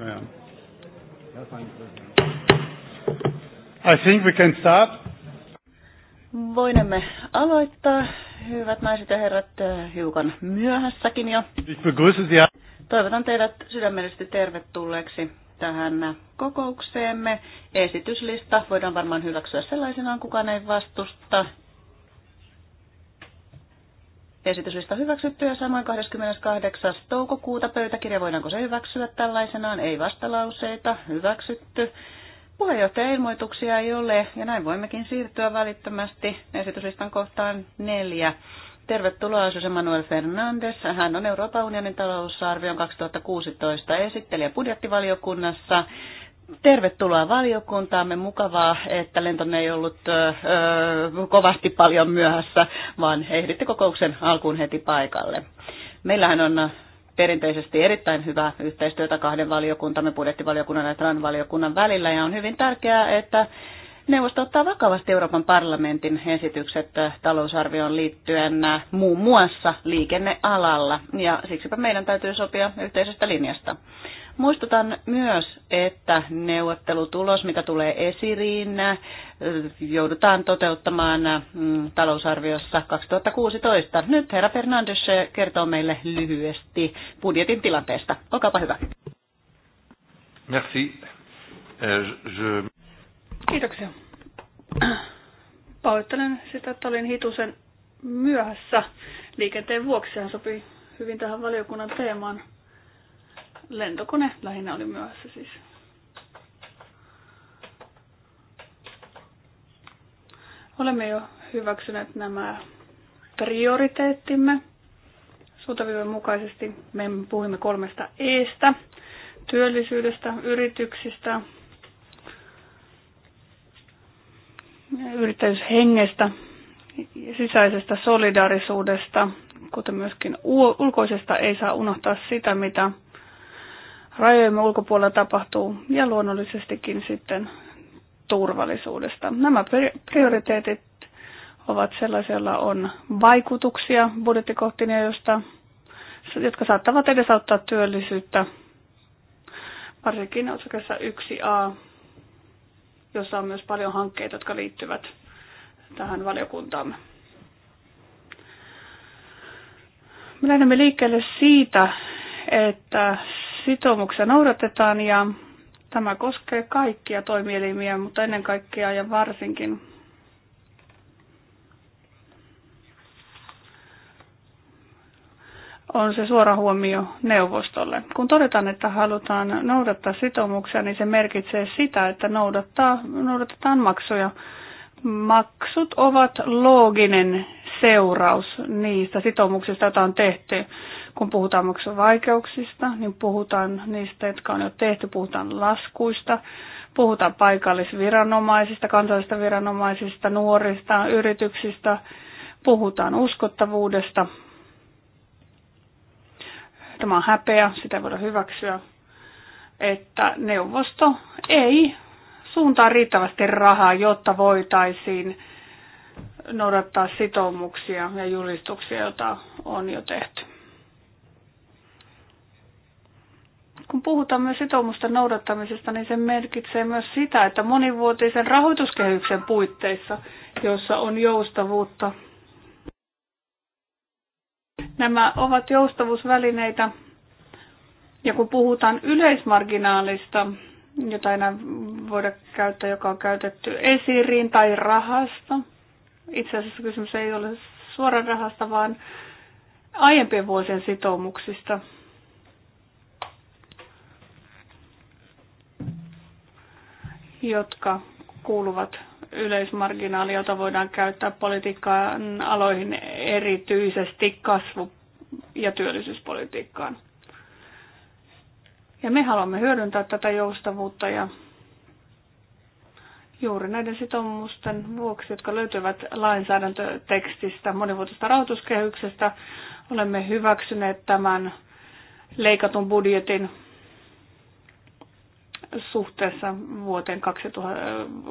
Yeah. I think we can start. Voinemme aloittaa, hyvät naiset ja herrat, äh, hiukan myöhässäkin jo. Toivotan teidät sydämellisesti tervetulleeksi tähän kokoukseemme. Esityslista voidaan varmaan hyväksyä sellaisenaan, kukaan ei vastusta esityslista hyväksytty ja samoin 28. toukokuuta pöytäkirja, voidaanko se hyväksyä tällaisenaan, ei vastalauseita, hyväksytty. Puheenjohtajailmoituksia ei ole ja näin voimmekin siirtyä välittömästi esityslistan kohtaan neljä. Tervetuloa Jose Manuel Fernandes. Hän on Euroopan unionin talousarvion 2016 esittelijä budjettivaliokunnassa. Tervetuloa valiokuntaamme. Mukavaa, että lentonne ei ollut öö, kovasti paljon myöhässä, vaan ehditte kokouksen alkuun heti paikalle. Meillähän on perinteisesti erittäin hyvä yhteistyötä kahden valiokuntamme, budjettivaliokunnan ja TRAN-valiokunnan välillä, ja on hyvin tärkeää, että Neuvosto ottaa vakavasti Euroopan parlamentin esitykset talousarvioon liittyen muun muassa liikennealalla, ja siksipä meidän täytyy sopia yhteisestä linjasta. Muistutan myös, että neuvottelutulos, mikä tulee esiriin, joudutaan toteuttamaan mm, talousarviossa 2016. Nyt herra Fernandes kertoo meille lyhyesti budjetin tilanteesta. Olkaapa hyvä. Merci. Euh, je... Kiitoksia. Pahoittelen sitä, että olin hitusen myöhässä liikenteen vuoksi. Hän sopii hyvin tähän valiokunnan teemaan lentokone lähinnä oli myöhässä siis. Olemme jo hyväksyneet nämä prioriteettimme suuntaviivan mukaisesti. Me puhumme kolmesta eestä, työllisyydestä, yrityksistä, yrittäjyyshengestä, sisäisestä solidaarisuudesta, kuten myöskin ulkoisesta ei saa unohtaa sitä, mitä rajojemme ulkopuolella tapahtuu ja luonnollisestikin sitten turvallisuudesta. Nämä prioriteetit ovat sellaisia, joilla on vaikutuksia budjettikohtiin, joista, jotka saattavat edesauttaa työllisyyttä, varsinkin osakessa 1a, jossa on myös paljon hankkeita, jotka liittyvät tähän valiokuntaamme. Me lähdemme liikkeelle siitä, että sitoumuksia noudatetaan ja tämä koskee kaikkia toimielimiä, mutta ennen kaikkea ja varsinkin on se suora huomio neuvostolle. Kun todetaan, että halutaan noudattaa sitoumuksia, niin se merkitsee sitä, että noudattaa, noudatetaan maksuja. Maksut ovat looginen seuraus niistä sitoumuksista, joita on tehty kun puhutaan mukso-vaikeuksista, niin puhutaan niistä, jotka on jo tehty, puhutaan laskuista, puhutaan paikallisviranomaisista, kansallisista viranomaisista, nuorista, yrityksistä, puhutaan uskottavuudesta. Tämä on häpeä, sitä ei voida hyväksyä, että neuvosto ei suuntaa riittävästi rahaa, jotta voitaisiin noudattaa sitoumuksia ja julistuksia, joita on jo tehty. Kun puhutaan myös sitoumusten noudattamisesta, niin se merkitsee myös sitä, että monivuotisen rahoituskehyksen puitteissa, jossa on joustavuutta, nämä ovat joustavuusvälineitä. Ja kun puhutaan yleismarginaalista, jota ei enää voida käyttää, joka on käytetty esiriin tai rahasta. Itse asiassa kysymys ei ole suoran rahasta, vaan aiempien vuosien sitoumuksista. jotka kuuluvat yleismarginaaliin, jota voidaan käyttää politiikan aloihin erityisesti kasvu- ja työllisyyspolitiikkaan. Ja me haluamme hyödyntää tätä joustavuutta ja juuri näiden sitoumusten vuoksi, jotka löytyvät lainsäädäntötekstistä monivuotisesta rahoituskehyksestä, olemme hyväksyneet tämän leikatun budjetin suhteessa vuoteen 2000,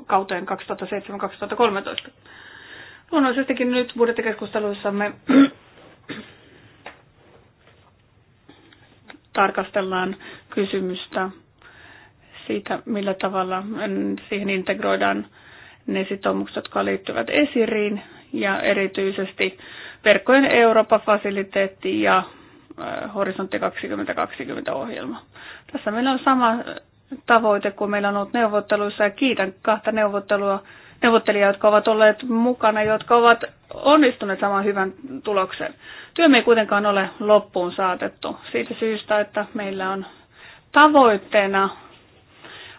kauteen 2007-2013. Luonnollisestikin nyt budjettikeskusteluissamme tarkastellaan kysymystä siitä, millä tavalla siihen integroidaan ne sitoumukset, jotka liittyvät esiriin ja erityisesti verkkojen Eurooppa-fasiliteetti ja äh, Horisontti 2020 ohjelma. Tässä meillä on sama tavoite, kun meillä on ollut neuvotteluissa ja kiitän kahta neuvottelua, neuvottelijaa, jotka ovat olleet mukana, jotka ovat onnistuneet saman hyvän tuloksen. Työmme ei kuitenkaan ole loppuun saatettu siitä syystä, että meillä on tavoitteena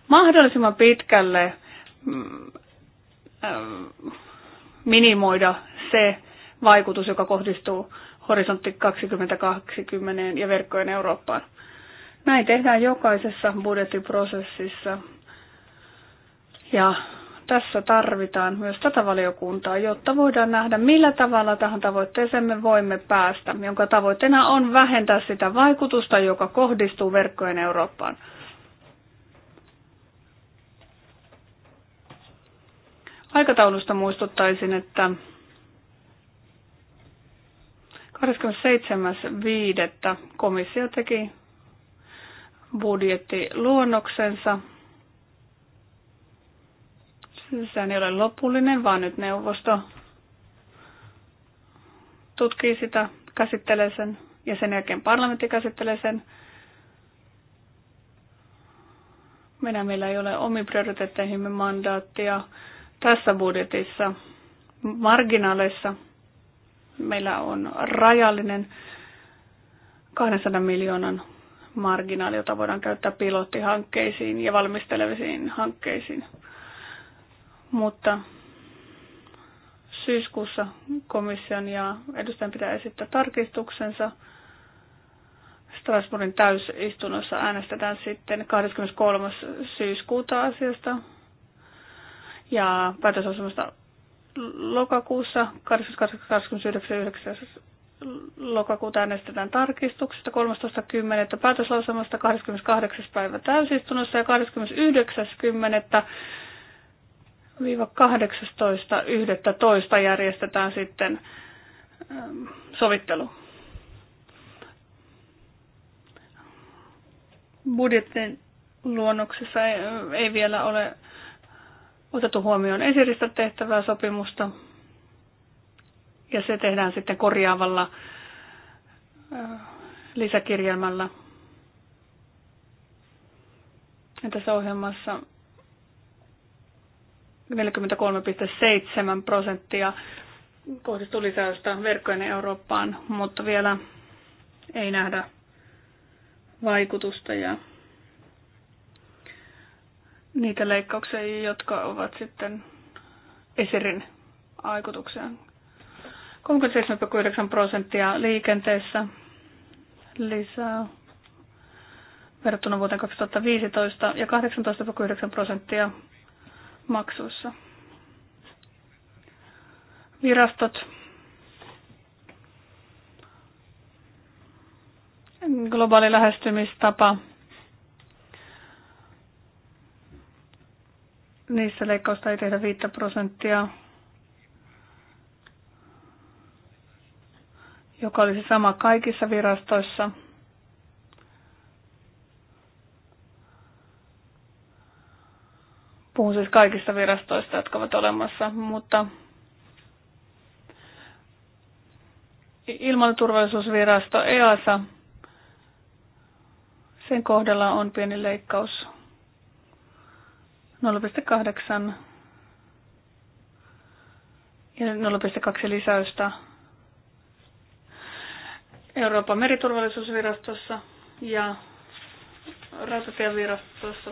mahdollisimman pitkälle mm, äh, minimoida se vaikutus, joka kohdistuu horisontti 2020 ja verkkojen Eurooppaan. Näin tehdään jokaisessa budjettiprosessissa. Ja tässä tarvitaan myös tätä valiokuntaa, jotta voidaan nähdä, millä tavalla tähän tavoitteeseen me voimme päästä, jonka tavoitteena on vähentää sitä vaikutusta, joka kohdistuu verkkojen Eurooppaan. Aikataulusta muistuttaisin, että 27.5. komissio teki budjettiluonnoksensa. Sehän ei ole lopullinen, vaan nyt neuvosto tutkii sitä, käsittelee sen ja sen jälkeen parlamentti käsittelee sen. Meidän meillä ei ole omi prioriteetteihimme mandaattia tässä budjetissa marginaaleissa. Meillä on rajallinen 200 miljoonan marginaali, jota voidaan käyttää pilottihankkeisiin ja valmisteleviin hankkeisiin. Mutta syyskuussa komission ja edustajan pitää esittää tarkistuksensa. Strasbourgin täysistunnossa äänestetään sitten 23. syyskuuta asiasta ja päätösasemasta lokakuussa 28.29 lokakuuta äänestetään tarkistuksesta 13.10. päätöslausamasta 28. päivä täysistunnossa ja 29.10. Viiva 18.11. järjestetään sitten ähm, sovittelu. Budjetin luonnoksessa ei, ei vielä ole otettu huomioon esiristä tehtävää sopimusta, ja se tehdään sitten korjaavalla lisäkirjelmällä. Ja tässä ohjelmassa 43,7 prosenttia kohdistuu lisäystä verkkojen Eurooppaan, mutta vielä ei nähdä vaikutusta ja niitä leikkauksia, jotka ovat sitten esirin aikutukseen 37,9 prosenttia liikenteessä lisää verrattuna vuoteen 2015 ja 18,9 prosenttia maksuissa. Virastot globaali lähestymistapa. Niissä leikkausta ei tehdä 5 prosenttia joka olisi sama kaikissa virastoissa. Puhun siis kaikista virastoista, jotka ovat olemassa, mutta ilmaturvallisuusvirasto EASA, sen kohdalla on pieni leikkaus 0,8 ja 0,2 lisäystä Euroopan meriturvallisuusvirastossa ja rautatievirastossa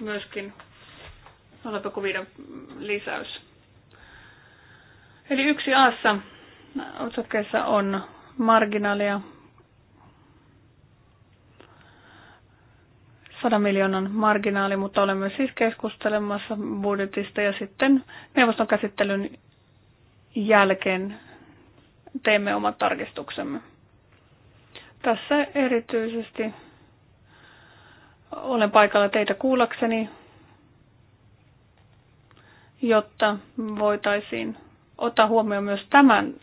myöskin 0,5 lisäys. Eli yksi Assa otsakkeessa on marginaalia 100 miljoonan marginaali, mutta olemme siis keskustelemassa budjetista ja sitten neuvoston käsittelyn jälkeen teemme omat tarkistuksemme. Tässä erityisesti olen paikalla teitä kuullakseni, jotta voitaisiin ottaa huomioon myös tämän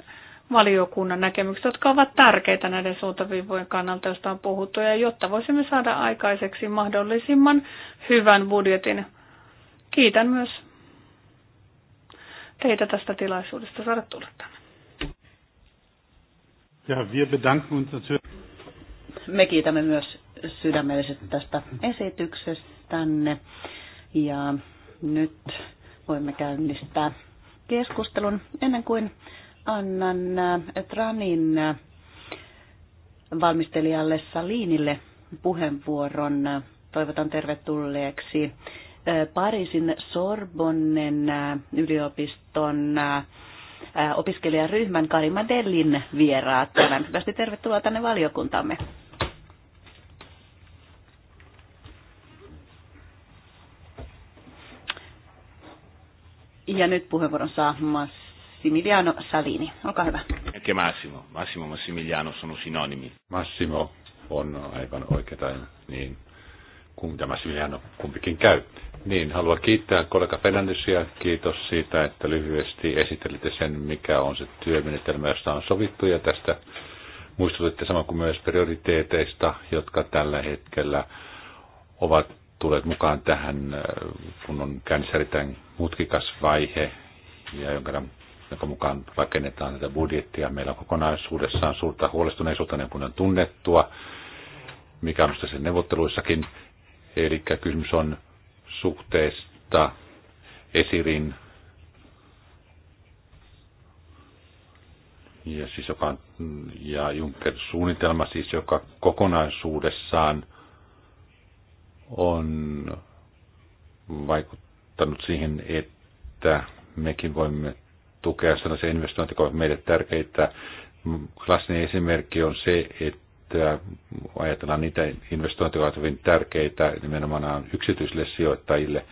valiokunnan näkemykset, jotka ovat tärkeitä näiden suuntaviivojen kannalta, joista on puhuttu, ja jotta voisimme saada aikaiseksi mahdollisimman hyvän budjetin. Kiitän myös teitä tästä tilaisuudesta saada tulla tänne. Ja, wir bedanken uns me kiitämme myös sydämellisesti tästä esityksestänne. Ja nyt voimme käynnistää keskustelun ennen kuin annan äh, Tranin äh, valmistelijalle Salinille puheenvuoron. Äh, toivotan tervetulleeksi Pariisin Sorbonnen yliopiston opiskelijaryhmän Karima Dellin vieraat. tervetuloa tänne valiokuntamme. Ja nyt puheenvuoron saa Massimiliano Salini. Olkaa hyvä. Anche Massimo. Massimo Massimiliano sono sinonimi. Massimo on aivan oikeita, niin kuin tämä Massimiliano kumpikin käy. Niin, haluan kiittää kollega Fernandesia. Kiitos siitä, että lyhyesti esittelitte sen, mikä on se työmenetelmä, josta on sovittu ja tästä muistutitte sama kuin myös prioriteeteista, jotka tällä hetkellä ovat tulet mukaan tähän, äh, kun on käynnissä erittäin mutkikas vaihe, ja jonka, jonka mukaan rakennetaan tätä budjettia. Meillä on kokonaisuudessaan suurta huolestuneisuutta, niin kuin on tunnettua, mikä on sen neuvotteluissakin. Eli kysymys on suhteesta esirin ja, siis joka, ja Juncker-suunnitelma, siis joka kokonaisuudessaan – on vaikuttanut siihen, että mekin voimme tukea sellaisia investointeja, jotka ovat meille tärkeitä. Klassinen esimerkki on se, että ajatellaan niitä investointeja, jotka ovat hyvin tärkeitä nimenomaan yksityisille sijoittajille.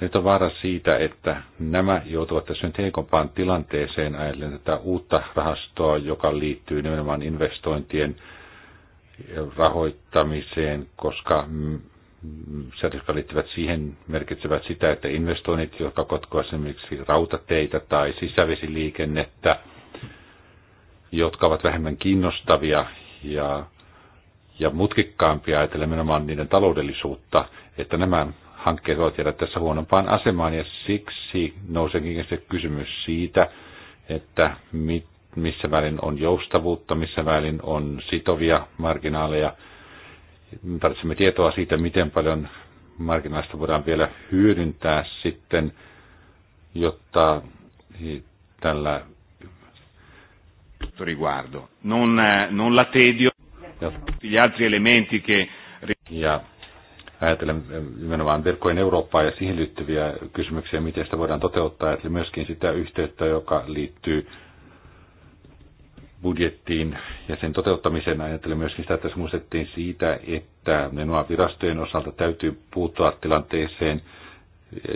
Nyt on vaara siitä, että nämä joutuvat tässä nyt heikompaan tilanteeseen ajatellen tätä uutta rahastoa, joka liittyy nimenomaan investointien rahoittamiseen, koska säädöt, liittyvät siihen, merkitsevät sitä, että investoinnit, jotka kotkoa esimerkiksi rautateitä tai sisävesiliikennettä, jotka ovat vähemmän kiinnostavia ja, ja mutkikkaampia ajatellen nimenomaan niiden taloudellisuutta, että nämä hankkeet voivat jäädä tässä huonompaan asemaan ja siksi nouseekin se kysymys siitä, että mit, missä välin on joustavuutta, missä välin on sitovia marginaaleja – me tarvitsemme tietoa siitä, miten paljon markkinaista voidaan vielä hyödyntää sitten, jotta tällä riguardo. Non, eh, non la tedio, gli altri elementi che... Ja ajatellen eh, nimenomaan verkkojen Eurooppaa ja siihen liittyviä kysymyksiä, miten sitä voidaan toteuttaa, eli myöskin sitä yhteyttä, joka liittyy budjettiin ja sen toteuttamiseen ajattelin myöskin sitä, että muistettiin siitä, että menoa virastojen osalta täytyy puuttua tilanteeseen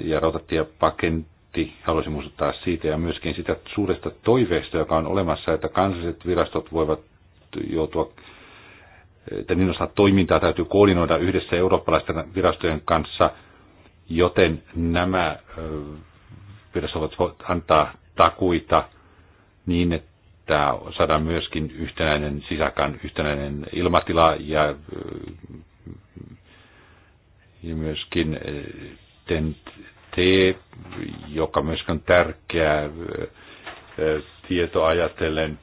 ja rautatiepaketti haluaisin muistuttaa siitä ja myöskin sitä suuresta toiveesta, joka on olemassa, että kansalliset virastot voivat joutua että niin osa toimintaa täytyy koordinoida yhdessä eurooppalaisten virastojen kanssa, joten nämä virastot voivat antaa takuita niin, että että saadaan myöskin yhtenäinen sisäkan, yhtenäinen ilmatila ja, äh, ja myöskin TNT, äh, joka myöskin on tärkeä äh, tieto ajatellen,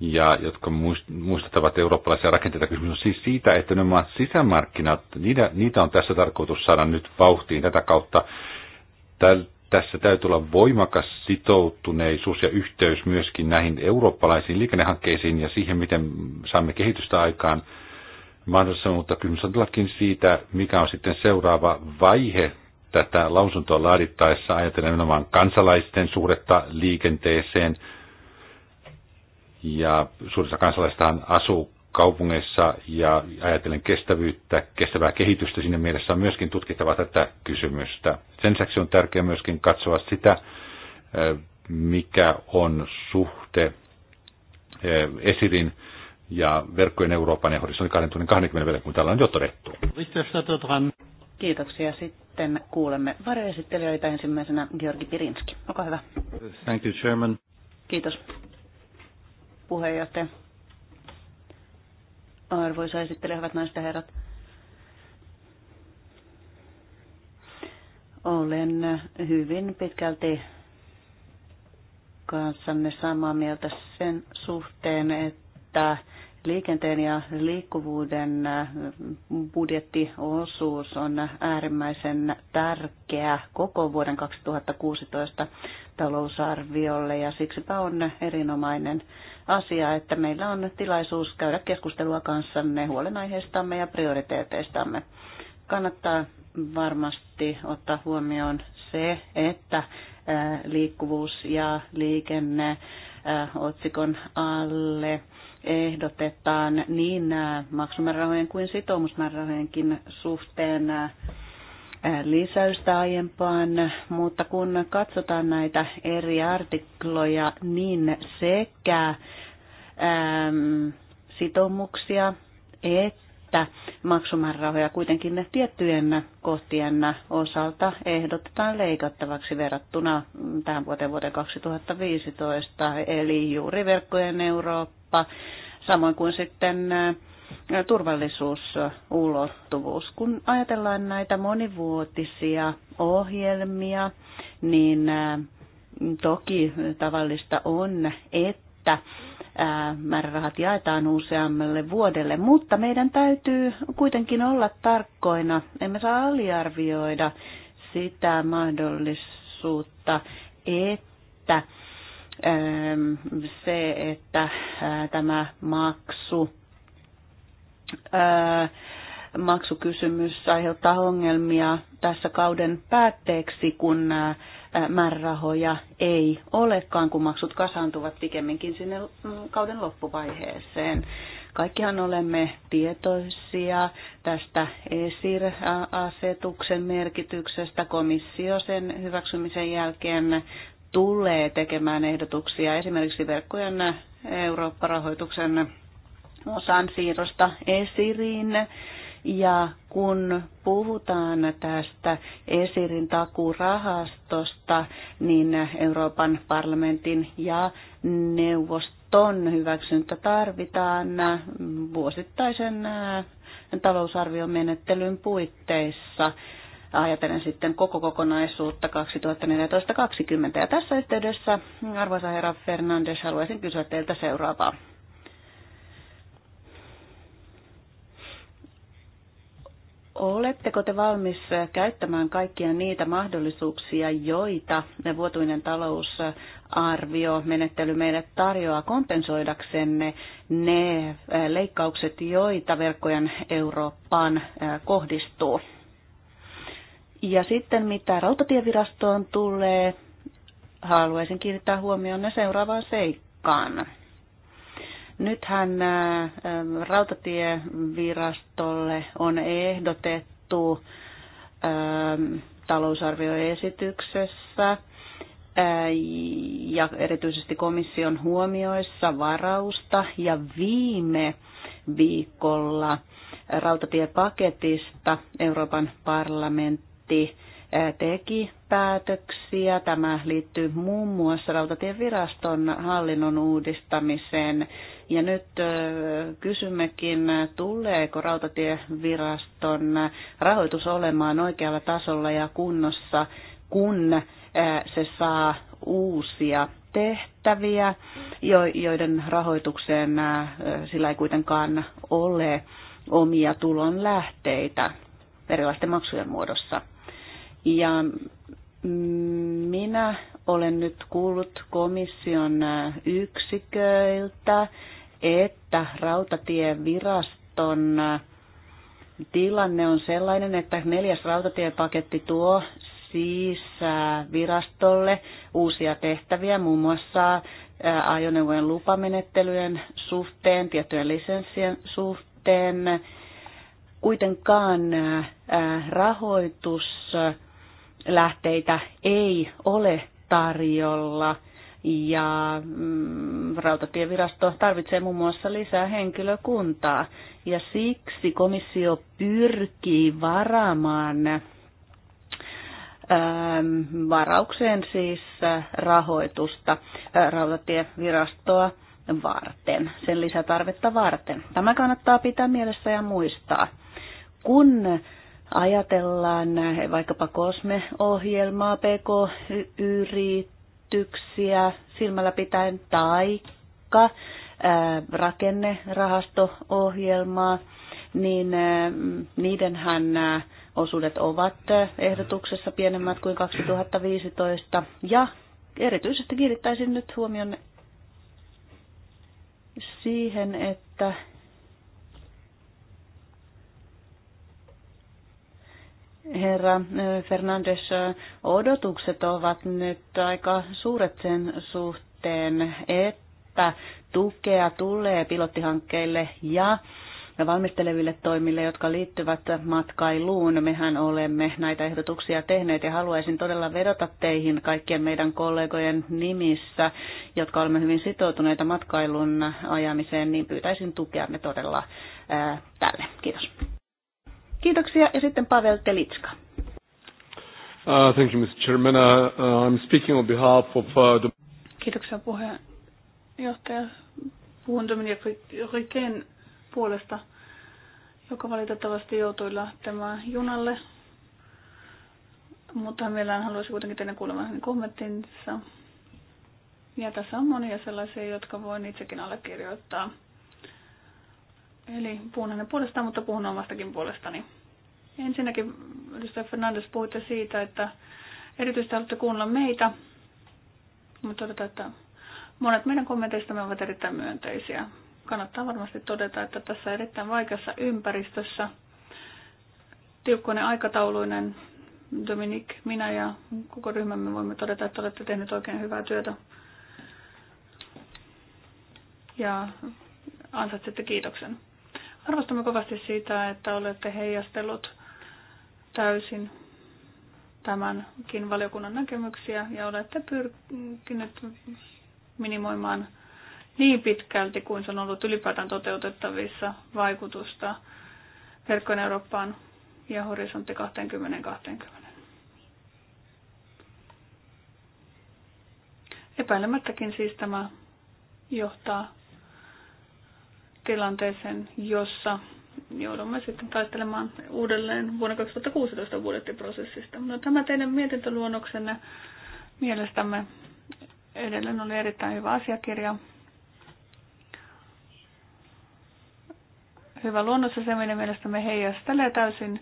ja jotka muistuttavat eurooppalaisia rakenteita. Kysymys on siis siitä, että nämä sisämarkkinat, niitä, niitä on tässä tarkoitus saada nyt vauhtiin tätä kautta. Täl, tässä täytyy olla voimakas sitoutuneisuus ja yhteys myöskin näihin eurooppalaisiin liikennehankkeisiin ja siihen, miten saamme kehitystä aikaan mahdollista, mutta kysymys on todellakin siitä, mikä on sitten seuraava vaihe tätä lausuntoa laadittaessa, ajatellen nimenomaan kansalaisten suhdetta liikenteeseen. Ja suurissa kansalaistahan asuu kaupungeissa ja ajatellen kestävyyttä, kestävää kehitystä, siinä mielessä on myöskin tutkittava tätä kysymystä. Sen lisäksi on tärkeää myöskin katsoa sitä, mikä on suhte Esirin ja verkkojen Euroopan ja horisontin 2020 välillä, kun täällä on jo todettu. Kiitoksia. Sitten kuulemme varjoesittelijöitä ensimmäisenä Georgi Pirinski. Olkaa hyvä. Thank you, Chairman. Kiitos puheenjohtaja. Arvoisa esittelijä, hyvät naiset ja herrat. Olen hyvin pitkälti kanssanne samaa mieltä sen suhteen, että liikenteen ja liikkuvuuden äh, budjettiosuus on äärimmäisen tärkeä koko vuoden 2016 talousarviolle ja siksipä on erinomainen asia, että meillä on tilaisuus käydä keskustelua kanssanne huolenaiheistamme ja prioriteeteistamme. Kannattaa varmasti ottaa huomioon se, että äh, liikkuvuus ja liikenne äh, otsikon alle ehdotetaan niin äh, maksumäärärahojen kuin sitoumusmäärärahojenkin suhteen äh, lisäystä aiempaan, mutta kun katsotaan näitä eri artikloja, niin sekä äm, sitoumuksia että maksumäärärahoja kuitenkin tiettyjen kohtien osalta ehdotetaan leikattavaksi verrattuna tähän vuoteen vuoteen 2015, eli juuri verkkojen Eurooppa Eurooppa, samoin kuin sitten turvallisuusulottuvuus. Kun ajatellaan näitä monivuotisia ohjelmia, niin toki tavallista on, että määrärahat jaetaan useammalle vuodelle, mutta meidän täytyy kuitenkin olla tarkkoina. Emme saa aliarvioida sitä mahdollisuutta, että se, että tämä maksu maksukysymys aiheuttaa ongelmia tässä kauden päätteeksi, kun määrärahoja ei olekaan, kun maksut kasaantuvat pikemminkin sinne mm, kauden loppuvaiheeseen. Kaikkihan olemme tietoisia tästä ESIR-asetuksen merkityksestä. Komissio sen hyväksymisen jälkeen tulee tekemään ehdotuksia esimerkiksi verkkojen Eurooppa-rahoituksen osan siirrosta esiriin. Ja kun puhutaan tästä esirin takurahastosta, niin Euroopan parlamentin ja neuvoston hyväksyntä tarvitaan vuosittaisen talousarviomenettelyn puitteissa ajatellen sitten koko kokonaisuutta 2014-2020. Ja tässä yhteydessä, arvoisa herra Fernandes, haluaisin kysyä teiltä seuraavaa. Oletteko te valmis käyttämään kaikkia niitä mahdollisuuksia, joita vuotuinen talousarvio menettely meille tarjoaa kompensoidaksenne ne leikkaukset, joita verkkojen Eurooppaan kohdistuu? Ja sitten mitä rautatievirastoon tulee, haluaisin kiinnittää huomioon seuraavaan seikkaan. Nythän äh, rautatievirastolle on ehdotettu ähm, talousarvioesityksessä äh, ja erityisesti komission huomioissa varausta ja viime viikolla rautatiepaketista Euroopan parlamentti parlamentti teki päätöksiä. Tämä liittyy muun muassa Rautatieviraston hallinnon uudistamiseen. Ja nyt kysymmekin, tuleeko Rautatieviraston rahoitus olemaan oikealla tasolla ja kunnossa, kun se saa uusia tehtäviä, joiden rahoitukseen sillä ei kuitenkaan ole omia tulonlähteitä erilaisten maksujen muodossa. Ja minä olen nyt kuullut komission yksiköiltä, että rautatieviraston tilanne on sellainen, että neljäs rautatiepaketti tuo siis virastolle uusia tehtäviä, muun muassa ajoneuvojen lupamenettelyjen suhteen, tietojen lisenssien suhteen. Kuitenkaan rahoitus lähteitä ei ole tarjolla. Ja mm, rautatievirasto tarvitsee muun muassa lisää henkilökuntaa. Ja siksi komissio pyrkii varaamaan ähm, varaukseen siis äh, rahoitusta äh, rautatievirastoa varten, sen lisätarvetta varten. Tämä kannattaa pitää mielessä ja muistaa. Kun ajatellaan vaikkapa kosmeohjelmaa, pk-yrityksiä silmällä pitäen taikka rakennerahasto-ohjelmaa, niin niidenhän osuudet ovat ehdotuksessa pienemmät kuin 2015. Ja erityisesti kiinnittäisin nyt huomion siihen, että herra eh, Fernandes, eh, odotukset ovat nyt aika suuret sen suhteen, että tukea tulee pilottihankkeille ja valmisteleville toimille, jotka liittyvät matkailuun. Mehän olemme näitä ehdotuksia tehneet ja haluaisin todella vedota teihin kaikkien meidän kollegojen nimissä, jotka olemme hyvin sitoutuneita matkailun ajamiseen, niin pyytäisin tukeamme todella eh, tälle. Kiitos. Kiitoksia ja sitten Pavel Telitska. Uh, thank you, Mr. Chairman. Uh, uh, I'm speaking on behalf of uh, the... Kiitoksia puheenjohtaja. Puhun Dominic Riken puolesta, joka valitettavasti joutui lähtemään junalle. Mutta mielellään haluaisin kuitenkin teidän kuulemaan hänen kommenttinsa. Ja tässä on monia sellaisia, jotka voin itsekin allekirjoittaa. Eli puhun hänen puolestaan, mutta puhun omastakin puolestani. Ensinnäkin, edustaja Fernandes, puhuitte siitä, että erityisesti haluatte kuunnella meitä, mutta todetaan, että monet meidän kommenteistamme ovat erittäin myönteisiä. Kannattaa varmasti todeta, että tässä erittäin vaikeassa ympäristössä, tiukkoinen aikatauluinen, Dominik, minä ja koko ryhmämme voimme todeta, että olette tehneet oikein hyvää työtä. Ja ansaitsette kiitoksen. Arvostamme kovasti sitä, että olette heijastellut täysin tämänkin valiokunnan näkemyksiä ja olette pyrkineet minimoimaan niin pitkälti kuin se on ollut ylipäätään toteutettavissa vaikutusta verkkojen Eurooppaan ja horisontti 2020. Epäilemättäkin siis tämä johtaa tilanteeseen, jossa joudumme sitten taistelemaan uudelleen vuonna 2016 budjettiprosessista. No, tämä teidän mietintöluonnoksenne mielestämme edelleen oli erittäin hyvä asiakirja. Hyvä luonnossa se meidän mielestämme heijastelee täysin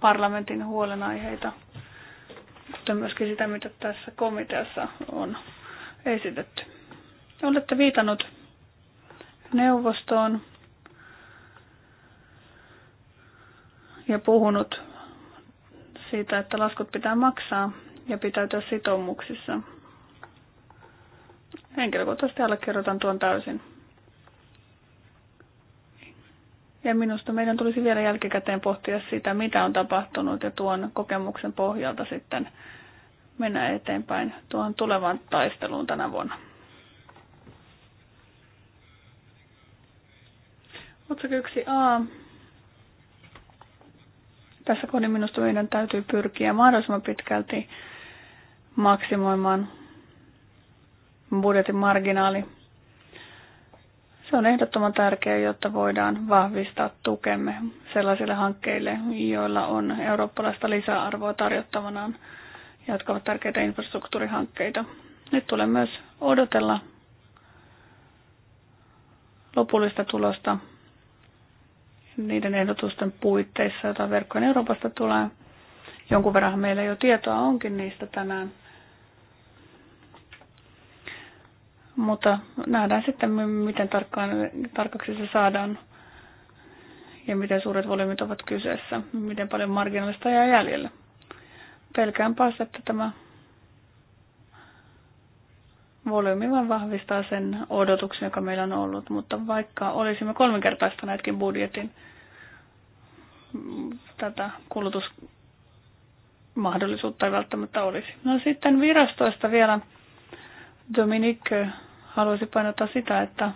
parlamentin huolenaiheita, mutta myöskin sitä, mitä tässä komiteassa on esitetty. Olette viitannut neuvostoon ja puhunut siitä, että laskut pitää maksaa ja pitäytyä sitoumuksissa. Henkilökohtaisesti allekirjoitan tuon täysin. Ja minusta meidän tulisi vielä jälkikäteen pohtia sitä, mitä on tapahtunut ja tuon kokemuksen pohjalta sitten mennä eteenpäin tuohon tulevaan taisteluun tänä vuonna. Otsake yksi a Tässä kohdin minusta meidän täytyy pyrkiä mahdollisimman pitkälti maksimoimaan budjetin marginaali. Se on ehdottoman tärkeää, jotta voidaan vahvistaa tukemme sellaisille hankkeille, joilla on eurooppalaista lisäarvoa tarjottavanaan ja jotka ovat tärkeitä infrastruktuurihankkeita. Nyt tulee myös odotella lopullista tulosta niiden ehdotusten puitteissa, joita verkkojen Euroopasta tulee. Jonkun verran meillä jo tietoa onkin niistä tänään. Mutta nähdään sitten, miten tarkkaan, tarkaksi se saadaan ja miten suuret volyymit ovat kyseessä, miten paljon marginaalista jää jäljellä. Pelkäänpä, että tämä volyymi vaan vahvistaa sen odotuksen, joka meillä on ollut. Mutta vaikka olisimme kolminkertaistaneetkin budjetin tätä kulutusmahdollisuutta ei välttämättä olisi. No sitten virastoista vielä. Dominik haluaisi painottaa sitä, että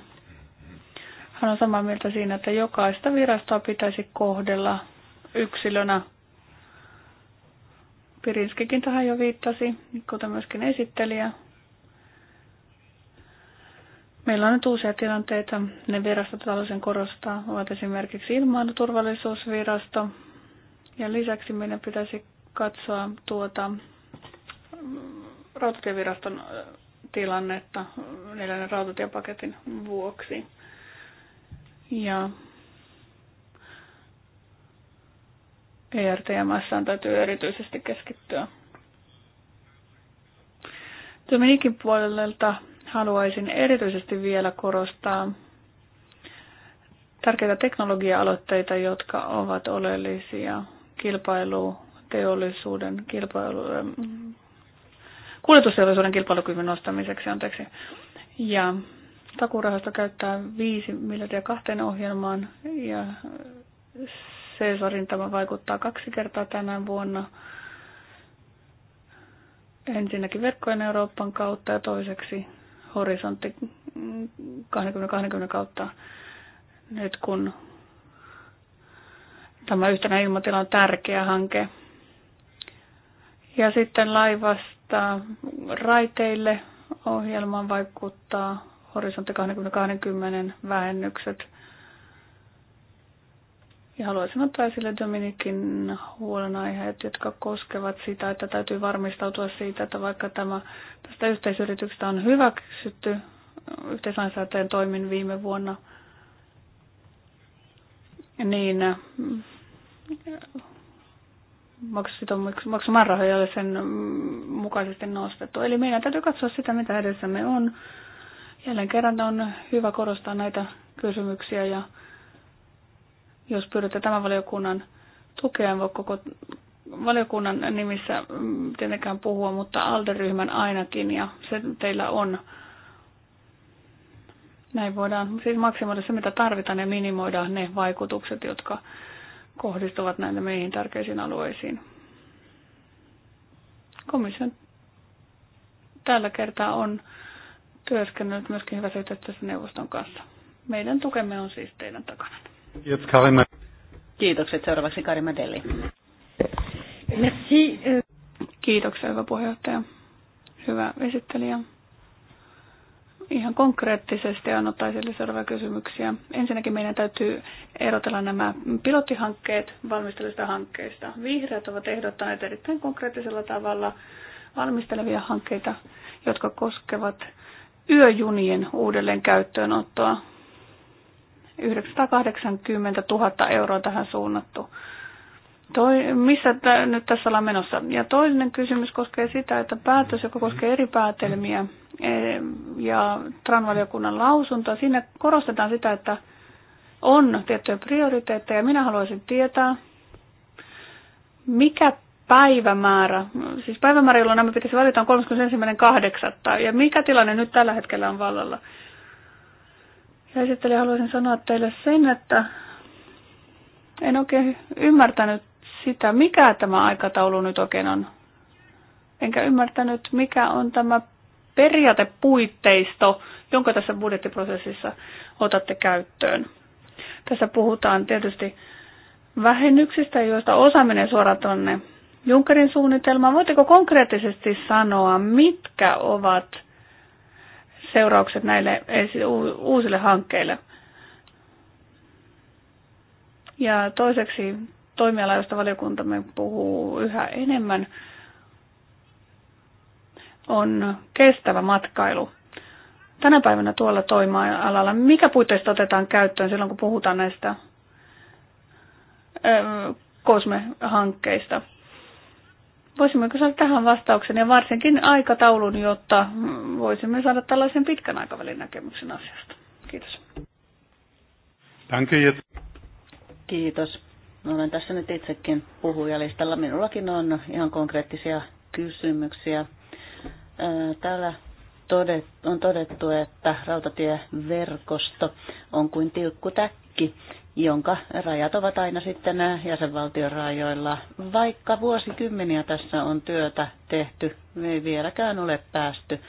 hän on samaa mieltä siinä, että jokaista virastoa pitäisi kohdella yksilönä. Pirinskikin tähän jo viittasi, kuten myöskin esittelijä. Meillä on nyt uusia tilanteita. Ne virastot tällaisen korostaa ovat esimerkiksi ilmailuturvallisuusvirasto. Ja lisäksi meidän pitäisi katsoa tuota mm, rautatieviraston tilannetta neljännen rautatiepaketin vuoksi. Ja ERTMS täytyy erityisesti keskittyä. Dominikin puolelta haluaisin erityisesti vielä korostaa tärkeitä teknologia-aloitteita, jotka ovat oleellisia kilpailuteollisuuden, kilpailu, ähm, kuljetusteollisuuden kilpailukyvyn nostamiseksi, anteeksi. Ja takurahasto käyttää 5 miljardia kahteen ohjelmaan ja Cesarin tämä vaikuttaa kaksi kertaa tänä vuonna. Ensinnäkin verkkojen Euroopan kautta ja toiseksi horisontti 2020 kautta nyt kun tämä yhtenä ilmatila on tärkeä hanke. Ja sitten laivasta raiteille ohjelmaan vaikuttaa horisontti 2020 vähennykset. Ja haluaisin ottaa esille Dominikin huolenaiheet, jotka koskevat sitä, että täytyy varmistautua siitä, että vaikka tämä, tästä yhteisyrityksestä on hyväksytty yhteislainsäätäjän toimin viime vuonna, niin mm, maksumäärärahoja ei ole sen mukaisesti nostettu. Eli meidän täytyy katsoa sitä, mitä edessämme on. Jälleen kerran on hyvä korostaa näitä kysymyksiä ja jos pyydätte tämän valiokunnan tukea, en voi koko valiokunnan nimissä mm, tietenkään puhua, mutta ALDE-ryhmän ainakin, ja se teillä on. Näin voidaan siis maksimoida se, mitä tarvitaan, ja minimoida ne vaikutukset, jotka kohdistuvat näille meihin tärkeisiin alueisiin. Komission tällä kertaa on työskennellyt myöskin hyvässä yhteistyössä neuvoston kanssa. Meidän tukemme on siis teidän takana. Kiitos Karima. Kiitokset. Seuraavaksi Karima Delli. Merci. Euh. Kiitoksia, hyvä puheenjohtaja. Hyvä esittelijä. Ihan konkreettisesti on ottaisille seuraavia kysymyksiä. Ensinnäkin meidän täytyy erotella nämä pilottihankkeet valmistelusta hankkeista. Vihreät ovat ehdottaneet erittäin konkreettisella tavalla valmistelevia hankkeita, jotka koskevat yöjunien uudelleen käyttöönottoa 980 000 euroa tähän suunnattu. Toi, missä t- nyt tässä ollaan menossa? Ja toinen kysymys koskee sitä, että päätös, joka koskee eri päätelmiä e, ja TRAN-valiokunnan lausuntoa, siinä korostetaan sitä, että on tiettyjä prioriteetteja. Minä haluaisin tietää, mikä päivämäärä, siis päivämäärä, jolloin nämä pitäisi valita on 31.8. Ja mikä tilanne nyt tällä hetkellä on vallalla? Ja sitten haluaisin sanoa teille sen, että en oikein ymmärtänyt sitä, mikä tämä aikataulu nyt oikein on. Enkä ymmärtänyt, mikä on tämä periaatepuitteisto, jonka tässä budjettiprosessissa otatte käyttöön. Tässä puhutaan tietysti vähennyksistä, joista osa menee suoraan tuonne Junckerin suunnitelmaan. Voitteko konkreettisesti sanoa, mitkä ovat seuraukset näille uusille hankkeille. Ja toiseksi toimiala, josta valiokuntamme puhuu yhä enemmän, on kestävä matkailu. Tänä päivänä tuolla toimialalla, mikä puitteista otetaan käyttöön silloin, kun puhutaan näistä kosmehankkeista? hankkeista Voisimmeko saada tähän vastauksen ja varsinkin aikataulun, jotta voisimme saada tällaisen pitkän aikavälin näkemyksen asiasta? Kiitos. Kiitos. Olen tässä nyt itsekin puhujalistalla. Minullakin on ihan konkreettisia kysymyksiä. Täällä todettu, on todettu, että rautatieverkosto on kuin tilkkutäkki, jonka rajat ovat aina sitten jäsenvaltion rajoilla. Vaikka vuosikymmeniä tässä on työtä tehty, ei vieläkään ole päästy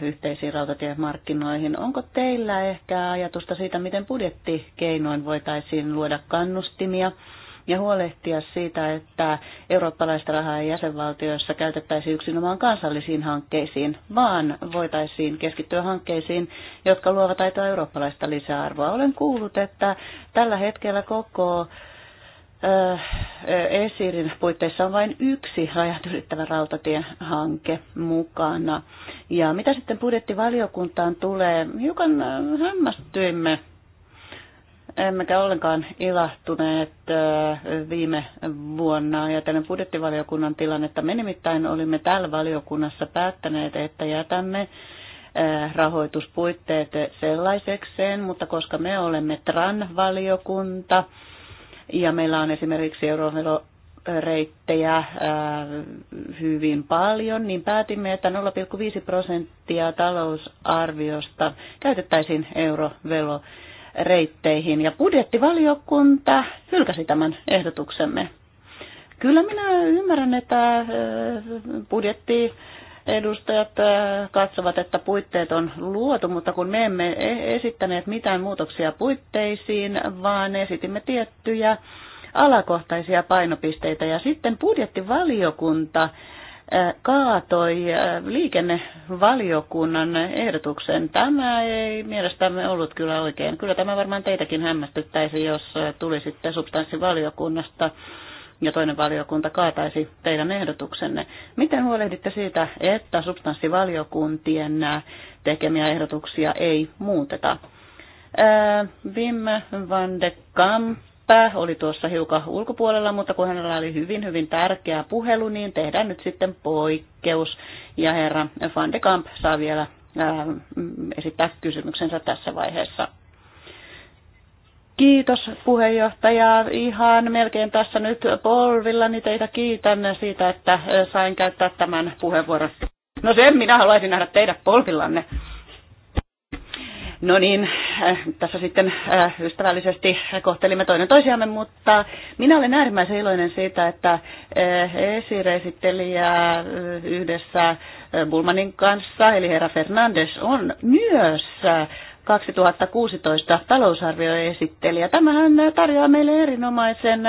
yhteisiin rautatiemarkkinoihin. Onko teillä ehkä ajatusta siitä, miten budjettikeinoin voitaisiin luoda kannustimia ja huolehtia siitä, että eurooppalaista rahaa ei jäsenvaltioissa käytettäisiin yksinomaan kansallisiin hankkeisiin, vaan voitaisiin keskittyä hankkeisiin, jotka luovat aitoa eurooppalaista lisäarvoa. Olen kuullut, että tällä hetkellä koko Esirin puitteissa on vain yksi rajat ylittävä rautatiehanke mukana. Ja mitä sitten budjettivaliokuntaan tulee, hiukan hämmästyimme emmekä ollenkaan ilahtuneet viime vuonna ajatellen budjettivaliokunnan tilannetta. Me nimittäin olimme täällä valiokunnassa päättäneet, että jätämme rahoituspuitteet sellaisekseen, mutta koska me olemme TRAN-valiokunta ja meillä on esimerkiksi Eurovelo reittejä hyvin paljon, niin päätimme, että 0,5 prosenttia talousarviosta käytettäisiin eurovelo reitteihin ja budjettivaliokunta hylkäsi tämän ehdotuksemme. Kyllä minä ymmärrän, että budjetti edustajat katsovat, että puitteet on luotu, mutta kun me emme e-, esittäneet mitään muutoksia puitteisiin, vaan esitimme tiettyjä alakohtaisia painopisteitä ja sitten budjettivaliokunta kaatoi liikennevaliokunnan ehdotuksen. Tämä ei mielestämme ollut kyllä oikein. Kyllä tämä varmaan teitäkin hämmästyttäisi, jos tulisitte substanssivaliokunnasta ja toinen valiokunta kaataisi teidän ehdotuksenne. Miten huolehditte siitä, että substanssivaliokuntien tekemiä ehdotuksia ei muuteta? Wim van de Kamp pää oli tuossa hiukan ulkopuolella, mutta kun hänellä oli hyvin, hyvin tärkeä puhelu, niin tehdään nyt sitten poikkeus. Ja herra Van de Kamp saa vielä ää, mm, esittää kysymyksensä tässä vaiheessa. Kiitos puheenjohtaja. Ihan melkein tässä nyt niin teitä kiitän siitä, että sain käyttää tämän puheenvuoron. No sen minä haluaisin nähdä teidät polvillanne. No niin, äh, tässä sitten äh, ystävällisesti kohtelimme toinen toisiamme, mutta minä olen äärimmäisen iloinen siitä, että äh, esireisittelijä yhdessä Bulmanin kanssa, eli herra Fernandes, on myös 2016 talousarvioesittelijä. Tämähän tarjoaa meille erinomaisen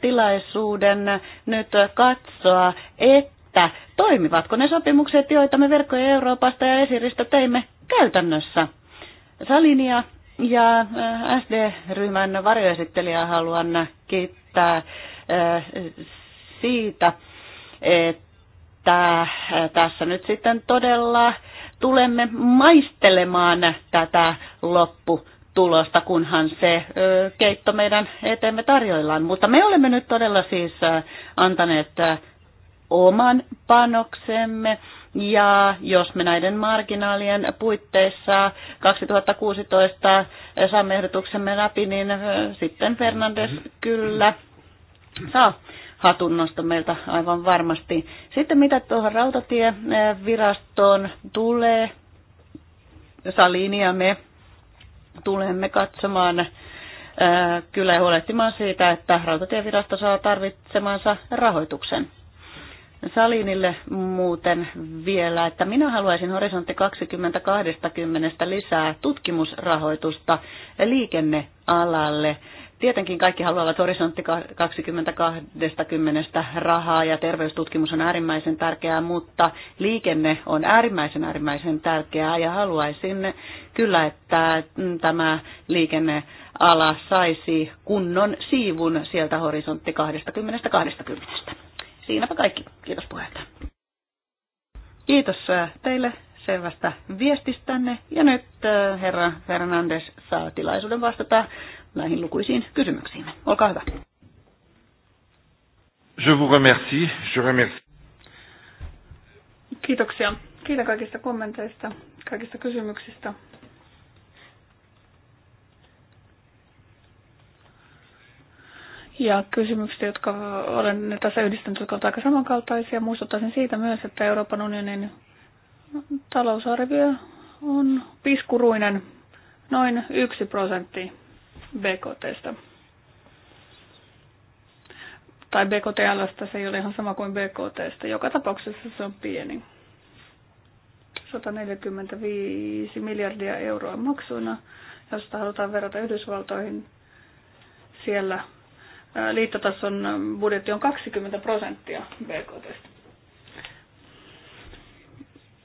tilaisuuden nyt katsoa, että toimivatko ne sopimukset, joita me verkkojen Euroopasta ja esiristä teimme käytännössä. Salinia ja äh, SD-ryhmän varjoesittelijää haluan kiittää äh, siitä, että äh, tässä nyt sitten todella tulemme maistelemaan tätä loppu tulosta, kunhan se ö, keitto meidän eteemme tarjoillaan. Mutta me olemme nyt todella siis antaneet oman panoksemme ja jos me näiden marginaalien puitteissa 2016 saamme ehdotuksemme läpi, niin sitten Fernandes mhm. kyllä saa hatunnosta meiltä aivan varmasti. Sitten mitä tuohon rautatievirastoon tulee, Salini ja me tulemme katsomaan kyllä huolehtimaan siitä, että rautatievirasto saa tarvitsemansa rahoituksen. Salinille muuten vielä, että minä haluaisin Horisontti 2020 lisää tutkimusrahoitusta liikennealalle. Tietenkin kaikki haluavat Horisontti 2020 rahaa ja terveystutkimus on äärimmäisen tärkeää, mutta liikenne on äärimmäisen äärimmäisen tärkeää ja haluaisin kyllä, että tämä liikenneala saisi kunnon siivun sieltä Horisontti 2020. -20. Siinäpä kaikki. Kiitos puheenjohtaja. Kiitos äh, teille selvästä viestistänne. Ja nyt äh, herra Fernandes saa tilaisuuden vastata näihin lukuisiin kysymyksiin. Olkaa hyvä. Je vous remercie. Je remercie. Kiitoksia. Kiitän kaikista kommenteista, kaikista kysymyksistä. ja kysymykset, jotka olen tässä yhdistänyt, jotka ovat aika samankaltaisia. Muistuttaisin siitä myös, että Euroopan unionin talousarvio on piskuruinen noin 1 prosentti BKTstä. Tai BKTLstä se ei ole ihan sama kuin BKTstä. Joka tapauksessa se on pieni. 145 miljardia euroa maksuina. Jos sitä halutaan verrata Yhdysvaltoihin, siellä liittotason budjetti on 20 prosenttia BKT.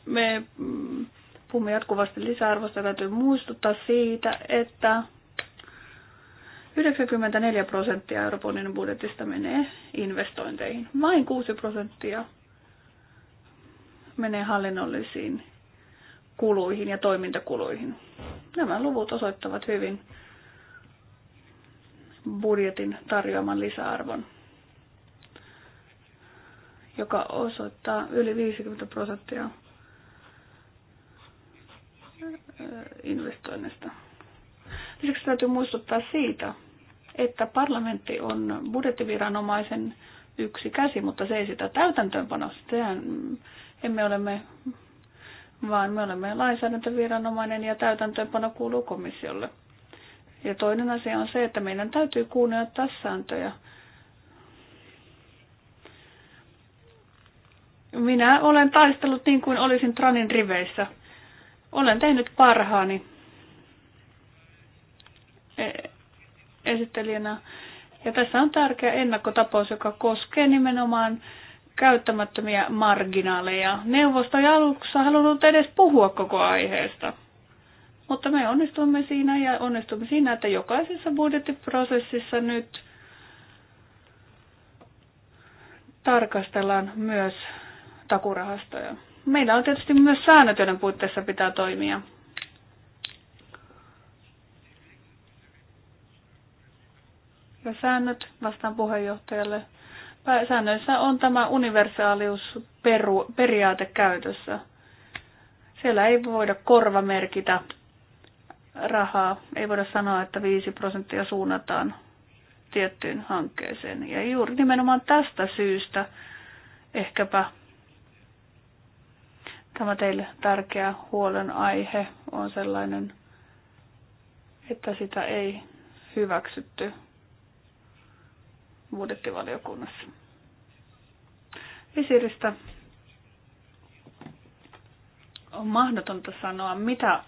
Me mm, puhumme jatkuvasti lisäarvosta. Täytyy muistuttaa siitä, että 94 prosenttia Euroopan unionin budjetista menee investointeihin. Vain 6 prosenttia menee hallinnollisiin kuluihin ja toimintakuluihin. Nämä luvut osoittavat hyvin, budjetin tarjoaman lisäarvon, joka osoittaa yli 50 prosenttia investoinnista. Lisäksi täytyy muistuttaa siitä, että parlamentti on budjettiviranomaisen yksi käsi, mutta se ei sitä täytäntöönpanosta. Sehän emme olemme, vaan me olemme lainsäädäntöviranomainen ja täytäntöönpano kuuluu komissiolle. Ja toinen asia on se, että meidän täytyy kuunnella sääntöjä. Minä olen taistellut niin kuin olisin Tranin riveissä. Olen tehnyt parhaani e- esittelijänä. Ja tässä on tärkeä ennakkotapaus, joka koskee nimenomaan käyttämättömiä marginaaleja. Neuvosto ei aluksi halunnut edes puhua koko aiheesta. Mutta me onnistumme siinä ja onnistumme siinä, että jokaisessa budjettiprosessissa nyt tarkastellaan myös takurahastoja. Meillä on tietysti myös säännöt, joiden puitteissa pitää toimia. Ja säännöt vastaan puheenjohtajalle. Säännöissä on tämä universaaliusperiaate käytössä. Siellä ei voida korvamerkitä rahaa. Ei voida sanoa, että 5 prosenttia suunnataan tiettyyn hankkeeseen. Ja juuri nimenomaan tästä syystä ehkäpä tämä teille tärkeä huolenaihe on sellainen, että sitä ei hyväksytty budjettivaliokunnassa. Isiristä on mahdotonta sanoa, mitä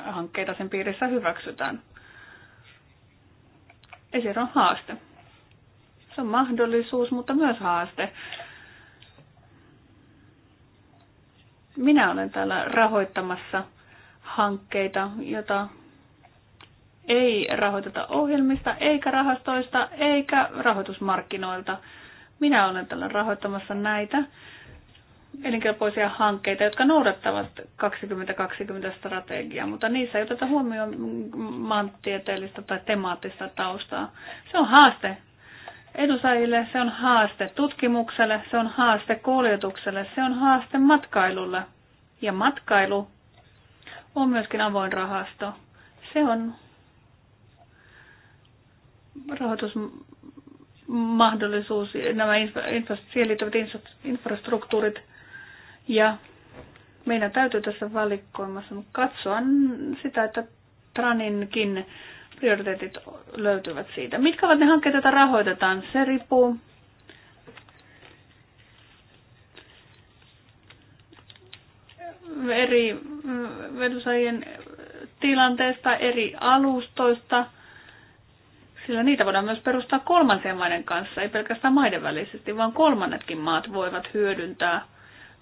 hankkeita sen piirissä hyväksytään. Esir on haaste. Se on mahdollisuus, mutta myös haaste. Minä olen täällä rahoittamassa hankkeita, joita ei rahoiteta ohjelmista, eikä rahastoista, eikä rahoitusmarkkinoilta. Minä olen tällä rahoittamassa näitä elinkelpoisia hankkeita, jotka noudattavat 2020-strategiaa, mutta niissä ei oteta huomioon maantieteellistä tai temaattista taustaa. Se on haaste edusajille, se on haaste tutkimukselle, se on haaste kuljetukselle, se on haaste matkailulle. Ja matkailu on myöskin avoin rahasto. Se on rahoitusmahdollisuus, nämä infra- siihen liittyvät infrastruktuurit – ja meidän täytyy tässä valikoimassa katsoa sitä, että Traninkin prioriteetit löytyvät siitä. Mitkä ovat ne hankkeet, joita rahoitetaan? Se riippuu eri edusajien tilanteesta, eri alustoista, sillä niitä voidaan myös perustaa kolmansien maiden kanssa, ei pelkästään maiden välisesti, vaan kolmannetkin maat voivat hyödyntää –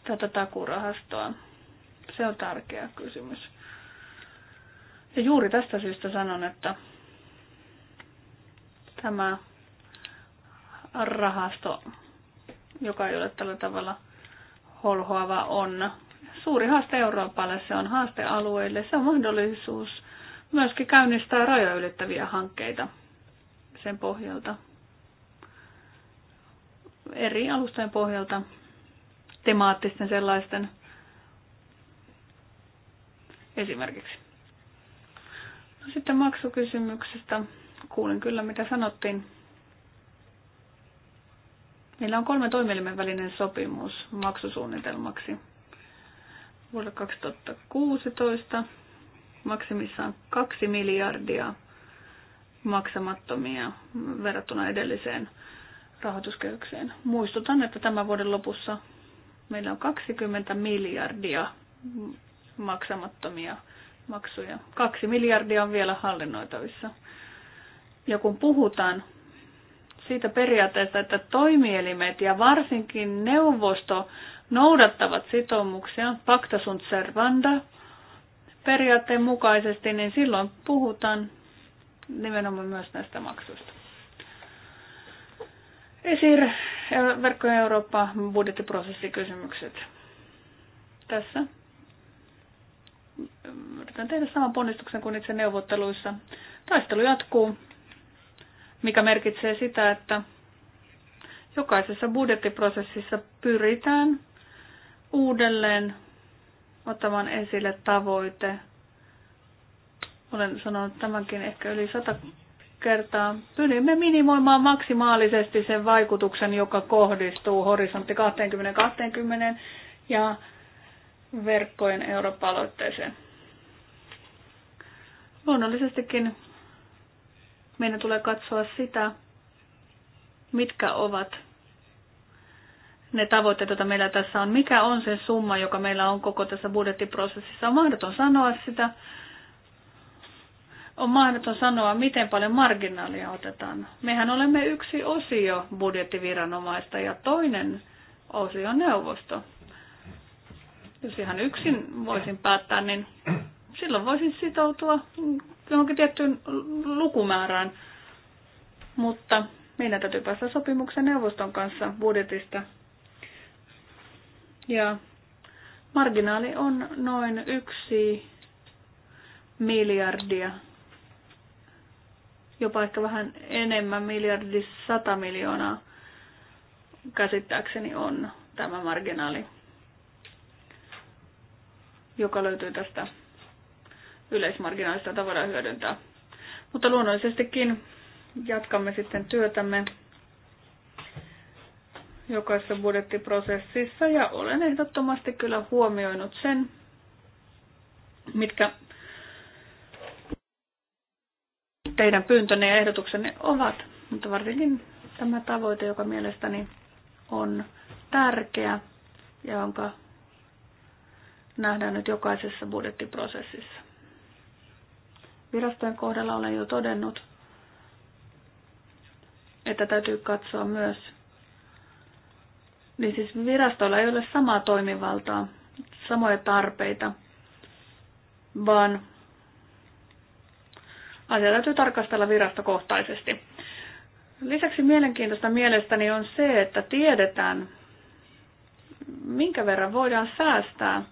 tätä takurahastoa? Se on tärkeä kysymys. Ja juuri tästä syystä sanon, että tämä rahasto, joka ei ole tällä tavalla holhoava, on suuri haaste Euroopalle, se on haaste alueille, se on mahdollisuus myöskin käynnistää rajoja ylittäviä hankkeita sen pohjalta, eri alustojen pohjalta, temaattisten sellaisten esimerkiksi. No sitten maksukysymyksestä. Kuulin kyllä, mitä sanottiin. Meillä on kolme toimielimen välinen sopimus maksusuunnitelmaksi Vuonna 2016. Maksimissaan 2 miljardia maksamattomia verrattuna edelliseen rahoituskehykseen. Muistutan, että tämän vuoden lopussa meillä on 20 miljardia maksamattomia maksuja. Kaksi miljardia on vielä hallinnoitavissa. Ja kun puhutaan siitä periaatteesta, että toimielimet ja varsinkin neuvosto noudattavat sitoumuksia, pacta sunt servanda, periaatteen mukaisesti, niin silloin puhutaan nimenomaan myös näistä maksuista. ESIR, Verkkojen Eurooppa, budjettiprosessikysymykset. Tässä yritän tehdä saman ponnistuksen kuin itse neuvotteluissa. Taistelu jatkuu, mikä merkitsee sitä, että jokaisessa budjettiprosessissa pyritään uudelleen ottamaan esille tavoite. Olen sanonut tämänkin ehkä yli sata kertaa pyrimme minimoimaan maksimaalisesti sen vaikutuksen, joka kohdistuu horisontti 2020 ja verkkojen Eurooppa-aloitteeseen. Luonnollisestikin meidän tulee katsoa sitä, mitkä ovat ne tavoitteet, joita meillä tässä on. Mikä on se summa, joka meillä on koko tässä budjettiprosessissa. On mahdoton sanoa sitä, on mahdoton sanoa, miten paljon marginaalia otetaan. Mehän olemme yksi osio budjettiviranomaista ja toinen osio neuvosto. Jos ihan yksin voisin päättää, niin silloin voisin sitoutua johonkin tiettyyn lukumäärään. Mutta meidän täytyy päästä sopimuksen neuvoston kanssa budjetista. Ja marginaali on noin yksi miljardia jopa ehkä vähän enemmän, miljardi 100 miljoonaa käsittääkseni on tämä marginaali, joka löytyy tästä yleismarginaalista, jota voidaan hyödyntää. Mutta luonnollisestikin jatkamme sitten työtämme jokaisessa budjettiprosessissa ja olen ehdottomasti kyllä huomioinut sen, mitkä teidän pyyntönne ja ehdotuksenne ovat, mutta varsinkin tämä tavoite, joka mielestäni on tärkeä ja jonka nähdään nyt jokaisessa budjettiprosessissa. Virastojen kohdalla olen jo todennut, että täytyy katsoa myös, niin siis virastoilla ei ole samaa toimivaltaa, samoja tarpeita, vaan Asia täytyy tarkastella virastokohtaisesti. Lisäksi mielenkiintoista mielestäni on se, että tiedetään, minkä verran voidaan säästää.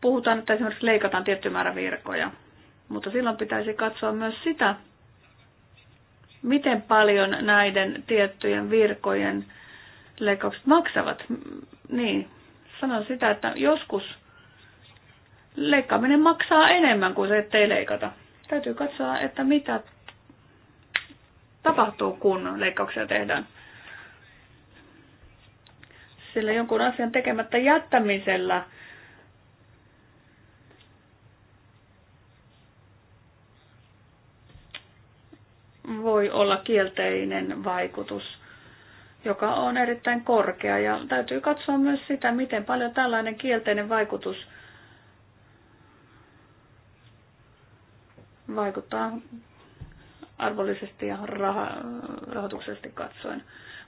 Puhutaan, että esimerkiksi leikataan tietty määrä virkoja, mutta silloin pitäisi katsoa myös sitä, miten paljon näiden tiettyjen virkojen leikkaukset maksavat. Niin, sanon sitä, että joskus leikkaaminen maksaa enemmän kuin se, ettei leikata. Täytyy katsoa, että mitä tapahtuu, kun leikkauksia tehdään. Sillä jonkun asian tekemättä jättämisellä voi olla kielteinen vaikutus, joka on erittäin korkea. Ja täytyy katsoa myös sitä, miten paljon tällainen kielteinen vaikutus – vaikuttaa arvollisesti ja raha- rahoituksellisesti katsoen.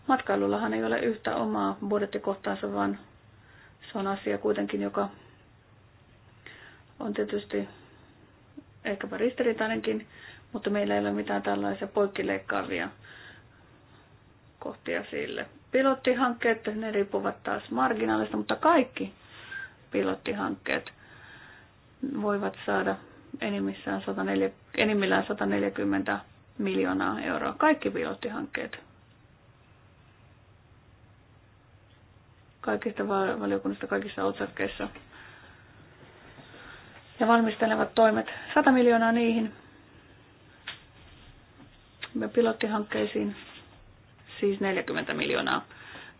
Matkailullahan ei ole yhtä omaa budjettikohtaansa, vaan se on asia kuitenkin, joka on tietysti ehkäpä ristiriitainenkin, mutta meillä ei ole mitään tällaisia poikkileikkaavia kohtia sille. Pilottihankkeet, ne riippuvat taas marginaalista, mutta kaikki pilottihankkeet voivat saada enimmillään 140, enimmillään 140 miljoonaa euroa. Kaikki pilottihankkeet. Kaikista valiokunnista, kaikissa otsakkeissa. Ja valmistelevat toimet 100 miljoonaa niihin. Ja pilottihankkeisiin siis 40 miljoonaa.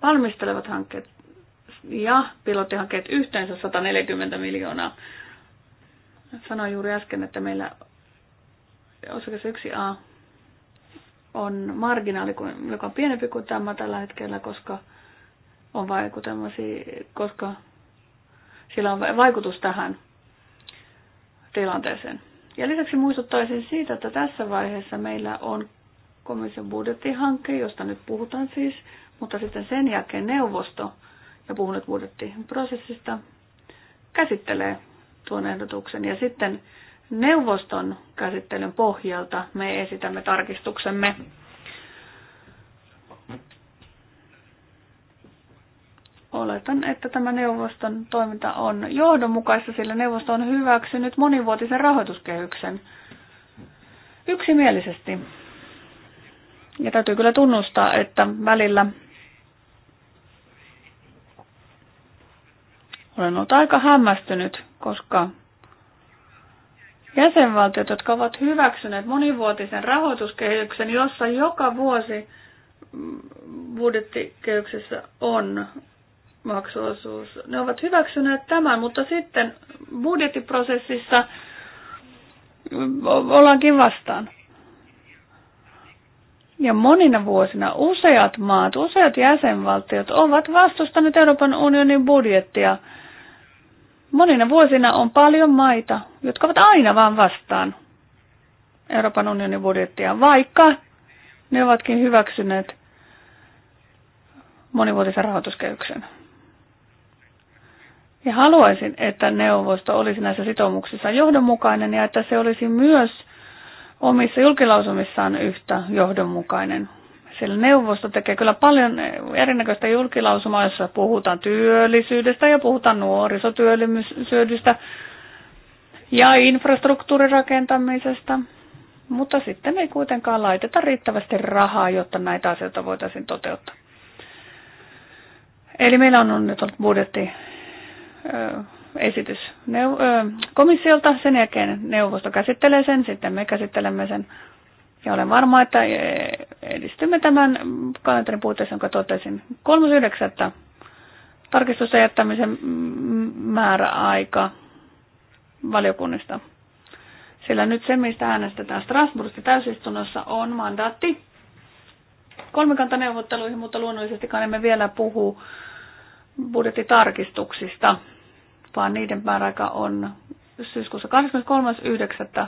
Valmistelevat hankkeet ja pilottihankkeet yhteensä 140 miljoonaa sanoin juuri äsken, että meillä osakas 1a on marginaali, joka on pienempi kuin tämä tällä hetkellä, koska on koska sillä on vaikutus tähän tilanteeseen. Ja lisäksi muistuttaisin siitä, että tässä vaiheessa meillä on komission budjettihanke, josta nyt puhutaan siis, mutta sitten sen jälkeen neuvosto, ja puhunut budjettiprosessista, käsittelee tuon ehdotuksen. Ja sitten neuvoston käsittelyn pohjalta me esitämme tarkistuksemme. Oletan, että tämä neuvoston toiminta on johdonmukaista, sillä neuvosto on hyväksynyt monivuotisen rahoituskehyksen yksimielisesti. Ja täytyy kyllä tunnustaa, että välillä Olen ollut aika hämmästynyt, koska jäsenvaltiot, jotka ovat hyväksyneet monivuotisen rahoituskehyksen, jossa joka vuosi budjettikehyksessä on maksuosuus. Ne ovat hyväksyneet tämän, mutta sitten budjettiprosessissa ollaankin vastaan. Ja monina vuosina useat maat, useat jäsenvaltiot ovat vastustaneet Euroopan unionin budjettia – Monina vuosina on paljon maita, jotka ovat aina vaan vastaan Euroopan unionin budjettia, vaikka ne ovatkin hyväksyneet monivuotisen rahoituskehyksen. Ja haluaisin, että neuvosto olisi näissä sitoumuksissa johdonmukainen ja että se olisi myös omissa julkilausumissaan yhtä johdonmukainen siellä neuvosto tekee kyllä paljon erinäköistä julkilausumaa, jossa puhutaan työllisyydestä ja puhutaan nuorisotyöllisyydestä ja infrastruktuurirakentamisesta. Mutta sitten ei kuitenkaan laiteta riittävästi rahaa, jotta näitä asioita voitaisiin toteuttaa. Eli meillä on nyt ollut budjetti esitys komissiolta, sen jälkeen neuvosto käsittelee sen, sitten me käsittelemme sen ja olen varma, että eh, edistymme tämän kalenterin puitteissa, jonka totesin. 3.9. tarkistusten jättämisen määräaika valiokunnista. Sillä nyt se, mistä äänestetään Strasbourgissa täysistunnossa, on mandaatti kolmikantaneuvotteluihin, mutta luonnollisestikaan emme vielä puhu budjettitarkistuksista, vaan niiden määräaika on syyskuussa 23.9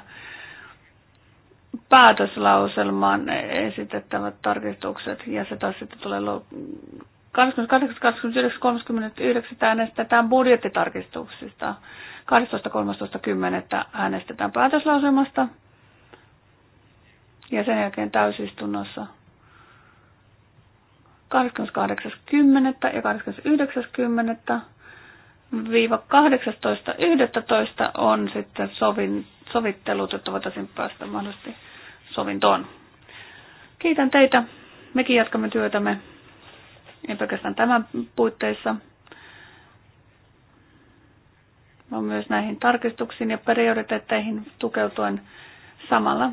päätöslauselmaan esitettävät tarkistukset ja se taas sitten tulee 28, 29, 39 äänestetään budjettitarkistuksista. 12.13.10 äänestetään päätöslauselmasta ja sen jälkeen täysistunnossa 28.10. ja 29.10. viiva 18.11. on sitten sovin, sovittelut, jotta voitaisiin päästä mahdollisesti sovintoon. Kiitän teitä. Mekin jatkamme työtämme, ei pelkästään tämän puitteissa, vaan myös näihin tarkistuksiin ja prioriteetteihin tukeutuen samalla.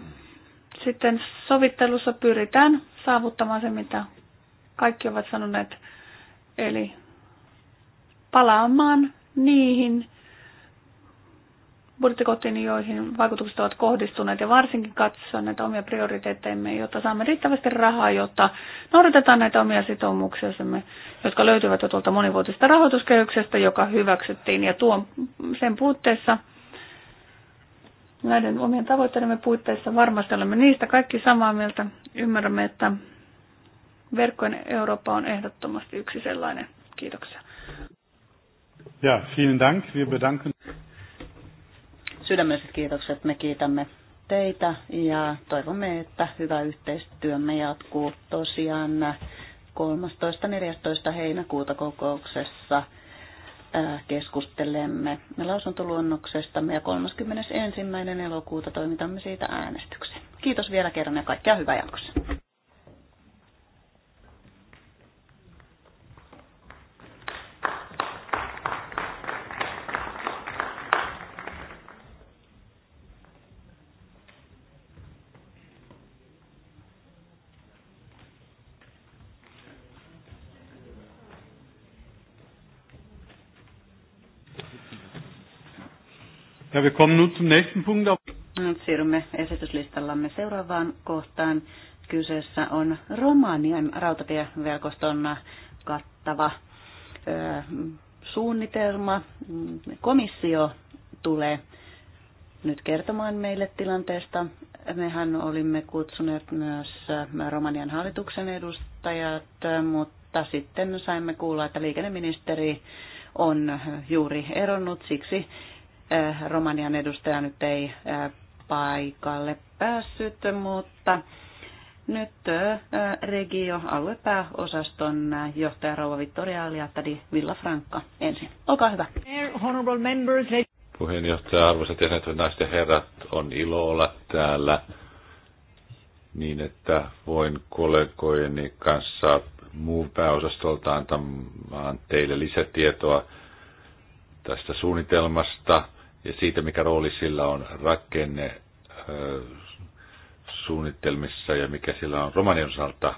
Sitten sovittelussa pyritään saavuttamaan se, mitä kaikki ovat sanoneet, eli palaamaan niihin budjettikohtiin, joihin vaikutukset ovat kohdistuneet ja varsinkin katsoa näitä omia prioriteetteimme, jotta saamme riittävästi rahaa, jotta noudatetaan näitä omia sitoumuksiamme, jotka löytyvät jo tuolta monivuotisesta rahoituskehyksestä, joka hyväksyttiin ja tuon sen puutteessa näiden omien tavoitteidemme puitteissa varmasti olemme niistä kaikki samaa mieltä. Ymmärrämme, että verkkojen Eurooppa on ehdottomasti yksi sellainen. Kiitoksia. Ja, vielen Dank. Wir bedanken Sydämelliset kiitokset, me kiitämme teitä ja toivomme, että hyvä yhteistyömme jatkuu tosiaan 13.14. heinäkuuta kokouksessa äh, keskustelemme lausuntoluonnoksesta ja 31. elokuuta toimitamme siitä äänestyksen. Kiitos vielä kerran ja kaikkea hyvää jatkossa. Ja, wir kommen nun zum nächsten Punkt. Nyt siirrymme esityslistallamme seuraavaan kohtaan. Kyseessä on Romanian rautatieverkoston kattava ö, suunnitelma. Komissio tulee nyt kertomaan meille tilanteesta. Mehän olimme kutsuneet myös Romanian hallituksen edustajat, mutta sitten saimme kuulla, että liikenneministeri on juuri eronnut. Siksi Äh, Romanian edustaja nyt ei äh, paikalle päässyt, mutta nyt äh, Regio aluepääosaston johtaja Rauva Vittoria Aliattadi Villafranca ensin. Olkaa hyvä. Puheenjohtaja, arvoisat jäsenet, naiset ja herrat, on ilo olla täällä niin, että voin kollegojeni kanssa muun pääosastolta antamaan teille lisätietoa tästä suunnitelmasta – ja siitä, mikä rooli sillä on rakenne suunnitelmissa ja mikä sillä on Romanian osalta,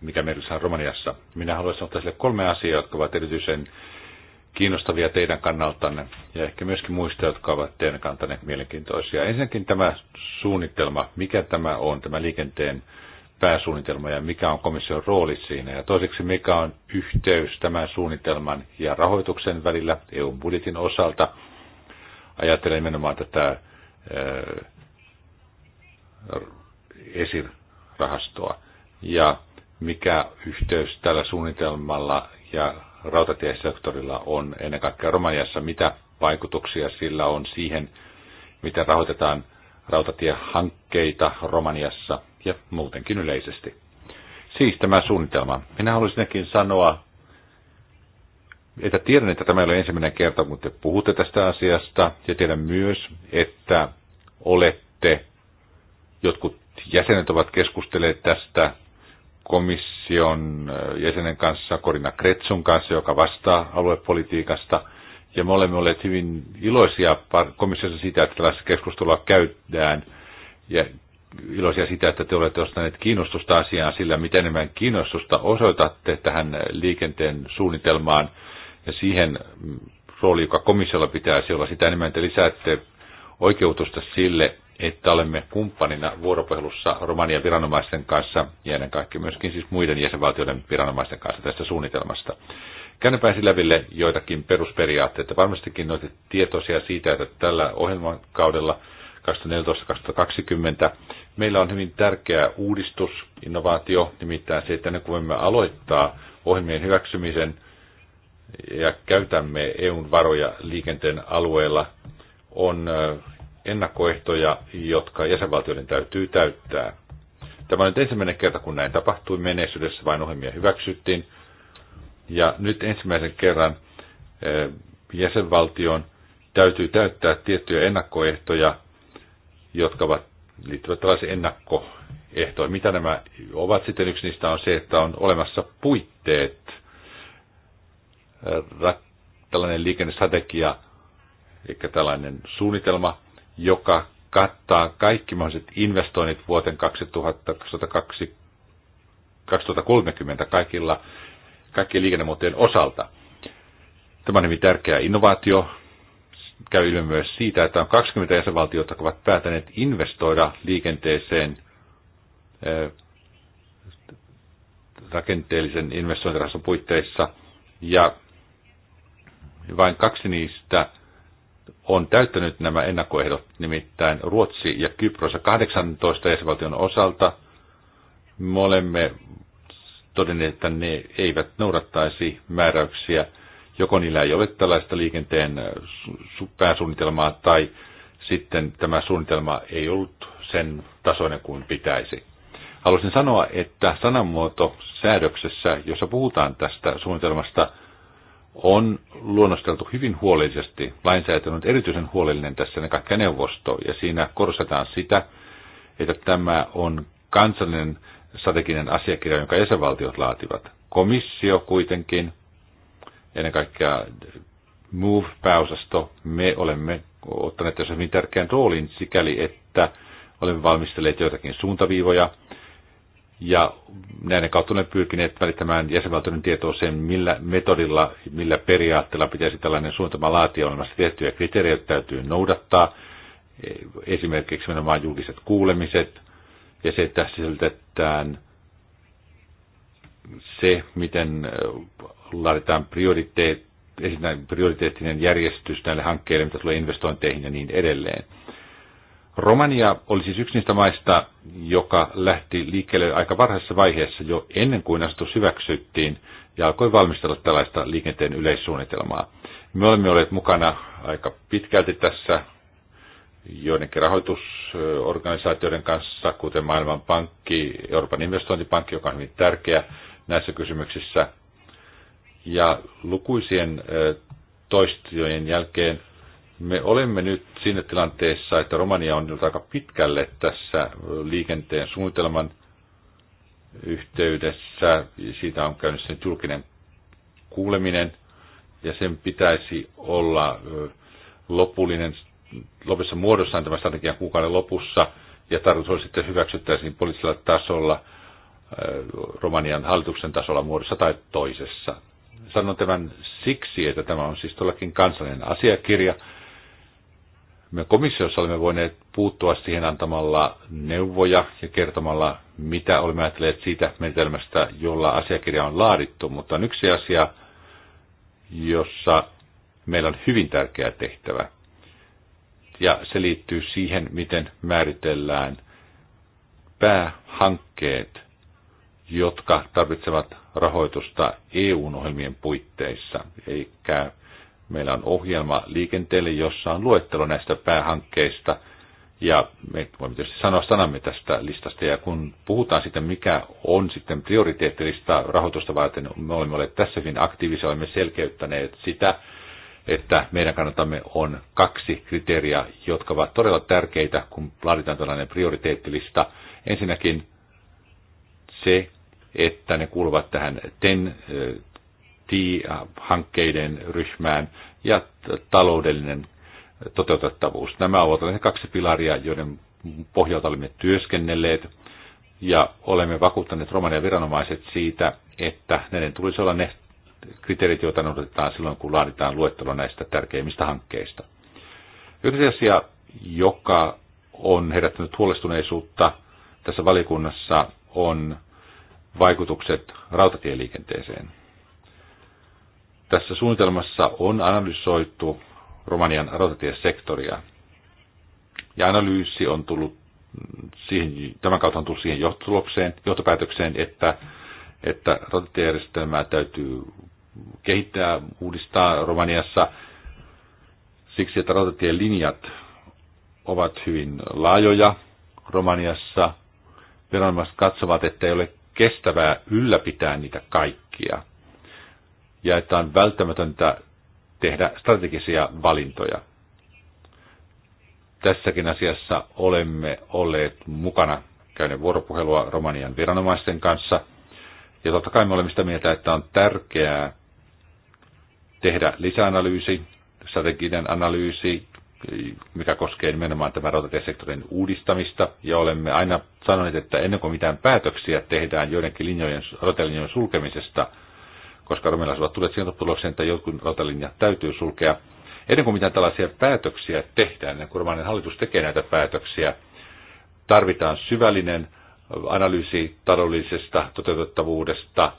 mikä merkitys on Romaniassa. Minä haluaisin ottaa sille kolme asiaa, jotka ovat erityisen kiinnostavia teidän kannaltanne ja ehkä myöskin muista, jotka ovat teidän kantanne mielenkiintoisia. Ensinnäkin tämä suunnitelma, mikä tämä on, tämä liikenteen pääsuunnitelma ja mikä on komission rooli siinä. Ja toiseksi, mikä on yhteys tämän suunnitelman ja rahoituksen välillä EUn budjetin osalta – Ajattelen nimenomaan tätä esirahastoa. Ja mikä yhteys tällä suunnitelmalla ja rautatiesektorilla on ennen kaikkea Romaniassa, mitä vaikutuksia sillä on siihen, miten rahoitetaan rautatiehankkeita Romaniassa ja muutenkin yleisesti. Siis tämä suunnitelma. Minä haluaisinkin sanoa että tiedän, että tämä ei ole ensimmäinen kerta, kun te puhutte tästä asiasta, ja tiedän myös, että olette, jotkut jäsenet ovat keskustelleet tästä komission äh, jäsenen kanssa, Korina Kretsun kanssa, joka vastaa aluepolitiikasta, ja me olemme olleet hyvin iloisia komissiossa siitä, että tällaista keskustelua käydään, ja iloisia sitä, että te olette ostaneet kiinnostusta asiaan sillä, miten enemmän kiinnostusta osoitatte tähän liikenteen suunnitelmaan – ja siihen mm, rooli, joka komissiolla pitäisi olla, sitä enemmän te lisäätte oikeutusta sille, että olemme kumppanina vuoropuhelussa Romanian viranomaisten kanssa ja ennen kaikkea myöskin siis muiden jäsenvaltioiden viranomaisten kanssa tästä suunnitelmasta. Käännepäin läville joitakin perusperiaatteita. Varmastikin olette tietoisia siitä, että tällä ohjelmakaudella 2014-2020 meillä on hyvin tärkeä uudistus, innovaatio, nimittäin se, että ennen kuin voimme aloittaa ohjelmien hyväksymisen – ja käytämme EUn varoja liikenteen alueella, on ennakkoehtoja, jotka jäsenvaltioiden täytyy täyttää. Tämä on nyt ensimmäinen kerta, kun näin tapahtui. Menneisyydessä vain ohjelmia hyväksyttiin. Ja nyt ensimmäisen kerran jäsenvaltion täytyy täyttää tiettyjä ennakkoehtoja, jotka ovat, liittyvät tällaisiin ennakkoehtoihin. Mitä nämä ovat sitten? Yksi niistä on se, että on olemassa puitteet tällainen liikennestrategia, eli tällainen suunnitelma, joka kattaa kaikki mahdolliset investoinnit vuoteen 2030 kaikilla, kaikkien liikennemuotojen osalta. Tämä on hyvin tärkeä innovaatio. Käy ilmi myös siitä, että on 20 jäsenvaltiota, jotka ovat päätäneet investoida liikenteeseen rakenteellisen investointirahaston puitteissa. Ja vain kaksi niistä on täyttänyt nämä ennakkoehdot, nimittäin Ruotsi ja Kypros 18 jäsenvaltion osalta. Me olemme todenneet, että ne eivät noudattaisi määräyksiä, joko niillä ei ole tällaista liikenteen pääsuunnitelmaa tai sitten tämä suunnitelma ei ollut sen tasoinen kuin pitäisi. Haluaisin sanoa, että sanamuoto säädöksessä, jossa puhutaan tästä suunnitelmasta – on luonnosteltu hyvin huolellisesti. Lainsäätely on erityisen huolellinen tässä ne kaikki neuvosto, ja siinä korostetaan sitä, että tämä on kansallinen strateginen asiakirja, jonka jäsenvaltiot laativat. Komissio kuitenkin, ennen kaikkea MOVE-pääosasto, me olemme ottaneet tässä hyvin tärkeän roolin sikäli, että olemme valmistelleet joitakin suuntaviivoja, ja näiden kautta olemme pyrkineet välittämään jäsenvaltioiden tietoa sen, millä metodilla, millä periaatteella pitäisi tällainen suunnitelma laatia olemassa tiettyjä kriteerejä, täytyy noudattaa, esimerkiksi nimenomaan julkiset kuulemiset ja se, että sisältetään se, miten äh, laaditaan prioriteet, prioriteettinen järjestys näille hankkeille, mitä tulee investointeihin ja niin edelleen. Romania oli siis yksi niistä maista, joka lähti liikkeelle aika varhaisessa vaiheessa jo ennen kuin asetus hyväksyttiin ja alkoi valmistella tällaista liikenteen yleissuunnitelmaa. Me olemme olleet mukana aika pitkälti tässä joidenkin rahoitusorganisaatioiden kanssa, kuten Maailmanpankki, Euroopan investointipankki, joka on hyvin tärkeä näissä kysymyksissä. Ja lukuisien toistojen jälkeen me olemme nyt siinä tilanteessa, että Romania on nyt aika pitkälle tässä liikenteen suunnitelman yhteydessä. Siitä on käynyt sen julkinen kuuleminen ja sen pitäisi olla lopullinen lopussa muodossaan tämä strategian kuukauden lopussa ja tarkoitus olisi sitten hyväksyttäisiin poliittisella tasolla, Romanian hallituksen tasolla muodossa tai toisessa. Sanon tämän siksi, että tämä on siis todellakin kansallinen asiakirja, me komissiossa olemme voineet puuttua siihen antamalla neuvoja ja kertomalla, mitä olemme ajatelleet siitä menetelmästä, jolla asiakirja on laadittu. Mutta on yksi asia, jossa meillä on hyvin tärkeä tehtävä. Ja se liittyy siihen, miten määritellään päähankkeet, jotka tarvitsevat rahoitusta EU-ohjelmien puitteissa, eikä Meillä on ohjelma liikenteelle, jossa on luettelo näistä päähankkeista, ja me voimme tietysti sanoa sanamme tästä listasta, ja kun puhutaan sitten, mikä on sitten prioriteettilista rahoitusta varten, me olemme olleet tässäkin aktiivisia, olemme selkeyttäneet sitä, että meidän kannatamme on kaksi kriteeriä, jotka ovat todella tärkeitä, kun laaditaan tällainen prioriteettilista. Ensinnäkin se, että ne kuuluvat tähän TEN eh, IT-hankkeiden äh, ryhmään ja taloudellinen toteutettavuus. Nämä ovat ne kaksi pilaria, joiden pohjalta olemme työskennelleet ja olemme vakuuttaneet romanian viranomaiset siitä, että näiden tulisi olla ne kriteerit, joita noudatetaan silloin, kun laaditaan luettelo näistä tärkeimmistä hankkeista. Yksi asia, joka on herättänyt huolestuneisuutta tässä valikunnassa, on vaikutukset rautatieliikenteeseen. Tässä suunnitelmassa on analysoitu Romanian rautatiesektoria. Ja analyysi on tullut siihen, tämän kautta on tullut siihen johtopäätökseen, että, että rautatiejärjestelmää täytyy kehittää, uudistaa Romaniassa siksi, että rautatien linjat ovat hyvin laajoja Romaniassa. Viranomaiset katsovat, että ei ole kestävää ylläpitää niitä kaikkia ja että on välttämätöntä tehdä strategisia valintoja. Tässäkin asiassa olemme olleet mukana käyneet vuoropuhelua Romanian viranomaisten kanssa. Ja totta kai me olemme sitä mieltä, että on tärkeää tehdä lisäanalyysi, strateginen analyysi, mikä koskee nimenomaan tämän rautatiesektorin uudistamista. Ja olemme aina sanoneet, että ennen kuin mitään päätöksiä tehdään joidenkin linjojen, rautatielinjojen sulkemisesta – koska armeilaiset ovat tulleet siihen tulokseen, että jotkut rautalinjat täytyy sulkea. Ennen kuin mitään tällaisia päätöksiä tehdään, ennen kuin Romanian hallitus tekee näitä päätöksiä, tarvitaan syvällinen analyysi taloudellisesta toteutettavuudesta,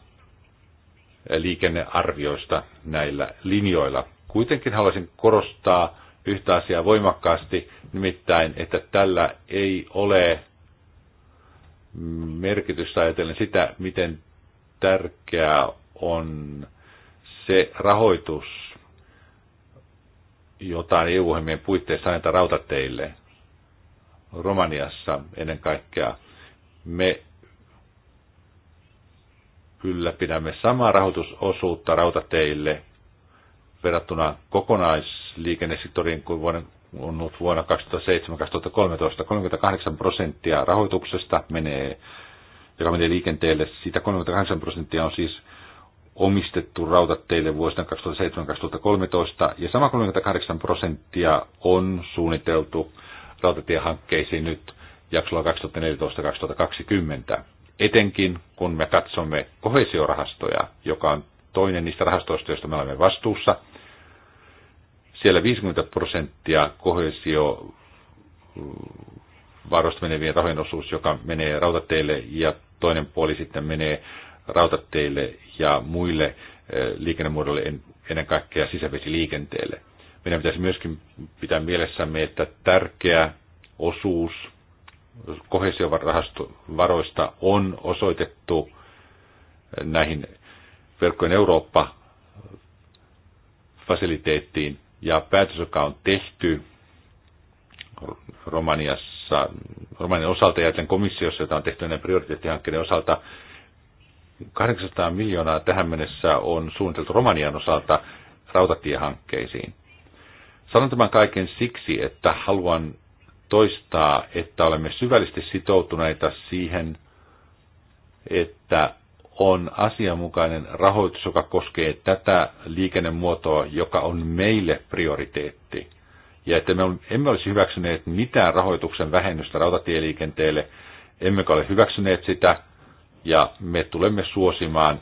liikennearvioista näillä linjoilla. Kuitenkin haluaisin korostaa yhtä asiaa voimakkaasti, nimittäin, että tällä ei ole merkitystä ajatellen sitä, miten tärkeää on se rahoitus, jota EU-ohjelmien puitteissa annetaan rautateille Romaniassa ennen kaikkea. Me ylläpidämme samaa rahoitusosuutta rautateille verrattuna kokonaisliikennesektoriin kuin vuoden, on ollut vuonna 2007-2013. 38 prosenttia rahoituksesta menee, joka menee liikenteelle, siitä 38 prosenttia on siis omistettu rautateille vuosina 2007-2013 ja sama 38 prosenttia on suunniteltu rautatiehankkeisiin nyt jaksolla 2014-2020. Etenkin kun me katsomme kohesiorahastoja, joka on toinen niistä rahastoista, joista me olemme vastuussa, siellä 50 prosenttia kohesio mm, varoista menevien rahojen osuus, joka menee rautateille ja toinen puoli sitten menee rautateille ja muille eh, liikennemuodolle ennen kaikkea sisävesiliikenteelle. Meidän pitäisi myöskin pitää mielessämme, että tärkeä osuus kohesiovaroista on osoitettu eh, näihin verkkojen Eurooppa-fasiliteettiin. Ja päätös, joka on tehty Romaniassa, Romanian osalta ja komissiossa, jota on tehty näiden prioriteettihankkeiden osalta, 800 miljoonaa tähän mennessä on suunniteltu Romanian osalta rautatiehankkeisiin. Sanon tämän kaiken siksi, että haluan toistaa, että olemme syvällisesti sitoutuneita siihen, että on asianmukainen rahoitus, joka koskee tätä liikennemuotoa, joka on meille prioriteetti. Ja että me emme olisi hyväksyneet mitään rahoituksen vähennystä rautatieliikenteelle, emmekä ole hyväksyneet sitä – ja me tulemme suosimaan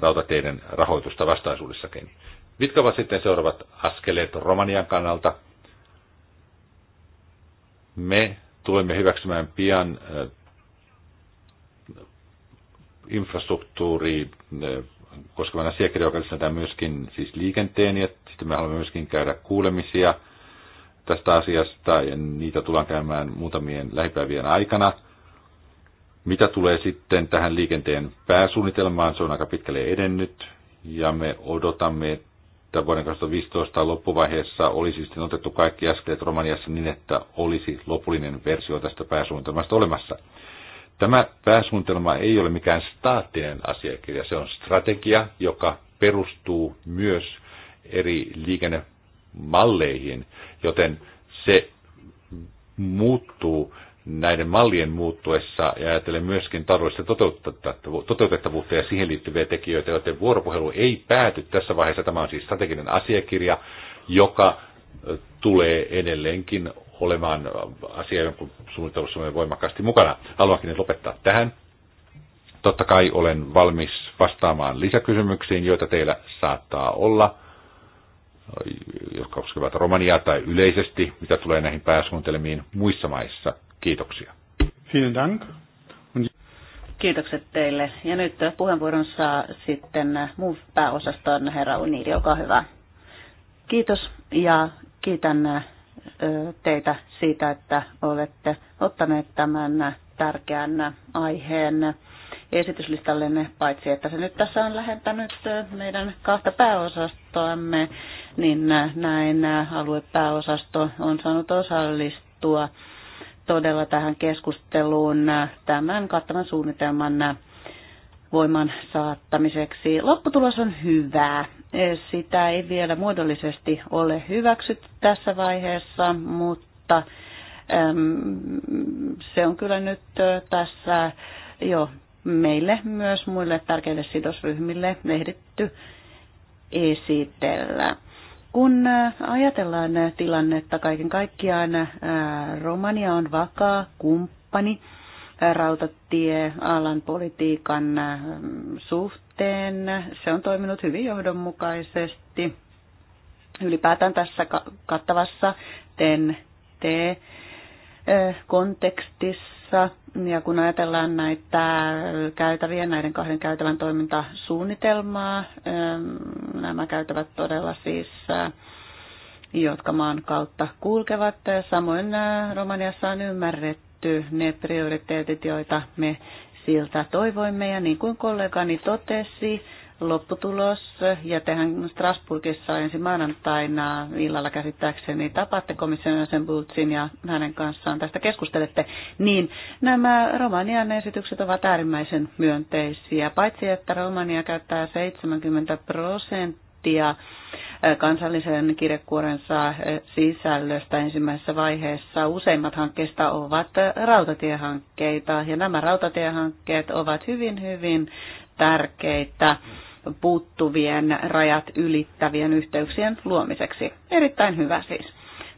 rautateiden rahoitusta vastaisuudessakin. Mitkä ovat sitten seuraavat askeleet Romanian kannalta? Me tulemme hyväksymään pian infrastruktuuri koskevan asiakirja, joka lisätään myöskin siis liikenteen, ja sitten me haluamme myöskin käydä kuulemisia tästä asiasta, ja niitä tullaan käymään muutamien lähipäivien aikana – mitä tulee sitten tähän liikenteen pääsuunnitelmaan, se on aika pitkälle edennyt ja me odotamme, että vuoden 2015 loppuvaiheessa olisi sitten otettu kaikki askeleet Romaniassa niin, että olisi lopullinen versio tästä pääsuunnitelmasta olemassa. Tämä pääsuunnitelma ei ole mikään staattinen asiakirja, se on strategia, joka perustuu myös eri liikennemalleihin, joten se muuttuu näiden mallien muuttuessa ja ajatellen myöskin taloudellista toteutettavuutta ja siihen liittyviä tekijöitä, joten vuoropuhelu ei pääty tässä vaiheessa. Tämä on siis strateginen asiakirja, joka tulee edelleenkin olemaan asia, jonka suunnittelussa olemme voimakkaasti mukana. Haluankin nyt lopettaa tähän. Totta kai olen valmis vastaamaan lisäkysymyksiin, joita teillä saattaa olla, jotka koskevat Romaniaa tai yleisesti, mitä tulee näihin pääsuunnitelmiin muissa maissa. Kiitoksia. Vielen dank. Kiitokset teille. Ja nyt puheenvuoron saa sitten muu pääosaston herra Uniri, olkaa hyvä. Kiitos ja kiitän teitä siitä, että olette ottaneet tämän tärkeän aiheen esityslistallenne, paitsi että se nyt tässä on lähentänyt meidän kahta pääosastoamme, niin näin aluepääosasto on saanut osallistua todella tähän keskusteluun tämän kattavan suunnitelman voiman saattamiseksi. Lopputulos on hyvä. Sitä ei vielä muodollisesti ole hyväksytty tässä vaiheessa, mutta se on kyllä nyt tässä jo meille myös muille tärkeille sidosryhmille ehditty esitellä. Kun äh, ajatellaan äh, tilannetta kaiken kaikkiaan, äh, Romania on vakaa kumppani rautatiealan politiikan suhteen. Se on toiminut hyvin johdonmukaisesti ylipäätään tässä kattavassa TEN-T-kontekstissa kanssa. Ja kun ajatellaan näitä käytäviä, näiden kahden käytävän toimintasuunnitelmaa, ähm, nämä käytävät todella siis äh, jotka maan kautta kulkevat. Samoin äh, Romaniassa on ymmärretty ne prioriteetit, joita me siltä toivoimme. Ja niin kuin kollegani totesi, lopputulos. Ja tehän Strasbourgissa ensi maanantaina illalla käsittääkseni tapaatte komission sen Bultsin ja hänen kanssaan tästä keskustelette. Niin nämä Romanian esitykset ovat äärimmäisen myönteisiä. Paitsi että Romania käyttää 70 prosenttia eh, kansallisen kirjekuorensa eh, sisällöstä ensimmäisessä vaiheessa. Useimmat hankkeista ovat eh, rautatiehankkeita ja nämä rautatiehankkeet ovat hyvin, hyvin tärkeitä puuttuvien rajat ylittävien yhteyksien luomiseksi. Erittäin hyvä siis.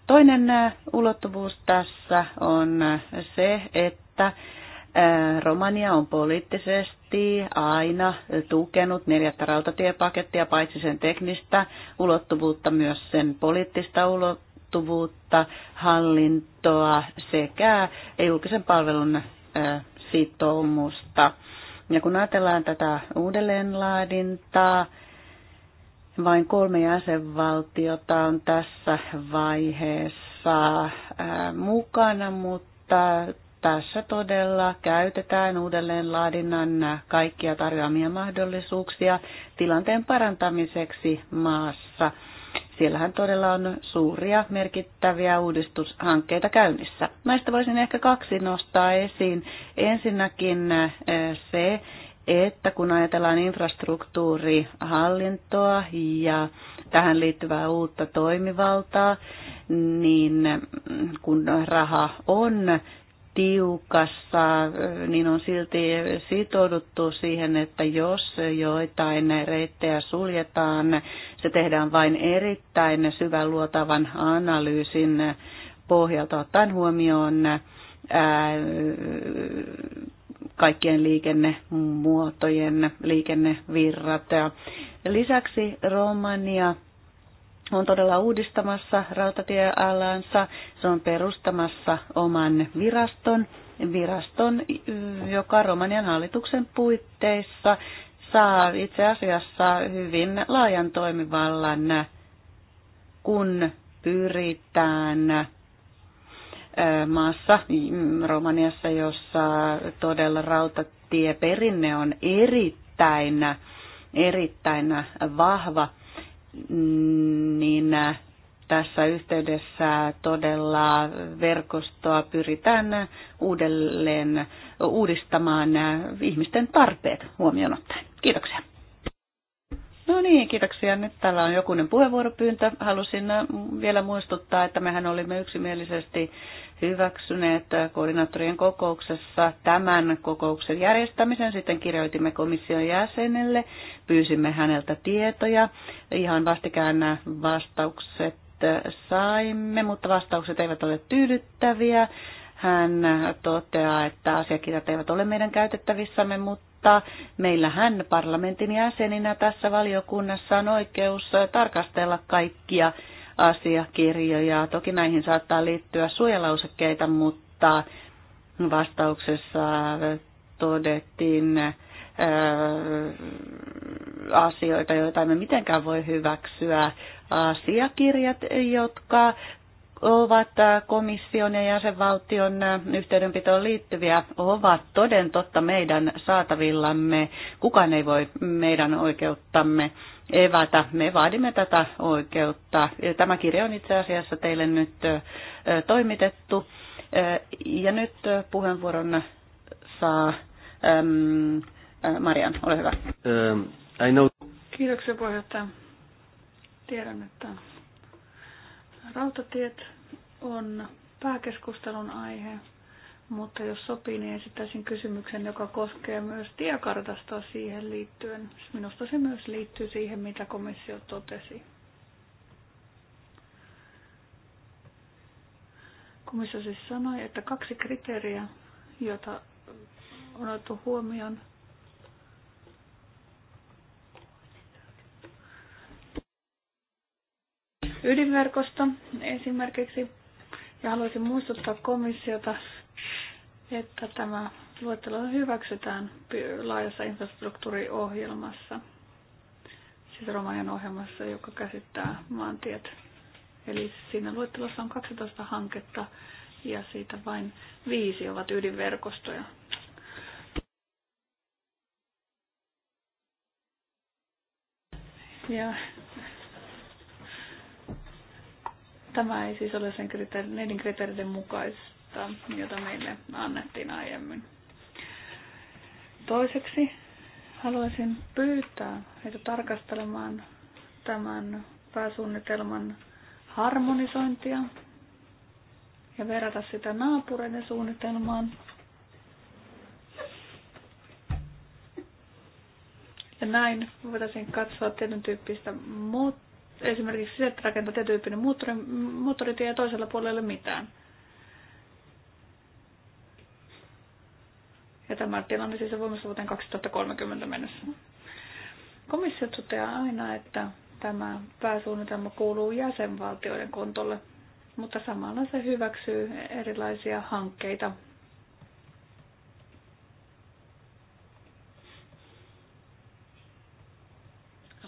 Toinen äh, ulottuvuus tässä on se, että äh, Romania on poliittisesti aina tukenut neljättä rautatiepakettia, paitsi sen teknistä ulottuvuutta, myös sen poliittista ulottuvuutta, hallintoa sekä julkisen palvelun äh, sitoumusta. Ja kun ajatellaan tätä uudelleenlaadintaa, vain kolme jäsenvaltiota on tässä vaiheessa mukana, mutta tässä todella käytetään uudelleenlaadinnan kaikkia tarjoamia mahdollisuuksia tilanteen parantamiseksi maassa. Siellähän todella on suuria merkittäviä uudistushankkeita käynnissä. Näistä voisin ehkä kaksi nostaa esiin. Ensinnäkin eh, se, että kun ajatellaan infrastruktuurihallintoa ja tähän liittyvää uutta toimivaltaa, niin mm, kun raha on, tiukassa, niin on silti sitouduttu siihen, että jos joitain reittejä suljetaan, se tehdään vain erittäin syvän luotavan analyysin pohjalta ottaen huomioon ää, kaikkien liikennemuotojen liikennevirrat. Lisäksi Romania on todella uudistamassa rautatiealansa. Se on perustamassa oman viraston, viraston joka Romanian hallituksen puitteissa saa itse asiassa hyvin laajan toimivallan, kun pyritään maassa, Romaniassa, jossa todella rautatieperinne on erittäin, erittäin vahva – niin äh, tässä yhteydessä todella verkostoa pyritään äh, uudelleen äh, uudistamaan ihmisten tarpeet huomioon ottaen. Kiitoksia. No niin, kiitoksia. Nyt täällä on jokunen puheenvuoropyyntö. Halusin äh, vielä muistuttaa, että mehän olimme yksimielisesti hyväksyneet äh, koordinaattorien kokouksessa tämän kokouksen järjestämisen. Sitten kirjoitimme komission jäsenelle, pyysimme häneltä tietoja. Ihan vastikään nämä äh, vastaukset saimme, mutta vastaukset eivät ole tyydyttäviä. Hän toteaa, että asiakirjat eivät ole meidän käytettävissämme, mutta mutta meillähän parlamentin jäseninä tässä valiokunnassa on oikeus tarkastella kaikkia asiakirjoja. Toki näihin saattaa liittyä suojalausekkeita, mutta vastauksessa todettiin äh, asioita, joita emme mitenkään voi hyväksyä. Asiakirjat, jotka ovat komission ja jäsenvaltion yhteydenpitoon liittyviä, ovat toden totta meidän saatavillamme. Kukaan ei voi meidän oikeuttamme evätä. Me vaadimme tätä oikeutta. Tämä kirja on itse asiassa teille nyt toimitettu. Ja nyt puheenvuoron saa Marian, ole hyvä. Um, I know. Kiitoksia puheenjohtaja. Tiedän, että Rautatiet on pääkeskustelun aihe, mutta jos sopii, niin esittäisin kysymyksen, joka koskee myös tiekartasta siihen liittyen. Minusta se myös liittyy siihen, mitä komissio totesi. Komissio siis sanoi, että kaksi kriteeriä, joita on otettu huomioon – ydinverkosto esimerkiksi. Ja haluaisin muistuttaa komissiota, että tämä luettelo hyväksytään laajassa infrastruktuuriohjelmassa, siis Romanian ohjelmassa, joka käsittää maantiet. Eli siinä luettelossa on 12 hanketta ja siitä vain viisi ovat ydinverkostoja. Ja Tämä ei siis ole sen kriteer- näiden kriteereiden mukaista, jota meille annettiin aiemmin. Toiseksi haluaisin pyytää heitä tarkastelemaan tämän pääsuunnitelman harmonisointia ja verrata sitä naapureiden suunnitelmaan. Ja näin voitaisiin katsoa tietyn tyyppistä esimerkiksi se, että rakentaa tietyn tyyppinen moottori, moottoritie ja toisella puolella mitään. Ja tämä tilanne siis on voimassa vuoteen 2030 mennessä. Komissio toteaa aina, että tämä pääsuunnitelma kuuluu jäsenvaltioiden kontolle, mutta samalla se hyväksyy erilaisia hankkeita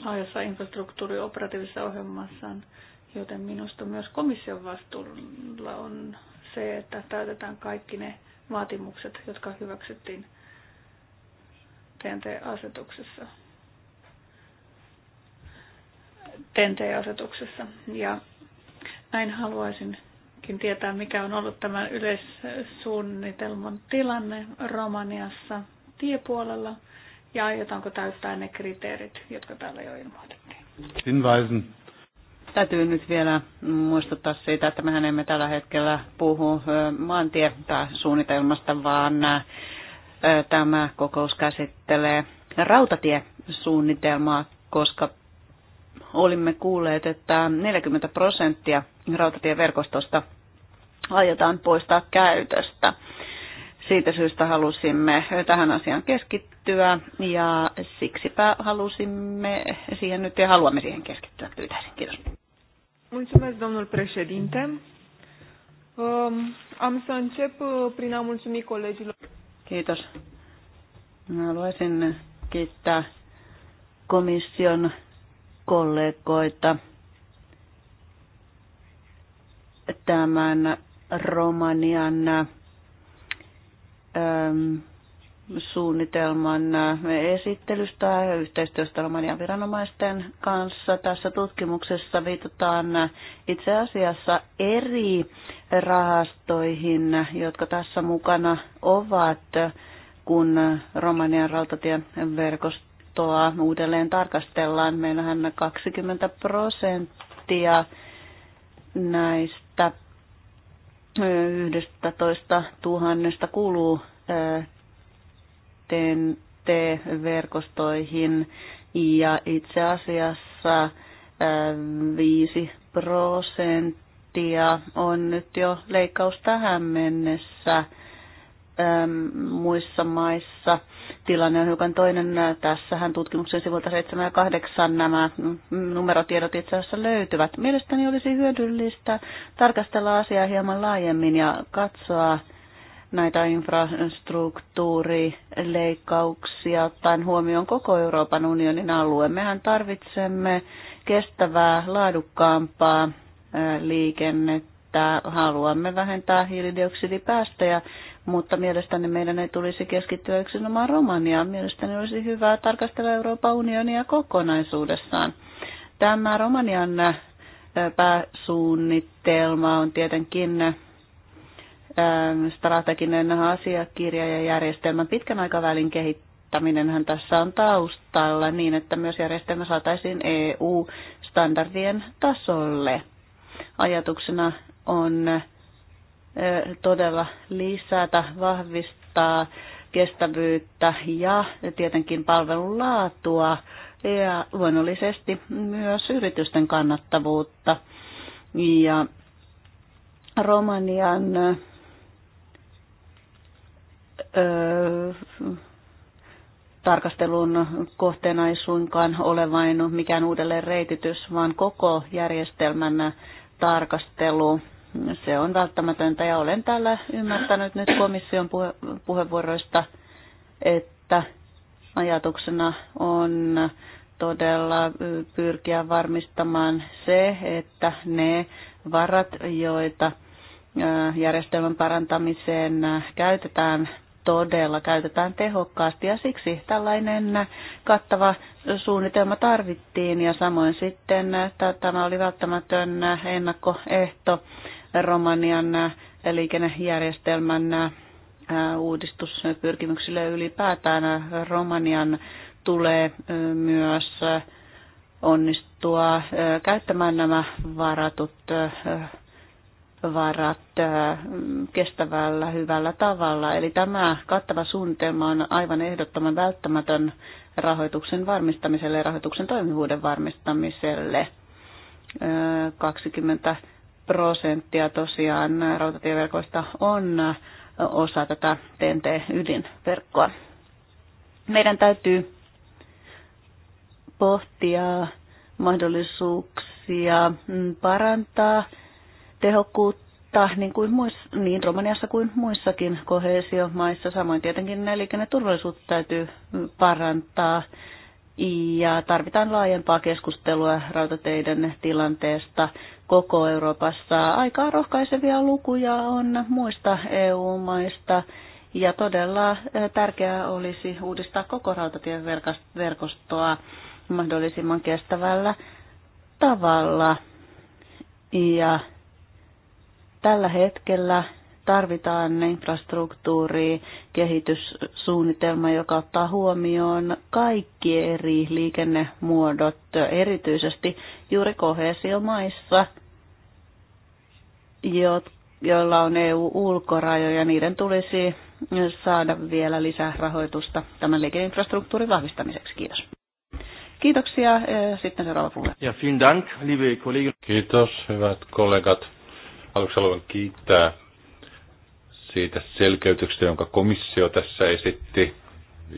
laajassa infrastruktuurioperatiivisessa ohjelmassaan, joten minusta myös komission vastuulla on se, että täytetään kaikki ne vaatimukset, jotka hyväksyttiin TNT-asetuksessa. TNT-asetuksessa. Ja näin haluaisinkin tietää, mikä on ollut tämän yleissuunnitelman tilanne Romaniassa tiepuolella ja aiotaanko täyttää ne kriteerit, jotka täällä jo ilmoitettiin. Hinweisen. Täytyy nyt vielä muistuttaa siitä, että mehän emme tällä hetkellä puhu suunnitelmasta vaan tämä kokous käsittelee rautatiesuunnitelmaa, koska olimme kuulleet, että 40 prosenttia rautatieverkostosta aiotaan poistaa käytöstä. Siitä syystä halusimme tähän asiaan keskittyä ja siksipä halusimme siihen nyt ja haluamme siihen keskittyä. Pyytäisin. Kiitos. Mulțumesc, domnul președinte. Um, am să încep uh, prin a mulțumi colegilor. Kiitos. Haluaisin kiittää komission kollegoita tämän Romanian Ähm, suunnitelman äh, esittelystä yhteistyöstä Romanian viranomaisten kanssa. Tässä tutkimuksessa viitataan itse asiassa eri rahastoihin, jotka tässä mukana ovat, kun Romanian rautatien verkostoa uudelleen tarkastellaan. Meillähän 20 prosenttia näistä 11 000 kuuluu TNT-verkostoihin ja itse asiassa 5 prosenttia on nyt jo leikkaus tähän mennessä muissa maissa tilanne on hiukan toinen. Tässähän tutkimuksen sivulta 7 ja 8 nämä numerotiedot itse asiassa löytyvät. Mielestäni olisi hyödyllistä tarkastella asiaa hieman laajemmin ja katsoa näitä infrastruktuurileikkauksia ottaen huomioon koko Euroopan unionin alue. Mehän tarvitsemme kestävää, laadukkaampaa liikennettä, haluamme vähentää hiilidioksidipäästöjä, mutta mielestäni meidän ei tulisi keskittyä yksinomaan Romaniaan. Mielestäni olisi hyvä tarkastella Euroopan unionia kokonaisuudessaan. Tämä Romanian äh, pääsuunnitelma on tietenkin äh, strateginen asiakirja ja järjestelmän pitkän aikavälin kehittäminenhän tässä on taustalla niin, että myös järjestelmä saataisiin EU-standardien tasolle. Ajatuksena on todella lisätä, vahvistaa kestävyyttä ja tietenkin palvelun laatua ja luonnollisesti myös yritysten kannattavuutta. Ja Romanian ö, tarkastelun kohteena ei suinkaan ole vain mikään uudelleen reititys, vaan koko järjestelmän tarkastelu se on välttämätöntä ja olen täällä ymmärtänyt nyt komission puheenvuoroista, että ajatuksena on todella pyrkiä varmistamaan se, että ne varat, joita järjestelmän parantamiseen käytetään, todella käytetään tehokkaasti ja siksi tällainen kattava suunnitelma tarvittiin ja samoin sitten tämä oli välttämätön ennakkoehto Romanian äh, liikennejärjestelmän äh, uudistuspyrkimyksille ylipäätään. Romanian tulee äh, myös onnistua käyttämään nämä varatut varat kestävällä, hyvällä tavalla. Eli tämä kattava suunnitelma on aivan ehdottoman välttämätön rahoituksen varmistamiselle ja rahoituksen toimivuuden varmistamiselle. 20 prosenttia tosiaan rautatieverkoista on osa tätä TNT-ydinverkkoa. Meidän täytyy pohtia mahdollisuuksia parantaa tehokkuutta niin, kuin muissa, niin Romaniassa kuin muissakin kohesiomaissa. Samoin tietenkin liikenneturvallisuutta täytyy parantaa ja tarvitaan laajempaa keskustelua rautateiden tilanteesta koko Euroopassa. Aika rohkaisevia lukuja on muista EU-maista ja todella eh, tärkeää olisi uudistaa koko verkostoa mahdollisimman kestävällä tavalla. Ja tällä hetkellä tarvitaan infrastruktuuri, kehityssuunnitelma, joka ottaa huomioon kaikki eri liikennemuodot, erityisesti juuri kohesiomaissa, joilla on EU-ulkorajoja. Niiden tulisi saada vielä lisää rahoitusta tämän liikenneinfrastruktuurin vahvistamiseksi. Kiitos. Kiitoksia. Sitten seuraava puhe. Ja vielen dank, liebe Kollegen. Kiitos, hyvät kollegat. Aluksi haluan kiittää siitä selkeytyksestä, jonka komissio tässä esitti,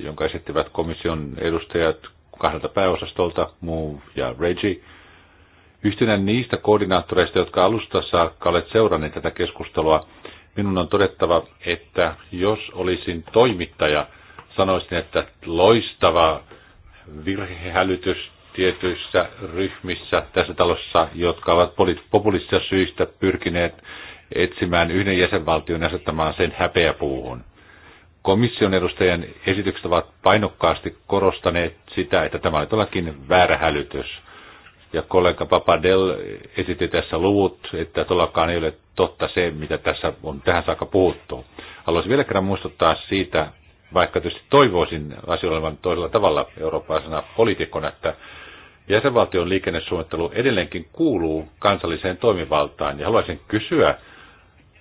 jonka esittivät komission edustajat kahdelta pääosastolta, Move ja Reggie. Yhtenä niistä koordinaattoreista, jotka alusta saakka olet seuranneet tätä keskustelua, minun on todettava, että jos olisin toimittaja, sanoisin, että loistava virhehälytys tietyissä ryhmissä tässä talossa, jotka ovat populistisia syistä pyrkineet etsimään yhden jäsenvaltion asettamaan sen häpeäpuuhun. Komission edustajien esitykset ovat painokkaasti korostaneet sitä, että tämä oli todellakin väärä hälytys. Ja kollega Papadel esitti tässä luvut, että todellakaan ei ole totta se, mitä tässä on tähän saakka puhuttu. Haluaisin vielä kerran muistuttaa siitä, vaikka tietysti toivoisin asioilla olevan toisella tavalla eurooppalaisena poliitikkona, että jäsenvaltion liikennesuunnittelu edelleenkin kuuluu kansalliseen toimivaltaan. Ja haluaisin kysyä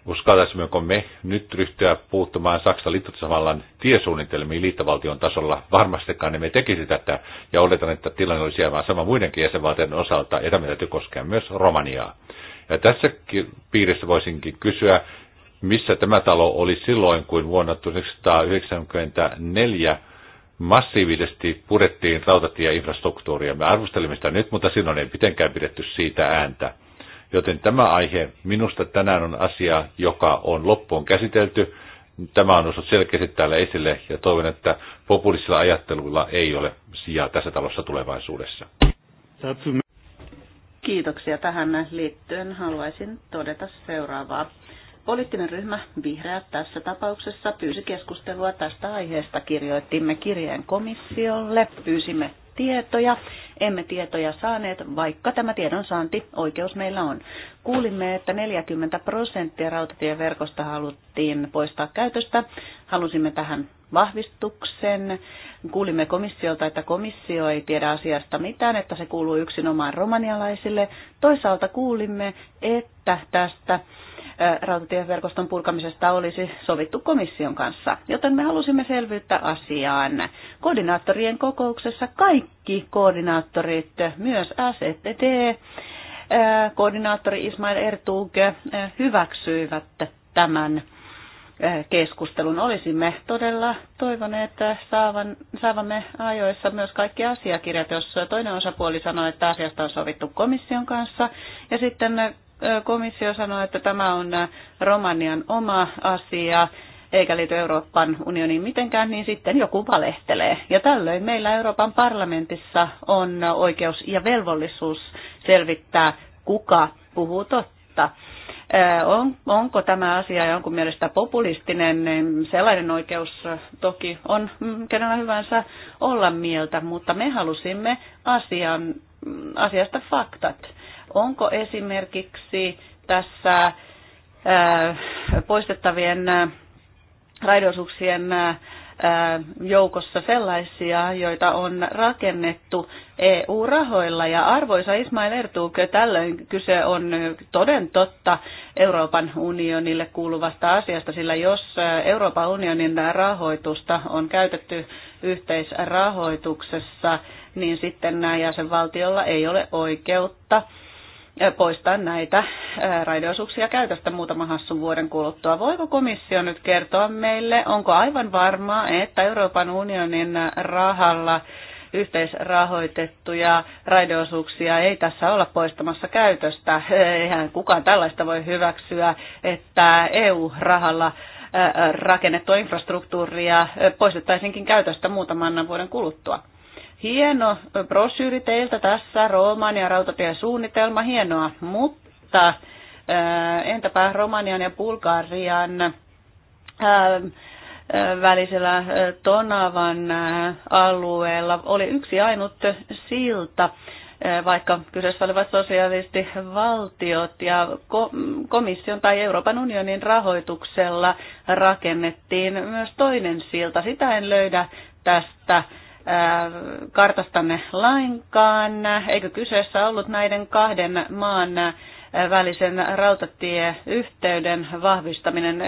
Uskaltaisimmeko me nyt ryhtyä puuttumaan Saksan liittotasavallan tiesuunnitelmiin liittovaltion tasolla? Varmastikaan emme tekisi tätä, ja oletan, että tilanne olisi aivan sama muidenkin jäsenvaltioiden osalta, ja tämä täytyy koskea myös Romaniaa. Ja tässä piirissä voisinkin kysyä, missä tämä talo oli silloin, kun vuonna 1994 massiivisesti purettiin rautatieinfrastruktuuria. Me arvostelimme sitä nyt, mutta silloin ei mitenkään pidetty siitä ääntä. Joten tämä aihe minusta tänään on asia, joka on loppuun käsitelty. Tämä on noussut selkeästi täällä esille ja toivon, että populistisilla ajattelulla ei ole sijaa tässä talossa tulevaisuudessa. Kiitoksia tähän liittyen. Haluaisin todeta seuraavaa. Poliittinen ryhmä Vihreät tässä tapauksessa pyysi keskustelua tästä aiheesta. kirjoittimme kirjeen komissiolle, pyysimme tietoja. Emme tietoja saaneet, vaikka tämä tiedonsaanti oikeus meillä on. Kuulimme, että 40 prosenttia rautatieverkosta haluttiin poistaa käytöstä. Halusimme tähän vahvistuksen. Kuulimme komissiolta, että komissio ei tiedä asiasta mitään, että se kuuluu yksinomaan romanialaisille. Toisaalta kuulimme, että tästä rautatieverkoston purkamisesta olisi sovittu komission kanssa, joten me halusimme selvyyttä asiaan. Koordinaattorien kokouksessa kaikki koordinaattorit, myös SETT, äh, koordinaattori Ismail Ertug äh, hyväksyivät tämän äh, keskustelun. Olisimme todella toivoneet saavan, saavamme ajoissa myös kaikki asiakirjat, jos toinen osapuoli sanoi, että asiasta on sovittu komission kanssa, ja sitten komissio sanoi, että tämä on Romanian oma asia eikä liity Euroopan unioniin mitenkään, niin sitten joku valehtelee. Ja tällöin meillä Euroopan parlamentissa on oikeus ja velvollisuus selvittää, kuka puhuu totta. On, onko tämä asia jonkun mielestä populistinen, niin sellainen oikeus toki on mm, kenellä hyvänsä olla mieltä, mutta me halusimme asian, mm, asiasta faktat. Onko esimerkiksi tässä äh, poistettavien äh, raidosuuksien äh, joukossa sellaisia, joita on rakennettu EU-rahoilla. Ja arvoisa Ismail Ertuukö, tällöin kyse on toden totta Euroopan unionille kuuluvasta asiasta, sillä jos Euroopan unionin rahoitusta on käytetty yhteisrahoituksessa, niin sitten jäsenvaltiolla ei ole oikeutta poistaa näitä raideosuuksia käytöstä muutaman hassun vuoden kuluttua. Voiko komissio nyt kertoa meille, onko aivan varmaa, että Euroopan unionin rahalla yhteisrahoitettuja raideosuuksia ei tässä olla poistamassa käytöstä. Eihän kukaan tällaista voi hyväksyä, että EU-rahalla rakennettua infrastruktuuria poistettaisinkin käytöstä muutaman vuoden kuluttua. Hieno brosyyri teiltä tässä, Romania suunnitelma, hienoa, mutta äh, entäpä Romanian ja Bulgarian äh, äh, välisellä Tonavan alueella oli yksi ainut silta, vaikka kyseessä olivat sosialistivaltiot ja komission tai Euroopan unionin rahoituksella rakennettiin myös toinen silta. Sitä en löydä tästä kartastamme lainkaan, eikö kyseessä ollut näiden kahden maan äh, välisen rautatieyhteyden vahvistaminen. Äh,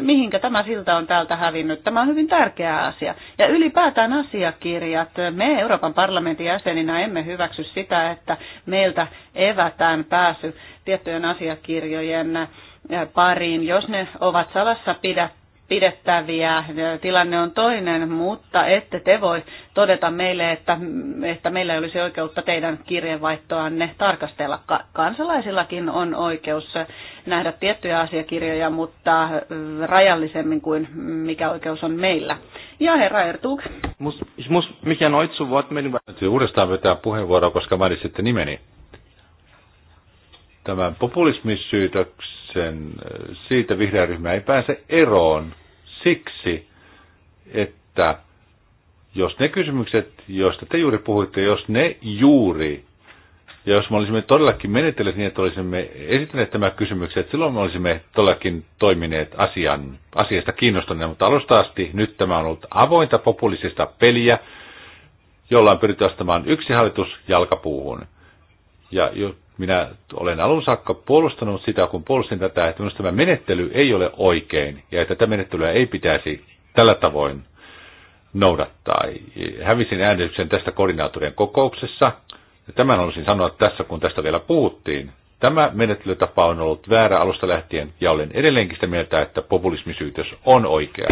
mihinkä tämä silta on täältä hävinnyt? Tämä on hyvin tärkeä asia. Ja ylipäätään asiakirjat. Me Euroopan parlamentin jäseninä emme hyväksy sitä, että meiltä evätään pääsy tiettyjen asiakirjojen äh, pariin, jos ne ovat salassa pidät pidettäviä. Tilanne on toinen, mutta ette te voi todeta meille, että, että meillä olisi oikeutta teidän kirjeenvaihtoanne tarkastella. Kansalaisillakin on oikeus nähdä tiettyjä asiakirjoja, mutta rajallisemmin kuin mikä oikeus on meillä. Ja herra Ertug. mikä noit sun vuot meni? Uudestaan vetää puheenvuoroa, koska mainitsitte nimeni. Tämän populismisyytöksen sen, siitä vihreä ryhmä ei pääse eroon siksi, että jos ne kysymykset, joista te juuri puhuitte, jos ne juuri, ja jos me olisimme todellakin menetelleet niin, että olisimme esittäneet tämä kysymykset, silloin me olisimme todellakin toimineet asian, asiasta kiinnostuneena, mutta alusta asti nyt tämä on ollut avointa populistista peliä, jolla on pyritty astamaan yksi hallitus jalkapuuhun. Ja minä olen alun saakka puolustanut sitä, kun puolustin tätä, että minusta tämä menettely ei ole oikein ja että tätä menettelyä ei pitäisi tällä tavoin noudattaa. Hävisin äänestyksen tästä koordinaattorien kokouksessa. Ja tämän olisin sanoa tässä, kun tästä vielä puhuttiin. Tämä menettelytapa on ollut väärä alusta lähtien ja olen edelleenkin sitä mieltä, että populismisyytös on oikea.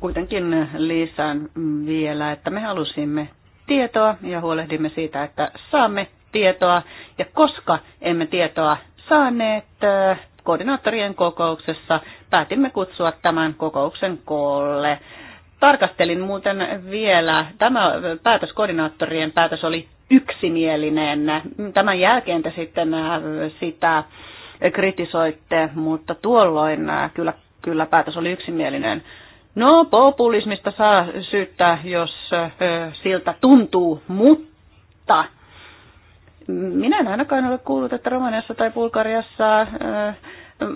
Kuitenkin lisään vielä, että me halusimme tietoa ja huolehdimme siitä, että saamme tietoa ja koska emme tietoa saaneet äh, koordinaattorien kokouksessa, päätimme kutsua tämän kokouksen koolle. Tarkastelin muuten vielä, tämä päätös koordinaattorien päätös oli yksimielinen. Tämän jälkeen te sitten äh, sitä kritisoitte, mutta tuolloin äh, kyllä, kyllä päätös oli yksimielinen. No, populismista saa syyttää, jos siltä tuntuu, mutta minä en ainakaan ole kuullut, että Romaniassa tai Bulgariassa äh,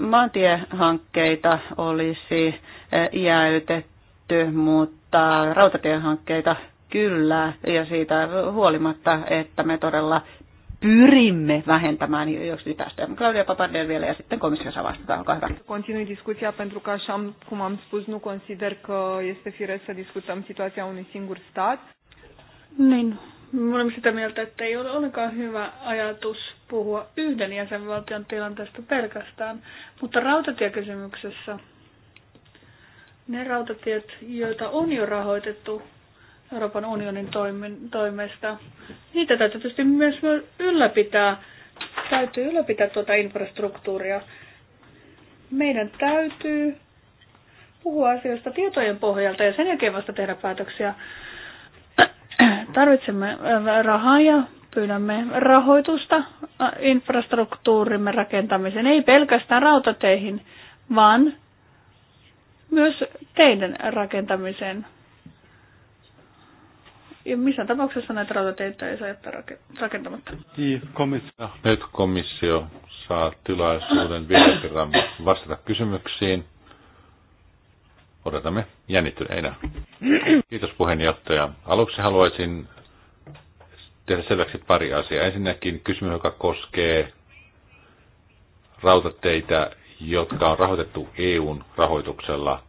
maantiehankkeita olisi äh, jäytetty, mutta rautatiehankkeita kyllä, ja siitä huolimatta, että me todella pyrimme vähentämään tästä. Claudia Papardel vielä ja sitten komissiossa saa Olkaa hyvä. Continui discuția pentru că, așa cum am spus, nu consider că este firesc să discutăm situația unui singur stat. Niin, me olemme sitä mieltä, että ei ole ollenkaan hyvä ajatus puhua yhden jäsenvaltion tilanteesta pelkästään, mutta rautatiekysymyksessä ne rautatiet, joita on jo rahoitettu Euroopan unionin toimesta, niitä täytyy tietysti myös ylläpitää. Täytyy ylläpitää tuota infrastruktuuria. Meidän täytyy puhua asioista tietojen pohjalta ja sen jälkeen vasta tehdä päätöksiä. Tarvitsemme äh, rahaa ja pyydämme rahoitusta äh, infrastruktuurimme rakentamiseen, ei pelkästään rautateihin, vaan myös teiden rakentamiseen. Ja missä tapauksessa näitä rautateitä ei saa jättää rakentamatta. Niin, komissio. Nyt komissio saa tilaisuuden vielä kerran vastata kysymyksiin odotamme jännittyneinä. Kiitos puheenjohtaja. Aluksi haluaisin tehdä selväksi pari asiaa. Ensinnäkin kysymys, joka koskee rautateitä, jotka on rahoitettu EUn rahoituksella.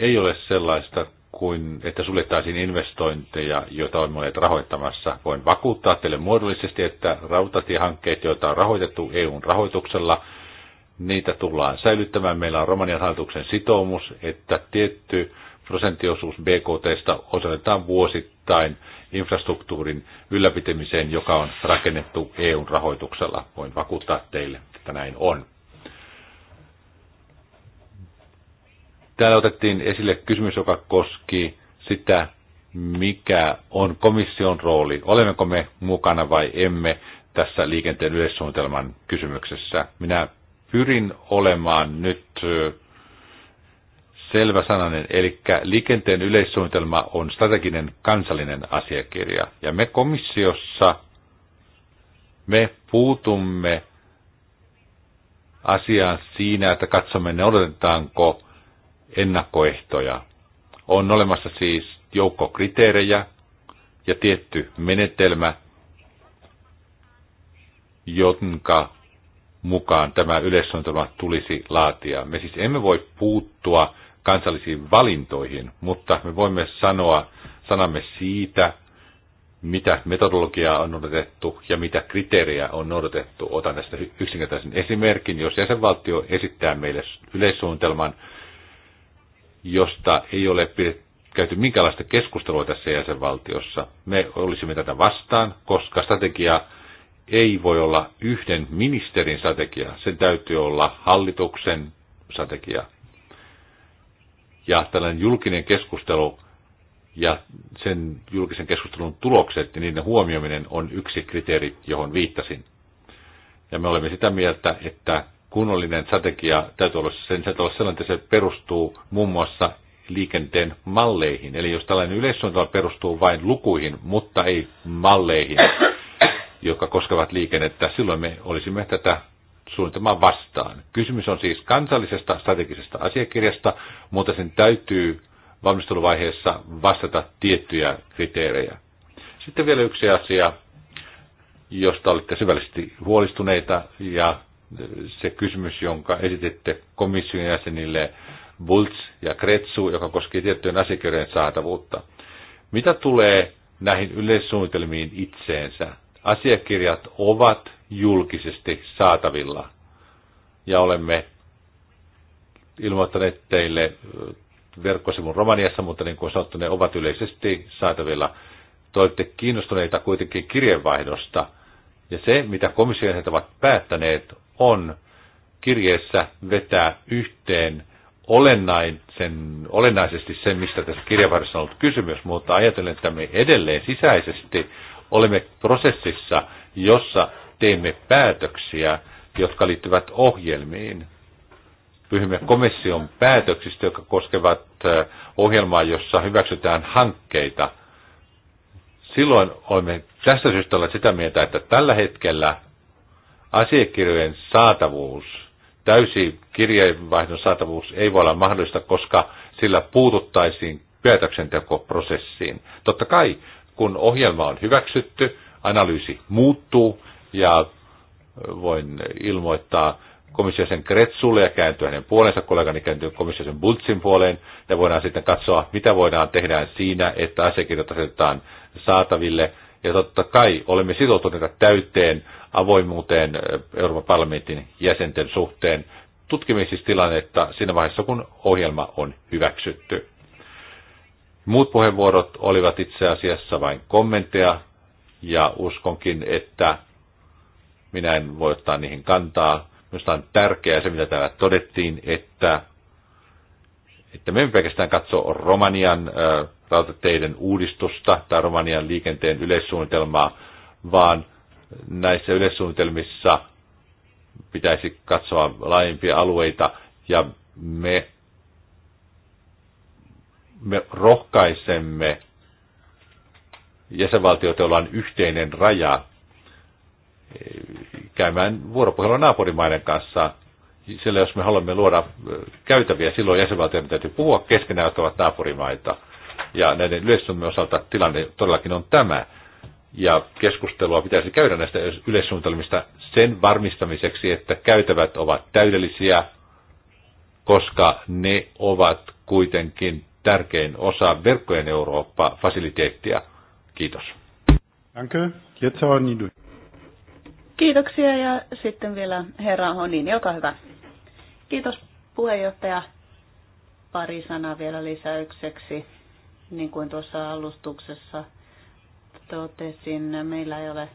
Ei ole sellaista kuin, että suljettaisiin investointeja, joita on monet rahoittamassa. Voin vakuuttaa teille muodollisesti, että rautatiehankkeet, joita on rahoitettu EUn rahoituksella, niitä tullaan säilyttämään. Meillä on Romanian hallituksen sitoumus, että tietty prosenttiosuus BKTstä osoitetaan vuosittain infrastruktuurin ylläpitämiseen, joka on rakennettu EUn rahoituksella. Voin vakuuttaa teille, että näin on. Täällä otettiin esille kysymys, joka koski sitä, mikä on komission rooli. Olemmeko me mukana vai emme tässä liikenteen yleissuunnitelman kysymyksessä? Minä pyrin olemaan nyt selvä sananen, eli liikenteen yleissuunnitelma on strateginen kansallinen asiakirja. Ja me komissiossa, me puutumme asiaan siinä, että katsomme odotetaanko ennakkoehtoja. On olemassa siis joukko kriteerejä ja tietty menetelmä, jonka mukaan tämä yleissuunnitelma tulisi laatia. Me siis emme voi puuttua kansallisiin valintoihin, mutta me voimme sanoa sanamme siitä, mitä metodologiaa on noudatettu ja mitä kriteerejä on noudatettu. Otan tästä yksinkertaisen esimerkin. Jos jäsenvaltio esittää meille yleissuunnitelman, josta ei ole käyty minkäänlaista keskustelua tässä jäsenvaltiossa, me olisimme tätä vastaan, koska strategia ei voi olla yhden ministerin strategia. Sen täytyy olla hallituksen strategia. Ja tällainen julkinen keskustelu ja sen julkisen keskustelun tulokset ja niiden huomioiminen on yksi kriteeri, johon viittasin. Ja me olemme sitä mieltä, että kunnollinen strategia täytyy olla, sen täytyy olla sellainen, että se perustuu muun muassa liikenteen malleihin. Eli jos tällainen yleissuunnitelma perustuu vain lukuihin, mutta ei malleihin, jotka koskevat liikennettä, silloin me olisimme tätä suunnitelmaa vastaan. Kysymys on siis kansallisesta strategisesta asiakirjasta, mutta sen täytyy valmisteluvaiheessa vastata tiettyjä kriteerejä. Sitten vielä yksi asia, josta olitte syvällisesti huolistuneita ja se kysymys, jonka esititte komission jäsenille Bultz ja Kretsu, joka koskee tiettyjen asiakirjojen saatavuutta. Mitä tulee näihin yleissuunnitelmiin itseensä? Asiakirjat ovat julkisesti saatavilla ja olemme ilmoittaneet teille verkkosivun Romaniassa, mutta niin kuin sanottu, ne ovat yleisesti saatavilla. Te olette kiinnostuneita kuitenkin kirjeenvaihdosta, ja se, mitä komission ovat päättäneet, on kirjeessä vetää yhteen olennaisen, olennaisesti sen, mistä tässä kirjeenvaihdossa on ollut kysymys, mutta ajatellen, että me edelleen sisäisesti Olemme prosessissa, jossa teemme päätöksiä, jotka liittyvät ohjelmiin. Pyhimme komission päätöksistä, jotka koskevat eh, ohjelmaa, jossa hyväksytään hankkeita. Silloin olemme tässä syystä olleet sitä mieltä, että tällä hetkellä asiakirjojen saatavuus, täysi kirjeenvaihdon saatavuus ei voi olla mahdollista, koska sillä puututtaisiin päätöksentekoprosessiin. Totta kai kun ohjelma on hyväksytty, analyysi muuttuu ja voin ilmoittaa komissiosen Kretsulle ja kääntyä hänen puolensa, kollegani kääntyy komissiosen Bultsin puoleen ja voidaan sitten katsoa, mitä voidaan tehdä siinä, että asiakirjat asetetaan saataville. Ja totta kai olemme sitoutuneita täyteen avoimuuteen eh, Euroopan parlamentin jäsenten suhteen tutkimisistilannetta siis siinä vaiheessa, kun ohjelma on hyväksytty. Muut puheenvuorot olivat itse asiassa vain kommentteja, ja uskonkin, että minä en voi ottaa niihin kantaa. Minusta on tärkeää se, mitä täällä todettiin, että, että me emme pelkästään katso Romanian äh, rautateiden uudistusta tai Romanian liikenteen yleissuunnitelmaa, vaan näissä yleissuunnitelmissa pitäisi katsoa laajempia alueita, ja me me rohkaisemme jäsenvaltioita, joilla on yhteinen raja, käymään vuoropuhelua naapurimaiden kanssa. Sillä jos me haluamme luoda käytäviä, silloin jäsenvaltioiden täytyy puhua keskenään, jotka ovat naapurimaita. Ja näiden yleissuunnitelmien osalta tilanne todellakin on tämä. Ja keskustelua pitäisi käydä näistä yleissuunnitelmista sen varmistamiseksi, että käytävät ovat täydellisiä, koska ne ovat kuitenkin tärkein osa verkkojen Eurooppa-fasiliteettia. Kiitos. Kiitoksia ja sitten vielä herra Honin, joka hyvä. Kiitos puheenjohtaja. Pari sanaa vielä lisäykseksi. Niin kuin tuossa alustuksessa totesin, meillä ei ole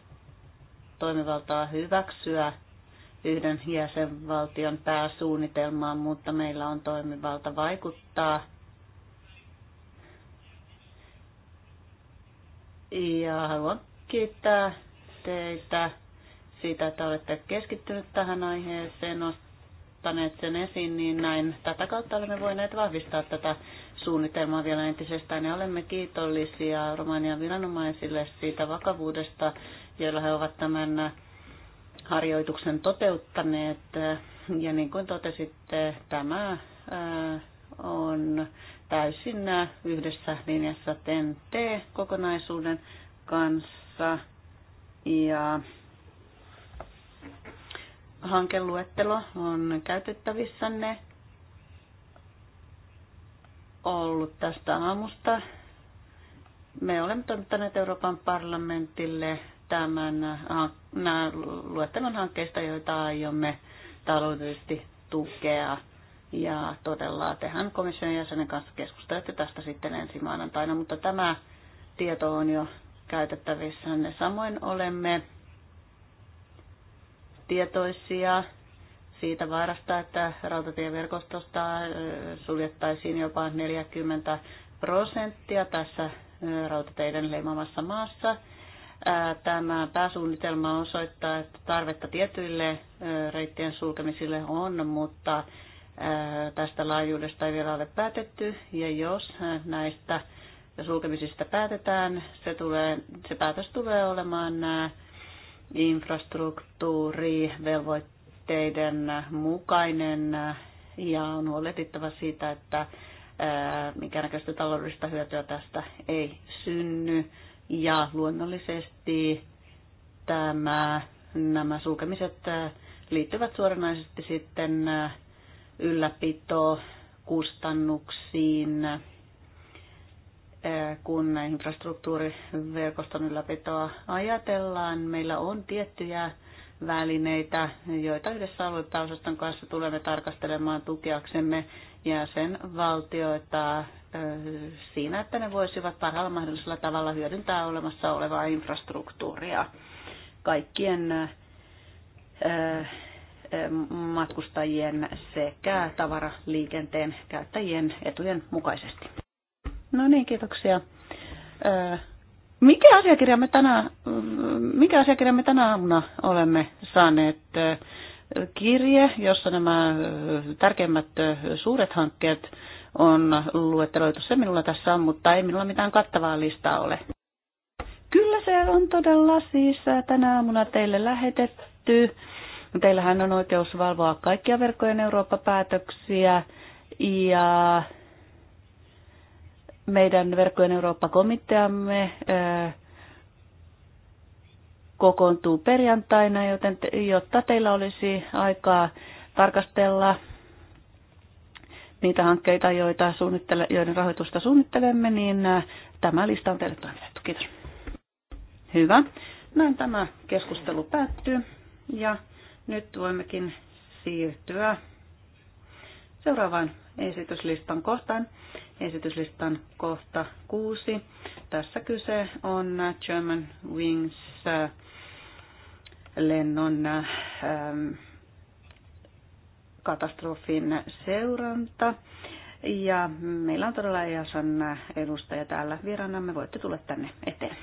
toimivaltaa hyväksyä yhden jäsenvaltion pääsuunnitelmaan, mutta meillä on toimivalta vaikuttaa Ja haluan kiittää teitä siitä, että olette keskittyneet tähän aiheeseen, ottaneet sen esiin, niin näin tätä kautta olemme voineet vahvistaa tätä suunnitelmaa vielä entisestään ja olemme kiitollisia Romanian viranomaisille siitä vakavuudesta, joilla he ovat tämän harjoituksen toteuttaneet. Ja niin kuin totesitte, tämä on täysin äh, yhdessä linjassa TNT-kokonaisuuden kanssa. Ja hankeluettelo on käytettävissänne ollut tästä aamusta. Me olemme toimittaneet Euroopan parlamentille tämän äh, nämä luettelon hankkeista, joita aiomme taloudellisesti tukea. Ja todella tehän komission jäsenen kanssa keskustelette tästä sitten ensi maanantaina, mutta tämä tieto on jo käytettävissä. Ne samoin olemme tietoisia siitä vaarasta, että rautatieverkostosta suljettaisiin jopa 40 prosenttia tässä rautateiden leimamassa maassa. Tämä pääsuunnitelma osoittaa, että tarvetta tietyille reittien sulkemisille on, mutta tästä laajuudesta ei vielä ole päätetty, ja jos näistä sulkemisista päätetään, se, tulee, se päätös tulee olemaan infrastruktuurivelvoitteiden mukainen, ja on huolehdittava siitä, että mikä näköistä taloudellista hyötyä tästä ei synny, ja luonnollisesti tämä, nämä sulkemiset liittyvät suoranaisesti sitten ylläpito kustannuksiin, eh, kun infrastruktuuriverkoston ylläpitoa ajatellaan. Meillä on tiettyjä välineitä, joita yhdessä aluepääosaston kanssa tulemme tarkastelemaan tukeaksemme jäsenvaltioita eh, siinä, että ne voisivat parhaalla mahdollisella tavalla hyödyntää olemassa olevaa infrastruktuuria kaikkien eh, matkustajien sekä tavaraliikenteen käyttäjien etujen mukaisesti. No niin, kiitoksia. Mikä asiakirja me tänä, mikä asiakirja me tänä aamuna olemme saaneet? Kirje, jossa nämä tärkeimmät suuret hankkeet on luetteloitu. Se minulla tässä on, mutta ei minulla mitään kattavaa listaa ole. Kyllä se on todella siis tänä aamuna teille lähetetty. No, teillähän on oikeus valvoa kaikkia verkkojen Eurooppa-päätöksiä ja meidän verkkojen Eurooppa-komiteamme kokoontuu perjantaina, joten jotta teillä olisi aikaa tarkastella niitä hankkeita, joita suunnittele, joiden rahoitusta suunnittelemme, niin tämä lista on teille toimitettu. Kiitos. Hyvä. Näin tämä keskustelu päättyy ja nyt voimmekin siirtyä seuraavaan esityslistan kohtaan. Esityslistan kohta kuusi. Tässä kyse on German Wings äh, lennon ähm, katastrofin seuranta. Ja meillä on todella EASan edustaja täällä vieraanamme. Voitte tulla tänne eteen.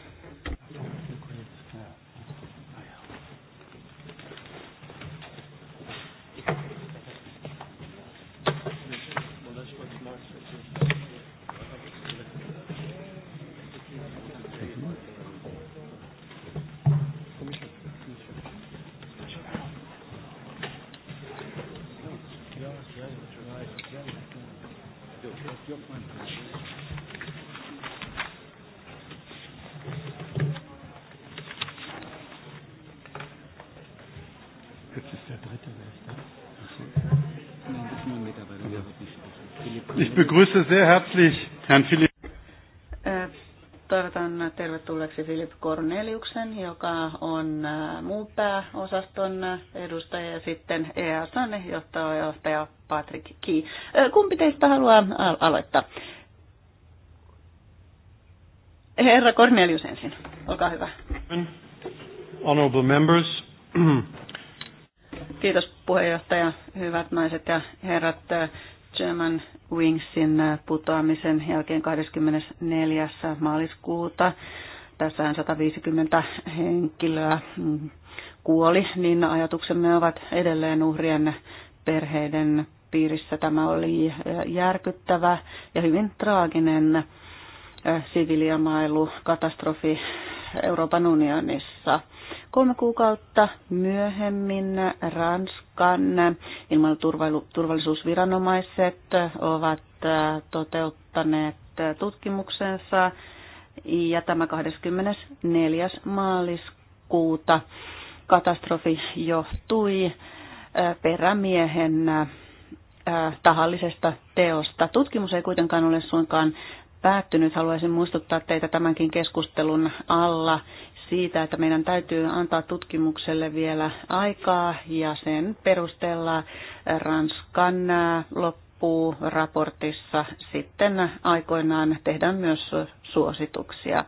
Ich begrüße sehr herzlich Herrn Philipp. Toivotan tervetulleeksi Philip Korneliuksen, joka on muun pääosaston edustaja ja sitten EASan johtaja Patrick Key. Kumpi teistä haluaa aloittaa? Herra Cornelius ensin, olkaa hyvä. Honorable members. Kiitos puheenjohtaja, hyvät naiset ja herrat. German Wingsin äh, putoamisen jälkeen 24. maaliskuuta. Tässä 150 henkilöä mm, kuoli, niin ajatuksemme ovat edelleen uhrien perheiden piirissä. Tämä oli äh, järkyttävä ja hyvin traaginen äh, siviliamailu, katastrofi Euroopan unionissa. Kolme kuukautta myöhemmin Ranskan ilmailuturvallisuusviranomaiset ovat äh, toteuttaneet äh, tutkimuksensa ja tämä 24. maaliskuuta katastrofi johtui äh, perämiehen tahallisesta teosta. Tutkimus ei kuitenkaan ole suinkaan päättynyt. Haluaisin muistuttaa teitä tämänkin keskustelun alla siitä, että meidän täytyy antaa tutkimukselle vielä aikaa ja sen perusteella Ranskan raportissa sitten aikoinaan tehdään myös suosituksia.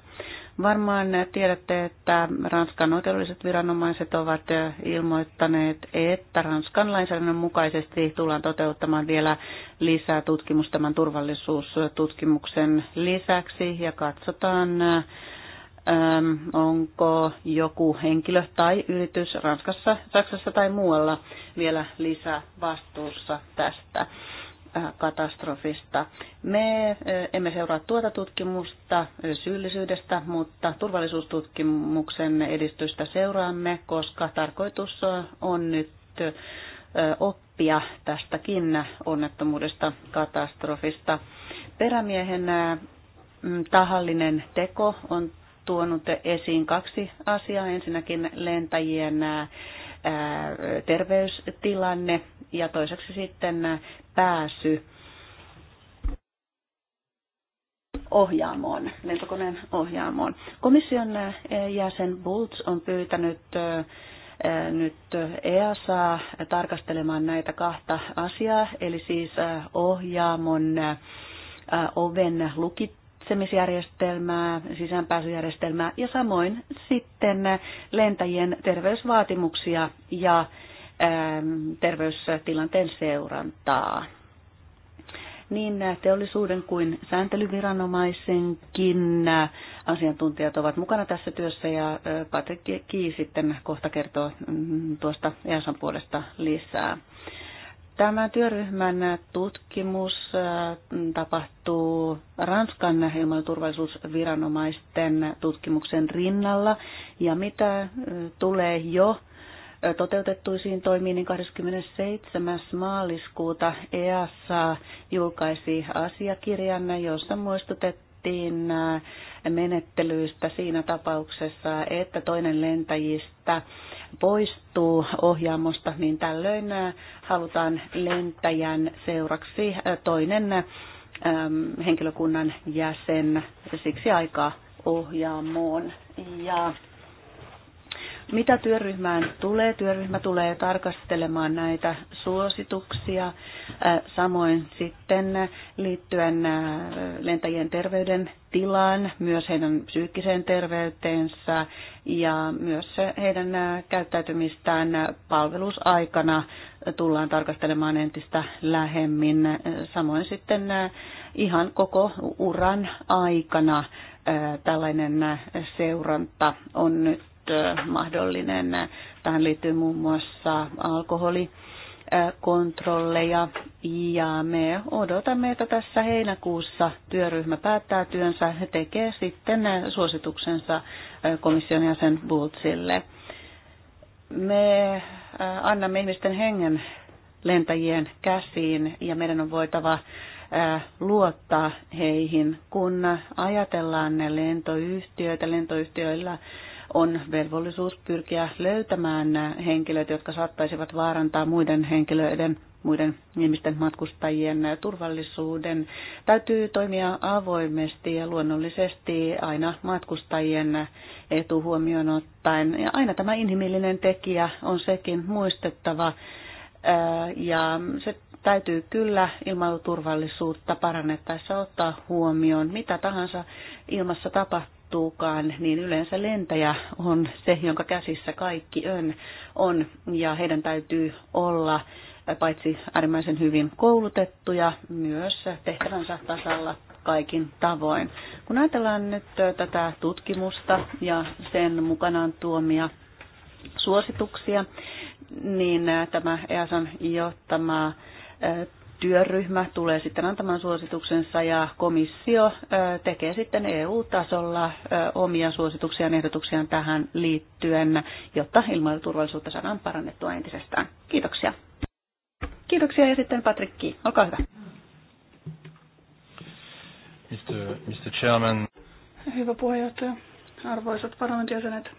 Varmaan tiedätte, että Ranskan oikeudelliset viranomaiset ovat ilmoittaneet, että Ranskan lainsäädännön mukaisesti tullaan toteuttamaan vielä lisää tutkimusta, tämän turvallisuustutkimuksen lisäksi ja katsotaan, ähm, onko joku henkilö tai yritys Ranskassa, Saksassa tai muualla vielä lisää vastuussa tästä katastrofista. Me emme seuraa tuota tutkimusta syyllisyydestä, mutta turvallisuustutkimuksen edistystä seuraamme, koska tarkoitus on nyt oppia tästäkin onnettomuudesta katastrofista. Perämiehen tahallinen teko on tuonut esiin kaksi asiaa. Ensinnäkin lentäjien terveystilanne ja toiseksi sitten pääsy ohjaamoon, lentokoneen ohjaamoon. Komission jäsen Bulls on pyytänyt nyt EASA tarkastelemaan näitä kahta asiaa, eli siis ohjaamon oven lukittu ravitsemisjärjestelmää, sisäänpääsyjärjestelmää ja samoin sitten lentäjien terveysvaatimuksia ja ähm, terveystilanteen seurantaa. Niin teollisuuden kuin sääntelyviranomaisenkin asiantuntijat ovat mukana tässä työssä ja äh, Patrick Kii sitten kohta kertoo mm, tuosta EASAn puolesta lisää. Tämä työryhmän tutkimus äh, tapahtuu Ranskan ilmaturvallisuusviranomaisten tutkimuksen rinnalla ja mitä äh, tulee jo äh, toteutettuisiin toimiin, niin 27. maaliskuuta EASA julkaisi asiakirjan, jossa muistutettiin, sovittiin äh, menettelyistä siinä tapauksessa, että toinen lentäjistä poistuu ohjaamosta, niin tällöin äh, halutaan lentäjän seuraksi äh, toinen ähm, henkilökunnan jäsen siksi aikaa ohjaamoon. Ja mitä työryhmään tulee? Työryhmä tulee tarkastelemaan näitä suosituksia, samoin sitten liittyen lentäjien terveyden tilaan, myös heidän psyykkiseen terveyteensä ja myös heidän käyttäytymistään palvelusaikana tullaan tarkastelemaan entistä lähemmin. Samoin sitten ihan koko uran aikana tällainen seuranta on nyt mahdollinen. Tähän liittyy muun muassa alkoholi kontrolleja ja me odotamme, että tässä heinäkuussa työryhmä päättää työnsä ja tekee sitten suosituksensa komission jäsen Bultzille. Me äh, annamme ihmisten hengen lentäjien käsiin ja meidän on voitava äh, luottaa heihin, kun ajatellaan ne lentoyhtiöitä. Lentoyhtiöillä on velvollisuus pyrkiä löytämään henkilöt, jotka saattaisivat vaarantaa muiden henkilöiden muiden ihmisten matkustajien turvallisuuden. Täytyy toimia avoimesti ja luonnollisesti aina matkustajien etu huomioon ottaen. Ja aina tämä inhimillinen tekijä on sekin muistettava. Ja se täytyy kyllä ilmailuturvallisuutta parannettaessa ottaa huomioon. Mitä tahansa ilmassa tapahtuu sattuukaan, niin yleensä lentäjä on se, jonka käsissä kaikki on, on ja heidän täytyy olla paitsi äärimmäisen hyvin koulutettuja, myös tehtävänsä tasalla kaikin tavoin. Kun ajatellaan nyt tätä tutkimusta ja sen mukanaan tuomia suosituksia, niin tämä EASAn johtama työryhmä tulee sitten antamaan suosituksensa ja komissio tekee sitten EU-tasolla omia suosituksia ja ehdotuksia tähän liittyen, jotta ilmailuturvallisuutta saadaan parannettua entisestään. Kiitoksia. Kiitoksia ja sitten Patrikki, olkaa hyvä. Mr. Mr. Chairman. Hyvä puheenjohtaja, arvoisat parlamentin jäsenet.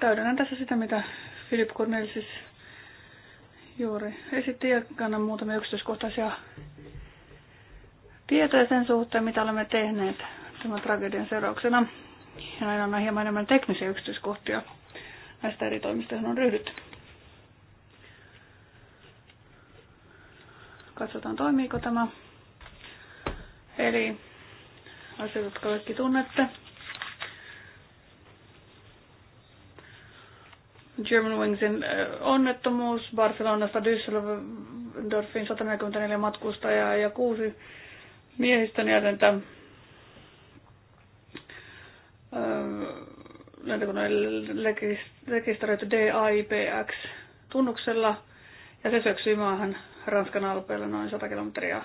täydennän tässä sitä, mitä Filip Cornelis juuri esitti ja kannan muutamia yksityiskohtaisia tietoja sen suhteen, mitä olemme tehneet tämän tragedian seurauksena. Ja aina on hieman enemmän teknisiä yksityiskohtia näistä eri toimista, on ryhdytty. Katsotaan, toimiiko tämä. Eli asiat, jotka kaikki tunnette. German Wingsin onnettomuus Barcelonasta Düsseldorfin 144 matkustajaa ja kuusi miehistön jäsentä rekisteröity DAIPX tunnuksella ja se syöksyi maahan Ranskan alpeella noin 100 kilometriä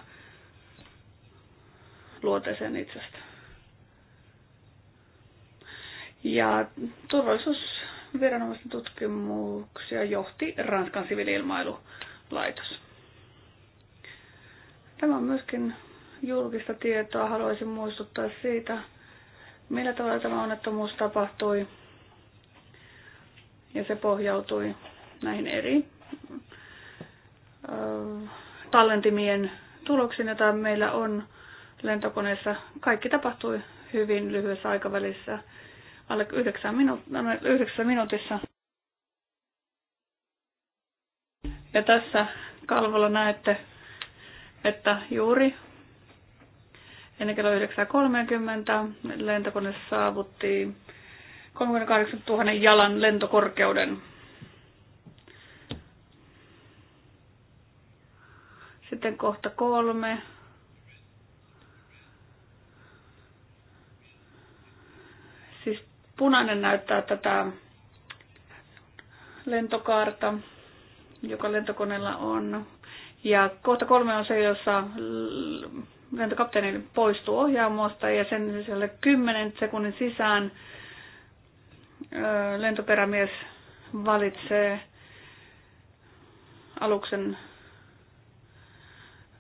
luoteeseen itsestä. Ja turvallisuus viranomaisten tutkimuksia johti Ranskan siviiliilmailulaitos. Tämä on myöskin julkista tietoa. Haluaisin muistuttaa siitä, millä tavalla tämä onnettomuus tapahtui. Ja se pohjautui näihin eri tallentimien tuloksiin, joita meillä on lentokoneessa. Kaikki tapahtui hyvin lyhyessä aikavälissä alle 9 minuutissa. Ja tässä kalvolla näette, että juuri ennen kello 9.30 lentokone saavutti 38 000 jalan lentokorkeuden. Sitten kohta kolme. Punainen näyttää tätä lentokaarta, joka lentokoneella on. Ja kohta kolme on se, jossa lentokapteeni poistuu ohjaamosta ja sen siellä kymmenen sekunnin sisään lentoperämies valitsee aluksen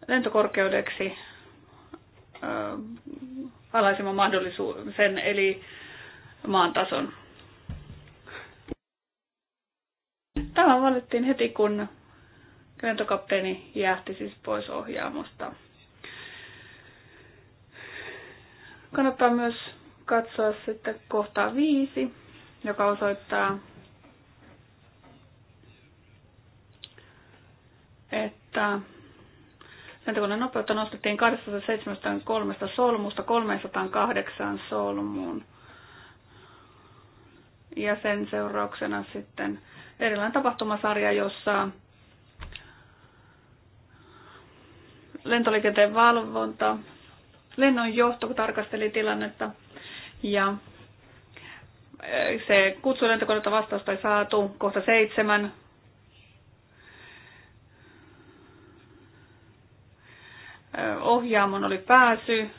lentokorkeudeksi alaisimman mahdollisuuden, eli maan tason. Tämä valittiin heti, kun lentokapteeni jähti siis pois ohjaamosta. Kannattaa myös katsoa sitten kohtaa viisi, joka osoittaa, että lentokoneen nopeutta nostettiin 273 solmusta 308 solmuun ja sen seurauksena sitten erilainen tapahtumasarja, jossa lentoliikenteen valvonta, lennon johto tarkasteli tilannetta ja eh, se kutsu lentokoneelta vastausta ei saatu, kohta seitsemän. Eh, ohjaamon oli pääsy,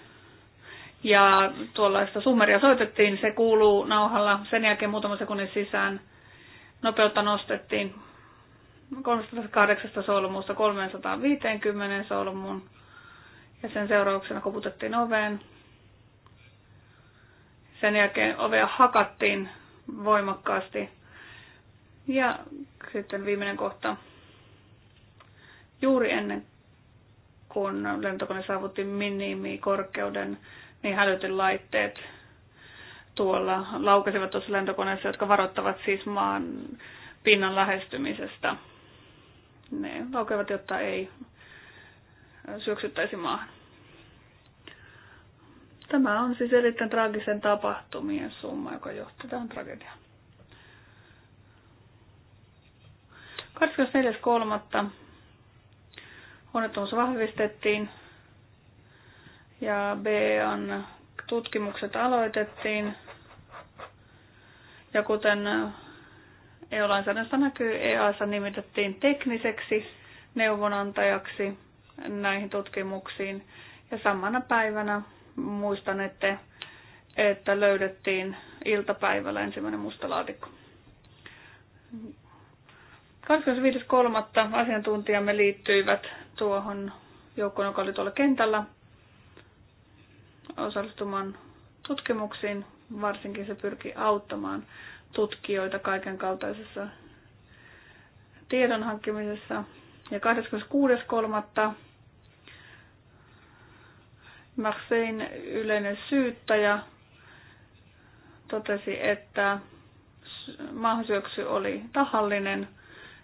ja tuollaista summeria soitettiin, se kuuluu nauhalla. Sen jälkeen muutaman sekunnin sisään nopeutta nostettiin 308 solmusta 350 solmuun ja sen seurauksena koputettiin oveen. Sen jälkeen ovea hakattiin voimakkaasti. Ja sitten viimeinen kohta. Juuri ennen kuin lentokone saavutti minimikorkeuden, niin hälytelaitteet tuolla laukasivat tuossa lentokoneessa, jotka varoittavat siis maan pinnan lähestymisestä. Ne laukevat, jotta ei syöksyttäisi maahan. Tämä on siis erittäin traagisen tapahtumien summa, joka johti tähän tragediaan. 24.3. onnettomuus vahvistettiin ja B on tutkimukset aloitettiin. Ja kuten eu lainsäädännössä näkyy, EASA nimitettiin tekniseksi neuvonantajaksi näihin tutkimuksiin. Ja samana päivänä muistan, että, että löydettiin iltapäivällä ensimmäinen musta laatikko. 25.3. asiantuntijamme liittyivät tuohon joukkoon, joka oli tuolla kentällä osallistumaan tutkimuksiin. Varsinkin se pyrki auttamaan tutkijoita kaiken kaltaisessa tiedon hankkimisessa. Ja 26.3. Marseille yleinen syyttäjä totesi, että maahansyöksy oli tahallinen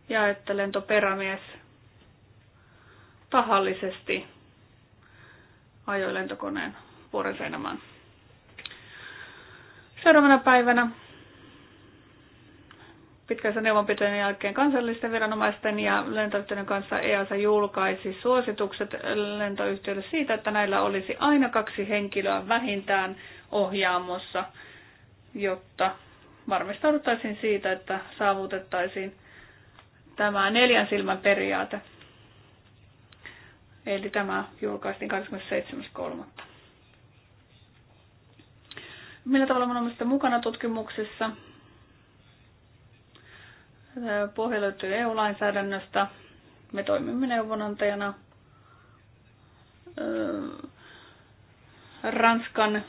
ja että lentoperämies tahallisesti ajoi lentokoneen vuoren seinämään. Seuraavana päivänä pitkänsä neuvonpitojen jälkeen kansallisten viranomaisten ja lentoyhtiöiden kanssa EASA julkaisi suositukset lentoyhtiölle siitä, että näillä olisi aina kaksi henkilöä vähintään ohjaamossa, jotta varmistauduttaisiin siitä, että saavutettaisiin tämä neljän silmän periaate. Eli tämä julkaistiin 27.3 millä tavalla me olemme mukana tutkimuksissa. Pohja löytyy EU-lainsäädännöstä. Me toimimme neuvonantajana Ranskan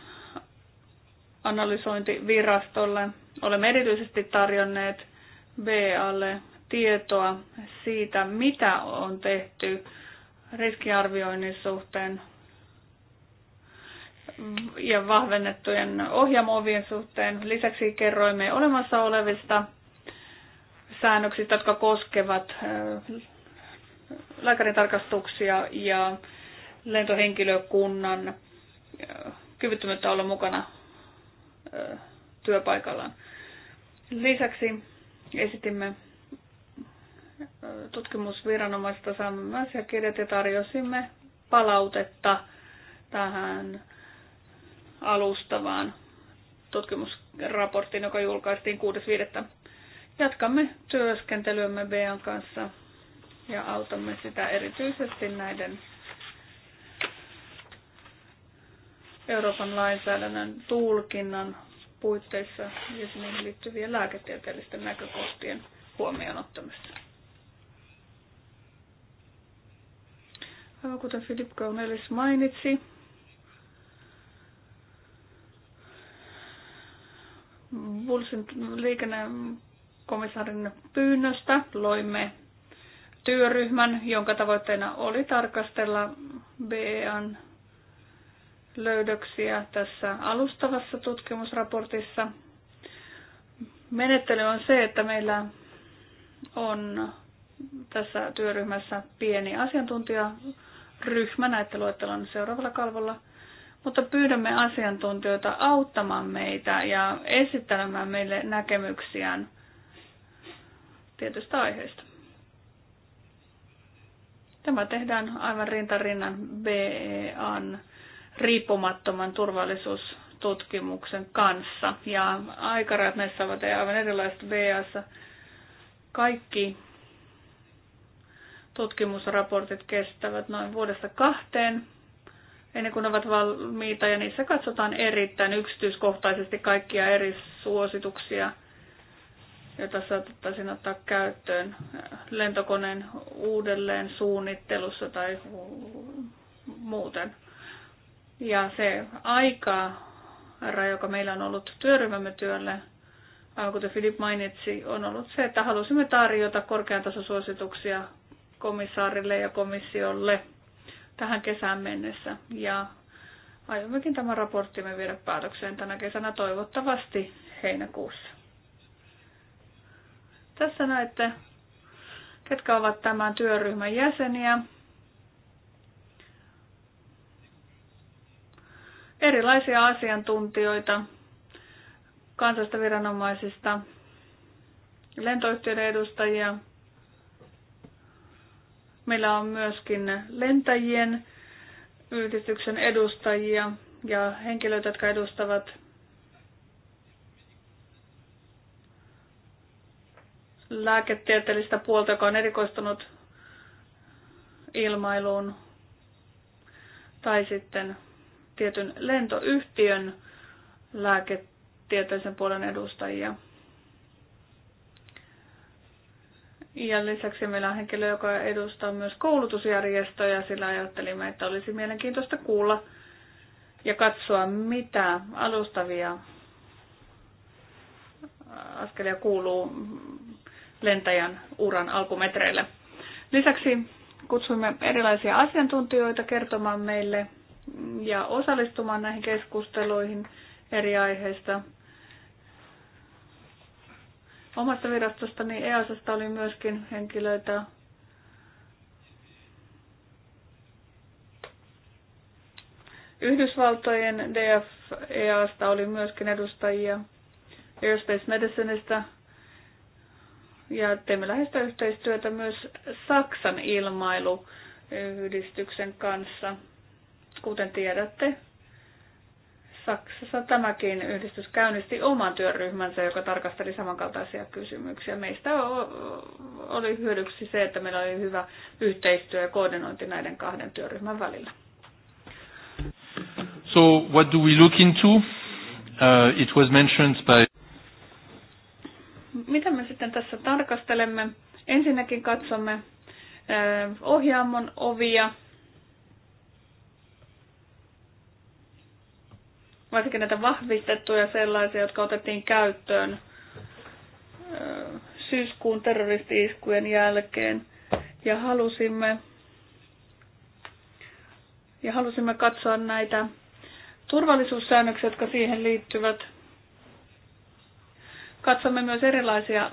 analysointivirastolle. Olemme erityisesti tarjonneet BAlle tietoa siitä, mitä on tehty riskiarvioinnin suhteen ja vahvennettujen ohjaamovien suhteen. Lisäksi kerroimme olemassa olevista säännöksistä, jotka koskevat lääkärin tarkastuksia ja lentohenkilökunnan kyvyttömyyttä olla mukana työpaikallaan. Lisäksi esitimme tutkimusviranomaista saamme asiakirjat ja tarjosimme palautetta tähän alustavaan tutkimusraporttiin, joka julkaistiin 6.5. Jatkamme työskentelyämme Bean kanssa ja autamme sitä erityisesti näiden Euroopan lainsäädännön tulkinnan puitteissa ja siihen liittyvien lääketieteellisten näkökohtien huomioon ottamista. Aivan kuten Filip Kaunelis mainitsi, Vulsin liikennekomissaarin pyynnöstä loimme työryhmän, jonka tavoitteena oli tarkastella BEAN löydöksiä tässä alustavassa tutkimusraportissa. Menettely on se, että meillä on tässä työryhmässä pieni asiantuntijaryhmä. näiden luettelon seuraavalla kalvolla – mutta pyydämme asiantuntijoita auttamaan meitä ja esittelemään meille näkemyksiään tietystä aiheesta. Tämä tehdään aivan rintarinnan BEAn riippumattoman turvallisuustutkimuksen kanssa. Ja aikarajat näissä ovat aivan erilaiset BEAssa. Kaikki tutkimusraportit kestävät noin vuodesta kahteen ennen kuin ne ovat valmiita ja niissä katsotaan erittäin yksityiskohtaisesti kaikkia eri suosituksia, joita saatettaisiin ottaa käyttöön lentokoneen uudelleen suunnittelussa tai muuten. Ja se aika, joka meillä on ollut työryhmämme työlle, aivan kuten Filip mainitsi, on ollut se, että halusimme tarjota korkean tasosuosituksia suosituksia komissaarille ja komissiolle – tähän kesään mennessä. Ja aiommekin tämän raporttimme viedä päätökseen tänä kesänä toivottavasti heinäkuussa. Tässä näette, ketkä ovat tämän työryhmän jäseniä. Erilaisia asiantuntijoita kansallista viranomaisista, lentoyhtiöiden edustajia, Meillä on myöskin lentäjien yhdistyksen edustajia ja henkilöitä, jotka edustavat lääketieteellistä puolta, joka on erikoistunut ilmailuun tai sitten tietyn lentoyhtiön lääketieteellisen puolen edustajia. Ja lisäksi meillä on henkilö, joka edustaa myös koulutusjärjestöjä, sillä ajattelimme, että olisi mielenkiintoista kuulla ja katsoa, mitä alustavia askelia kuuluu lentäjän uran alkumetreille. Lisäksi kutsuimme erilaisia asiantuntijoita kertomaan meille ja osallistumaan näihin keskusteluihin eri aiheista omasta virastostani niin EASasta oli myöskin henkilöitä, Yhdysvaltojen DFEAsta oli myöskin edustajia Aerospace Medicineista ja teemme läheistä yhteistyötä myös Saksan ilmailuyhdistyksen kanssa. Kuten tiedätte, Saksassa tämäkin yhdistys käynnisti oman työryhmänsä, joka tarkasteli samankaltaisia kysymyksiä. Meistä oli hyödyksi se, että meillä oli hyvä yhteistyö ja koordinointi näiden kahden työryhmän välillä. So what do we look into? Uh, it was mentioned by... Mitä me sitten tässä tarkastelemme? Ensinnäkin katsomme uh, ohjaamon ovia, varsinkin näitä vahvistettuja sellaisia, jotka otettiin käyttöön syyskuun terroristi-iskujen jälkeen. Ja halusimme, ja halusimme katsoa näitä turvallisuussäännöksiä, jotka siihen liittyvät. Katsomme myös erilaisia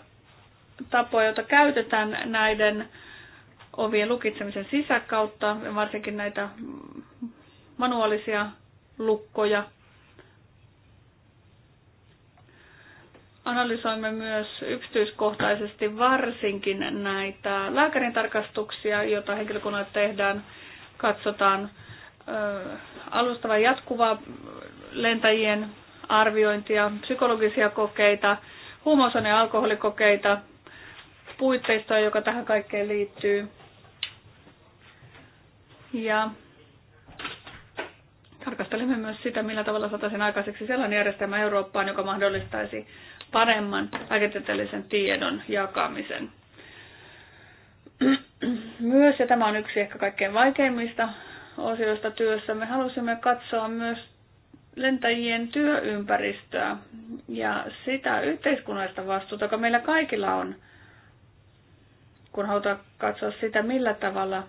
tapoja, joita käytetään näiden ovien lukitsemisen sisäkautta, varsinkin näitä manuaalisia lukkoja. Analysoimme myös yksityiskohtaisesti varsinkin näitä lääkärin tarkastuksia, joita henkilökunnalle tehdään. Katsotaan alustava alustavaa jatkuvaa lentäjien arviointia, psykologisia kokeita, huumausaine- ja alkoholikokeita, puitteistoa, joka tähän kaikkeen liittyy. Ja tarkastelimme myös sitä, millä tavalla saataisiin aikaiseksi sellainen järjestelmä Eurooppaan, joka mahdollistaisi paremman lääketieteellisen tiedon jakamisen. Myös, ja tämä on yksi ehkä kaikkein vaikeimmista osioista työssä, me halusimme katsoa myös lentäjien työympäristöä ja sitä yhteiskunnallista vastuuta, joka meillä kaikilla on, kun halutaan katsoa sitä, millä tavalla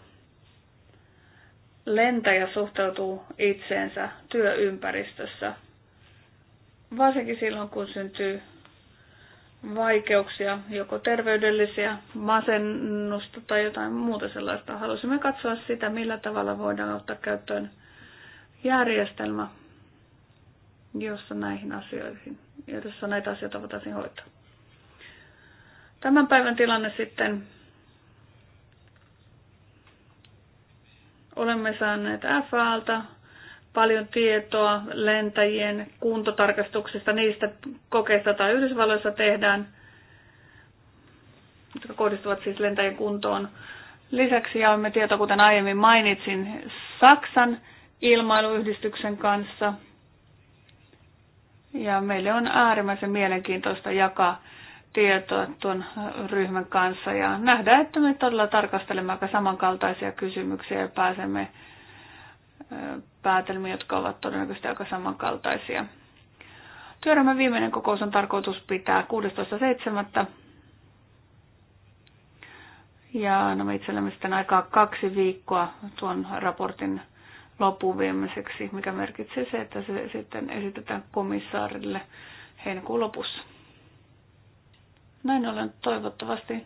lentäjä suhtautuu itseensä työympäristössä. Varsinkin silloin, kun syntyy vaikeuksia, joko terveydellisiä, masennusta tai jotain muuta sellaista. Halusimme katsoa sitä, millä tavalla voidaan ottaa käyttöön järjestelmä, jossa näihin asioihin, jossa näitä asioita voitaisiin hoitaa. Tämän päivän tilanne sitten olemme saaneet FAlta paljon tietoa lentäjien kuntotarkastuksista, niistä kokeista tai Yhdysvalloissa tehdään, jotka kohdistuvat siis lentäjien kuntoon. Lisäksi jaoimme tietoa, kuten aiemmin mainitsin, Saksan ilmailuyhdistyksen kanssa. Ja meille on äärimmäisen mielenkiintoista jakaa tietoa tuon ryhmän kanssa ja nähdään, että me todella tarkastelemme aika samankaltaisia kysymyksiä ja pääsemme päätelmiä, jotka ovat todennäköisesti aika samankaltaisia. Työryhmän viimeinen kokous on tarkoitus pitää 16.7. Ja me itsellemme sitten aikaa kaksi viikkoa tuon raportin loppuun viimeiseksi, mikä merkitsee se, että se sitten esitetään komissaarille heinäkuun lopussa. Näin ollen toivottavasti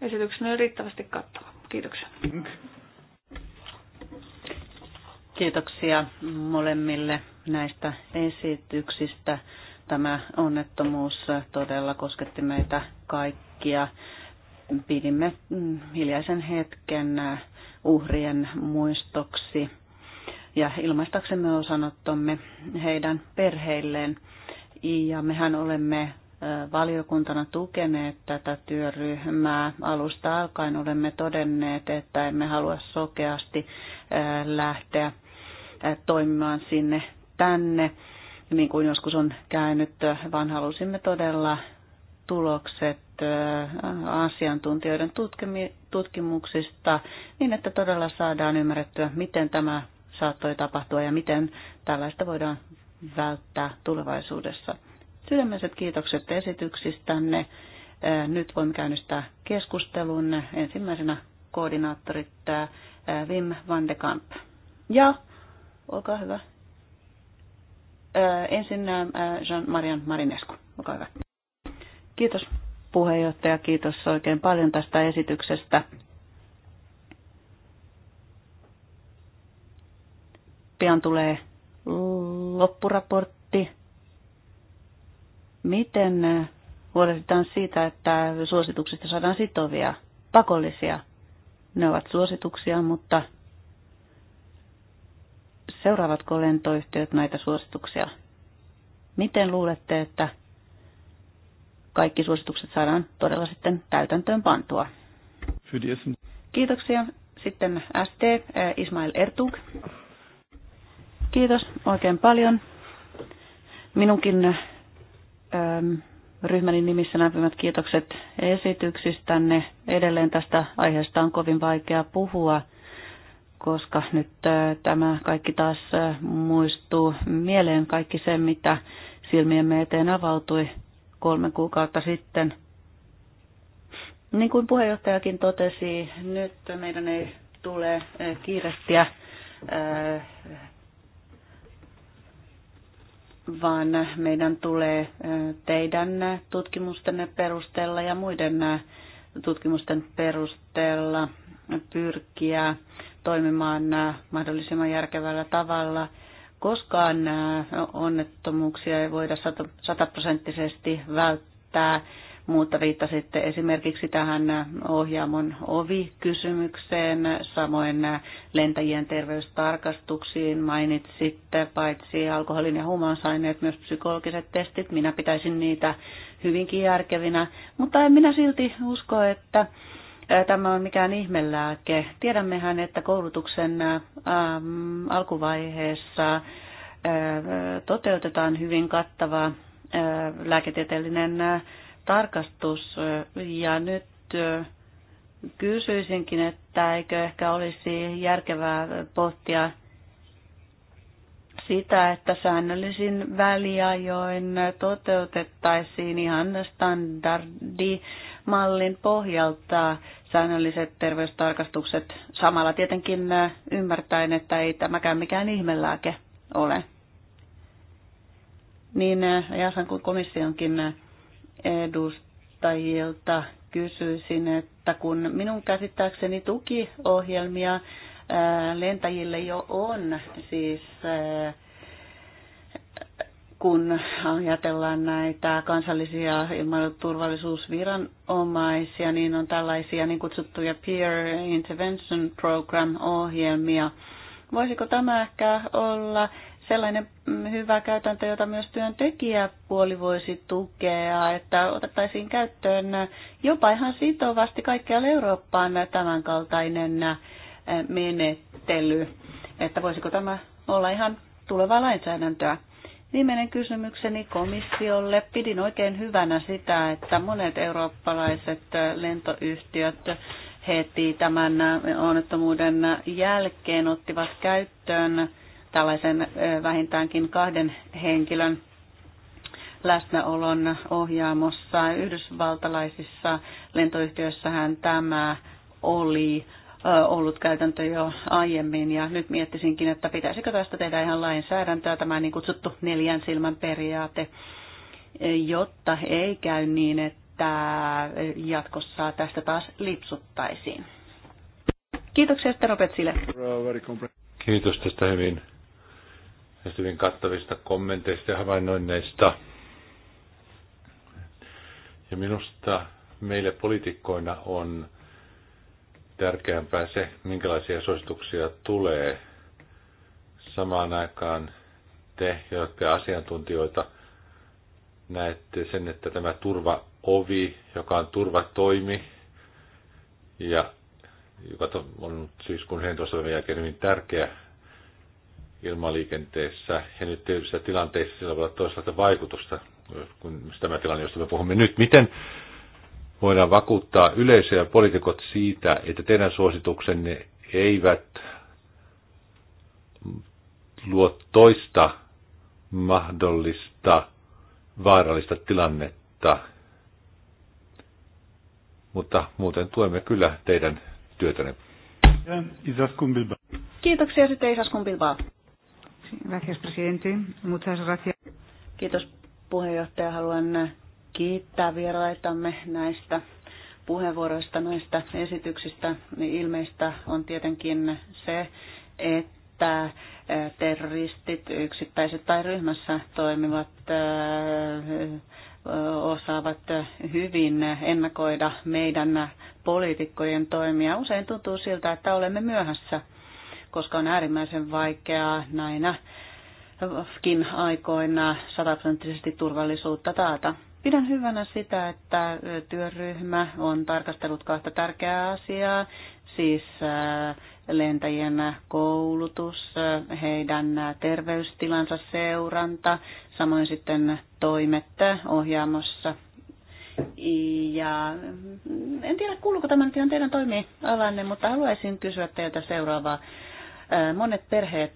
esityksenä on riittävästi kattava. Kiitoksia. Kiitoksia molemmille näistä esityksistä. Tämä onnettomuus todella kosketti meitä kaikkia. Pidimme mm, hiljaisen hetken uhrien muistoksi ja ilmaistaksemme osanottomme heidän perheilleen. Ja mehän olemme valiokuntana tukeneet tätä työryhmää. Alusta alkaen olemme todenneet, että emme halua sokeasti lähteä Äh, toimimaan sinne tänne, niin kuin joskus on käynyt, äh, vaan halusimme todella tulokset äh, asiantuntijoiden tutkimuksista niin, että todella saadaan ymmärrettyä, miten tämä saattoi tapahtua ja miten tällaista voidaan välttää tulevaisuudessa. Sydämiset kiitokset esityksistänne. Nyt voimme käynnistää keskustelun. Ensimmäisenä koordinaattorit Wim van de Kamp. Ja Olkaa hyvä. Ensin Jean-Marian Marinescu, olkaa hyvä. Kiitos puheenjohtaja, kiitos oikein paljon tästä esityksestä. Pian tulee loppuraportti. Miten huolehditaan siitä, että suosituksista saadaan sitovia, pakollisia? Ne ovat suosituksia, mutta seuraavatko lentoyhtiöt näitä suosituksia? Miten luulette, että kaikki suositukset saadaan todella sitten täytäntöön pantua? Kiitoksia. Sitten ST, eh, Ismail Ertug. Kiitos oikein paljon. Minunkin ähm, ryhmäni nimissä lämpimät kiitokset esityksistänne. Edelleen tästä aiheesta on kovin vaikea puhua koska nyt tämä kaikki taas muistuu mieleen kaikki se, mitä silmiemme eteen avautui kolme kuukautta sitten. Niin kuin puheenjohtajakin totesi, nyt meidän ei tule kiirehtiä, vaan meidän tulee teidän tutkimustenne perusteella ja muiden tutkimusten perusteella pyrkiä toimimaan äh, mahdollisimman järkevällä tavalla. Koskaan äh, onnettomuuksia ei voida sataprosenttisesti välttää, mutta viittasitte esimerkiksi tähän äh, ohjaamon ovikysymykseen, samoin lentäjien terveystarkastuksiin mainitsitte paitsi alkoholin ja huumausaineet, myös psykologiset testit. Minä pitäisin niitä hyvinkin järkevinä, mutta en minä silti usko, että tämä on mikään ihmelääke. Tiedämmehän, että koulutuksen alkuvaiheessa toteutetaan hyvin kattava lääketieteellinen tarkastus. Ja nyt kysyisinkin, että eikö ehkä olisi järkevää pohtia sitä, että säännöllisin väliajoin toteutettaisiin ihan standardi mallin pohjalta säännölliset terveystarkastukset samalla tietenkin äh, ymmärtäen, että ei tämäkään mikään ihmelääke ole. Niin äh, Jasan kuin komissionkin äh, edustajilta kysyisin, että kun minun käsittääkseni tukiohjelmia lentäjille jo on, siis kun ajatellaan näitä kansallisia ilmailuturvallisuusviranomaisia, niin on tällaisia niin kutsuttuja peer intervention program ohjelmia. Voisiko tämä ehkä olla sellainen hyvä käytäntö, jota myös työntekijäpuoli voisi tukea, että otettaisiin käyttöön jopa ihan sitovasti kaikkialla Eurooppaan tämänkaltainen menettely, että voisiko tämä olla ihan tulevaa lainsäädäntöä. Viimeinen kysymykseni komissiolle. Pidin oikein hyvänä sitä, että monet eurooppalaiset lentoyhtiöt heti tämän onnettomuuden jälkeen ottivat käyttöön tällaisen vähintäänkin kahden henkilön läsnäolon ohjaamossa. Yhdysvaltalaisissa lentoyhtiöissähän tämä oli ollut käytäntö jo aiemmin ja nyt miettisinkin, että pitäisikö tästä tehdä ihan lainsäädäntöä, tämä niin kutsuttu neljän silmän periaate, jotta ei käy niin, että jatkossa tästä taas lipsuttaisiin. Kiitoksia Tero Sille. Kiitos tästä hyvin, tästä hyvin kattavista kommenteista ja havainnoinneista. Ja minusta meille poliitikkoina on tärkeämpää se, minkälaisia suosituksia tulee. Samaan aikaan te, jotka asiantuntijoita, näette sen, että tämä turvaovi, joka on turvatoimi, ja joka on siis kun hentosoimen jälkeen hyvin tärkeä ilmaliikenteessä, ja nyt tietyissä tilanteissa sillä voi olla toisaalta vaikutusta, kun tämä tilanne, josta me puhumme nyt. Miten voidaan vakuuttaa yleisö ja poliitikot siitä, että teidän suosituksenne eivät luo toista mahdollista vaarallista tilannetta. Mutta muuten tuemme kyllä teidän työtänne. Kiitoksia sitten Isaskun Bilbao. Gracias, Muchas gracias. Kiitos puheenjohtaja. Haluan kiittää vieraitamme näistä puheenvuoroista, näistä esityksistä. Ilmeistä on tietenkin se, että terroristit yksittäiset tai ryhmässä toimivat osaavat hyvin ennakoida meidän poliitikkojen toimia. Usein tuntuu siltä, että olemme myöhässä, koska on äärimmäisen vaikeaa näinäkin aikoina sataprosenttisesti turvallisuutta taata. Pidän hyvänä sitä, että työryhmä on tarkastellut kahta tärkeää asiaa, siis lentäjien koulutus, heidän terveystilansa seuranta, samoin sitten toimet ohjaamossa. Ja mm, en tiedä, kuuluuko tämä nyt ihan teidän toimialanne, mutta haluaisin kysyä teiltä seuraavaa. Monet perheet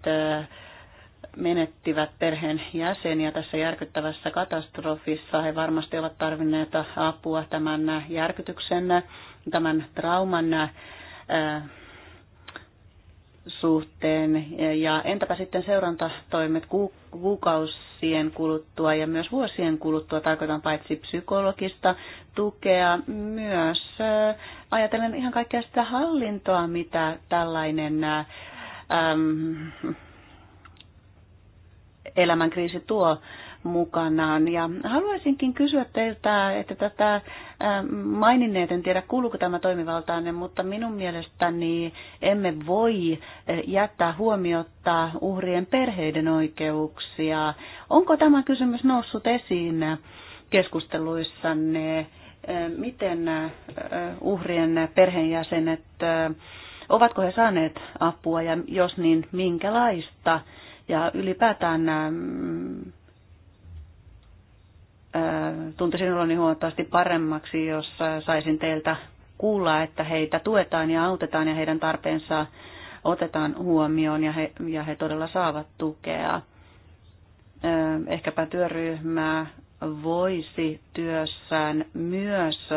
menettivät perheen jäseniä tässä järkyttävässä katastrofissa. He varmasti ovat tarvinneet apua tämän järkytyksen, tämän trauman äh, suhteen. Ja entäpä sitten seurantatoimet kuukausien kuluttua ja myös vuosien kuluttua, tarkoitan paitsi psykologista tukea, myös äh, ajatellen ihan kaikkea sitä hallintoa, mitä tällainen ähm, elämänkriisi tuo mukanaan. Ja haluaisinkin kysyä teiltä, että tätä maininneet, en tiedä kuuluuko tämä toimivaltainen, mutta minun mielestäni emme voi jättää huomiota uhrien perheiden oikeuksia. Onko tämä kysymys noussut esiin keskusteluissanne? Miten uhrien perheenjäsenet, ovatko he saaneet apua ja jos niin, minkälaista? Ja ylipäätään ähm, äh, tuntisin oloni huomattavasti paremmaksi, jos äh, saisin teiltä kuulla, että heitä tuetaan ja autetaan ja heidän tarpeensa otetaan huomioon ja he, ja he todella saavat tukea. Äh, ehkäpä työryhmä voisi työssään myös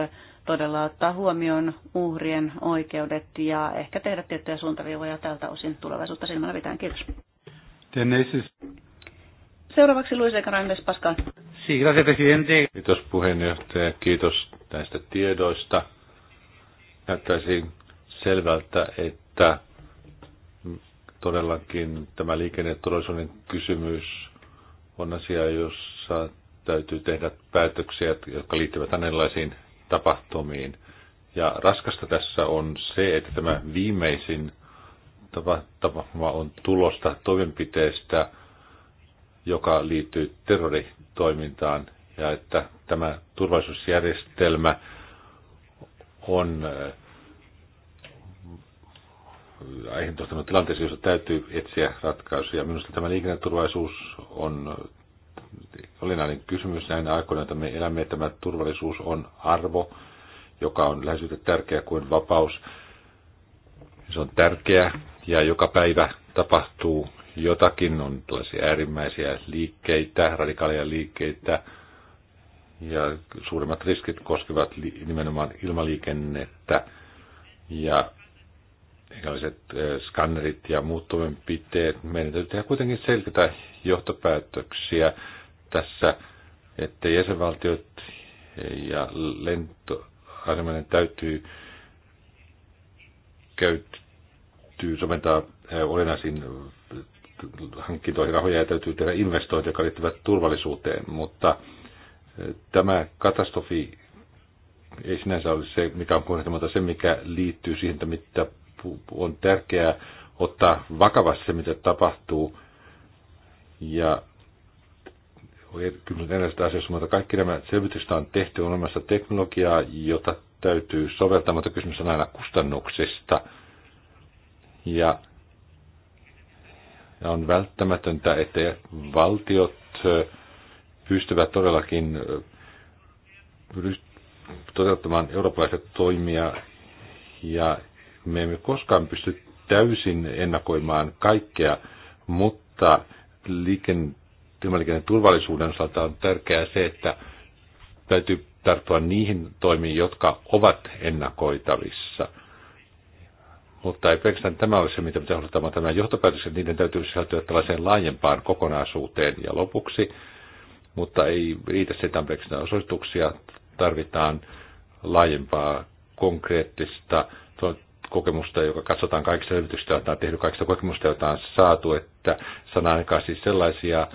todella ottaa huomioon uhrien oikeudet ja ehkä tehdä tiettyjä suuntaviivoja tältä osin tulevaisuutta silmällä pitäen. Kiitos. Der nächste Seuraavaksi Luis Grandes Pascal. Sí, gracias, presidente. Kiitos puheenjohtaja, kiitos näistä tiedoista. Näyttäisi selvältä, että todellakin tämä liikenneturvallisuuden kysymys on asia, jossa täytyy tehdä päätöksiä, jotka liittyvät erilaisiin tapahtumiin. Ja raskasta tässä on se, että tämä viimeisin tapahtuma on tulosta toimenpiteestä, joka liittyy terroritoimintaan, ja että tämä turvallisuusjärjestelmä on äh, aiheuttanut tilanteeseen, jossa täytyy etsiä ratkaisuja. Minusta tämä liikenneturvallisuus on olennainen kysymys näin aikoina, että me elämme, että tämä turvallisuus on arvo, joka on lähes yhtä tärkeä kuin vapaus. Se on tärkeä ja joka päivä tapahtuu jotakin, on tällaisia äärimmäisiä liikkeitä, radikaaleja liikkeitä, ja suurimmat riskit koskevat nimenomaan ilmaliikennettä ja erilaiset skannerit ja muut toimenpiteet. Meidän täytyy tehdä kuitenkin selkeitä johtopäätöksiä tässä, että jäsenvaltiot ja lentoasemainen täytyy käyttää täytyy soventaa eh, olennaisiin eh, hankintoihin rahoja ja täytyy tehdä investointeja, jotka liittyvät turvallisuuteen, mutta eh, tämä katastrofi ei sinänsä ole se, mikä on mutta se, mikä liittyy siihen, että mitä on tärkeää ottaa vakavasti se, mitä tapahtuu. Ja kyllä erilaiset asioista, mutta kaikki nämä selvitykset on tehty on olemassa teknologiaa, jota täytyy soveltaa, mutta kysymys on aina kustannuksista – ja on välttämätöntä, että valtiot pystyvät todellakin toteuttamaan eurooppalaisia toimia ja me emme koskaan pysty täysin ennakoimaan kaikkea, mutta liikenteen turvallisuuden osalta on tärkeää se, että täytyy tarttua niihin toimiin, jotka ovat ennakoitavissa – mutta ei pelkästään tämä ole se, mitä me olla tämä, tämä johtopäätös, että niiden täytyy sisältyä tällaiseen laajempaan kokonaisuuteen. Ja lopuksi, mutta ei riitä se, että pelkästään osoituksia, tarvitaan laajempaa konkreettista kokemusta, joka katsotaan kaikista selvityksistä, joita on tehnyt, kaikista kokemusta, joita on saatu, että sanan kanssa siis sellaisia, äh,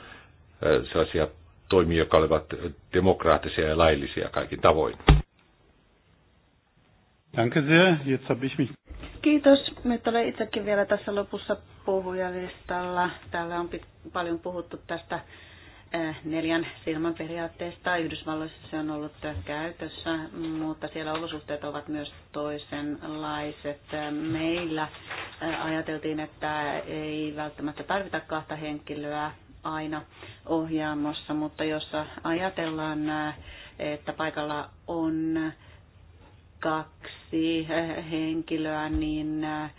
sellaisia toimia, jotka olivat demokraattisia ja laillisia kaikin tavoin. Danke sehr. Jetzt habe ich mich... Kiitos. Nyt olen itsekin vielä tässä lopussa puhujalistalla. Täällä on pit- paljon puhuttu tästä eh, neljän silmän periaatteesta. Yhdysvalloissa se on ollut eh, käytössä, mutta siellä olosuhteet ovat myös toisenlaiset. Meillä eh, ajateltiin, että ei välttämättä tarvita kahta henkilöä aina ohjaamossa, mutta jos ajatellaan, että paikalla on kaksi henkilöä, niin eh,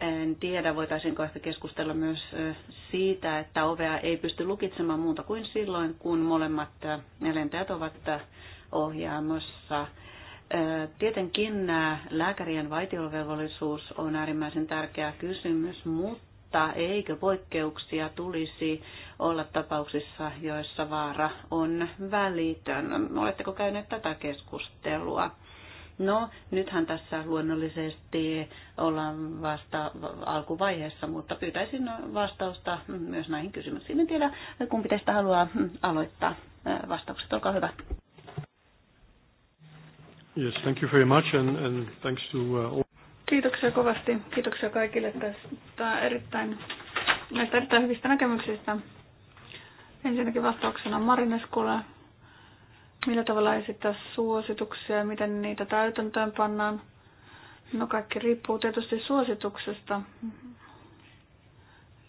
en tiedä, voitaisiinko ehkä keskustella myös eh, siitä, että ovea ei pysty lukitsemaan muuta kuin silloin, kun molemmat eh, lentäjät ovat ohjaamossa. Tietenkin lääkärien vaitiolovelvollisuus on äärimmäisen tärkeä kysymys, mutta eikö poikkeuksia tulisi olla tapauksissa, joissa vaara on välitön? Oletteko käyneet tätä keskustelua? No, nythän tässä luonnollisesti ollaan vasta alkuvaiheessa, mutta pyytäisin vastausta myös näihin kysymyksiin. En tiedä, kumpi teistä haluaa aloittaa vastaukset. Olkaa hyvä. Yes, thank you very much and, and thanks to uh, all. Kiitoksia kovasti. Kiitoksia kaikille tästä erittäin, näistä erittäin hyvistä näkemyksistä. Ensinnäkin vastauksena Marineskulle millä tavalla esittää suosituksia ja miten niitä täytäntöön pannaan. No kaikki riippuu tietysti suosituksesta.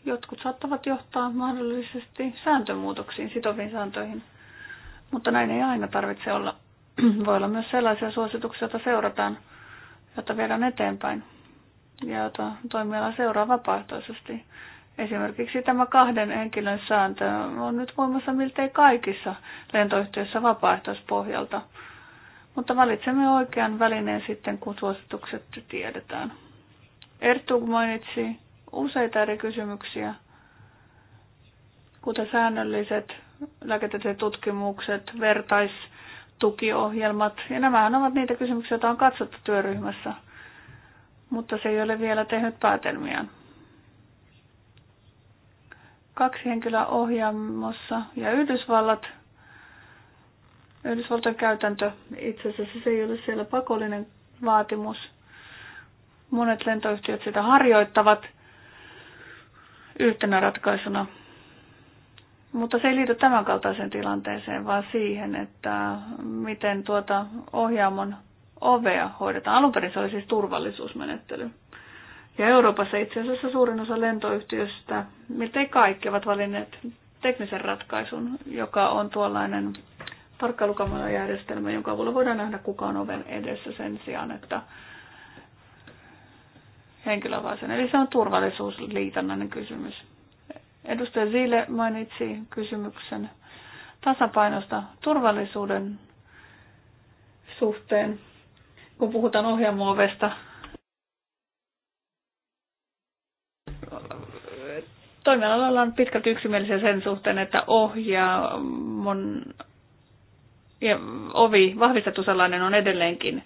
Jotkut saattavat johtaa mahdollisesti sääntömuutoksiin, sitoviin sääntöihin, mutta näin ei aina tarvitse olla. Voi olla myös sellaisia suosituksia, joita seurataan, jotta viedään eteenpäin ja jota toimiala seuraa vapaaehtoisesti. Esimerkiksi tämä kahden henkilön sääntö on nyt voimassa miltei kaikissa lentoyhtiöissä vapaaehtoispohjalta. Mutta valitsemme oikean välineen sitten, kun suositukset tiedetään. Ertug mainitsi useita eri kysymyksiä, kuten säännölliset lääketieteen tutkimukset, vertaistukiohjelmat. Ja nämähän ovat niitä kysymyksiä, joita on katsottu työryhmässä, mutta se ei ole vielä tehnyt päätelmiään kaksi henkilöä ohjaamossa ja Yhdysvallat. Yhdysvaltain käytäntö itse asiassa se ei ole siellä pakollinen vaatimus. Monet lentoyhtiöt sitä harjoittavat yhtenä ratkaisuna. Mutta se ei liity tämänkaltaiseen tilanteeseen, vaan siihen, että miten tuota ohjaamon ovea hoidetaan. Alun perin se oli siis turvallisuusmenettely. Ja Euroopassa itse asiassa suurin osa lentoyhtiöistä, miltei kaikki, ovat valinneet teknisen ratkaisun, joka on tuollainen tarkkailukamerajärjestelmä, jonka avulla voidaan nähdä kuka on oven edessä sen sijaan, että henkilövaisen. Eli se on turvallisuusliitännäinen kysymys. Edustaja Zille mainitsi kysymyksen tasapainosta turvallisuuden suhteen, kun puhutaan ohjaamuovesta toimialalla on pitkälti yksimielisiä sen suhteen, että ohjaa mon, ja ovi, vahvistettu sellainen on edelleenkin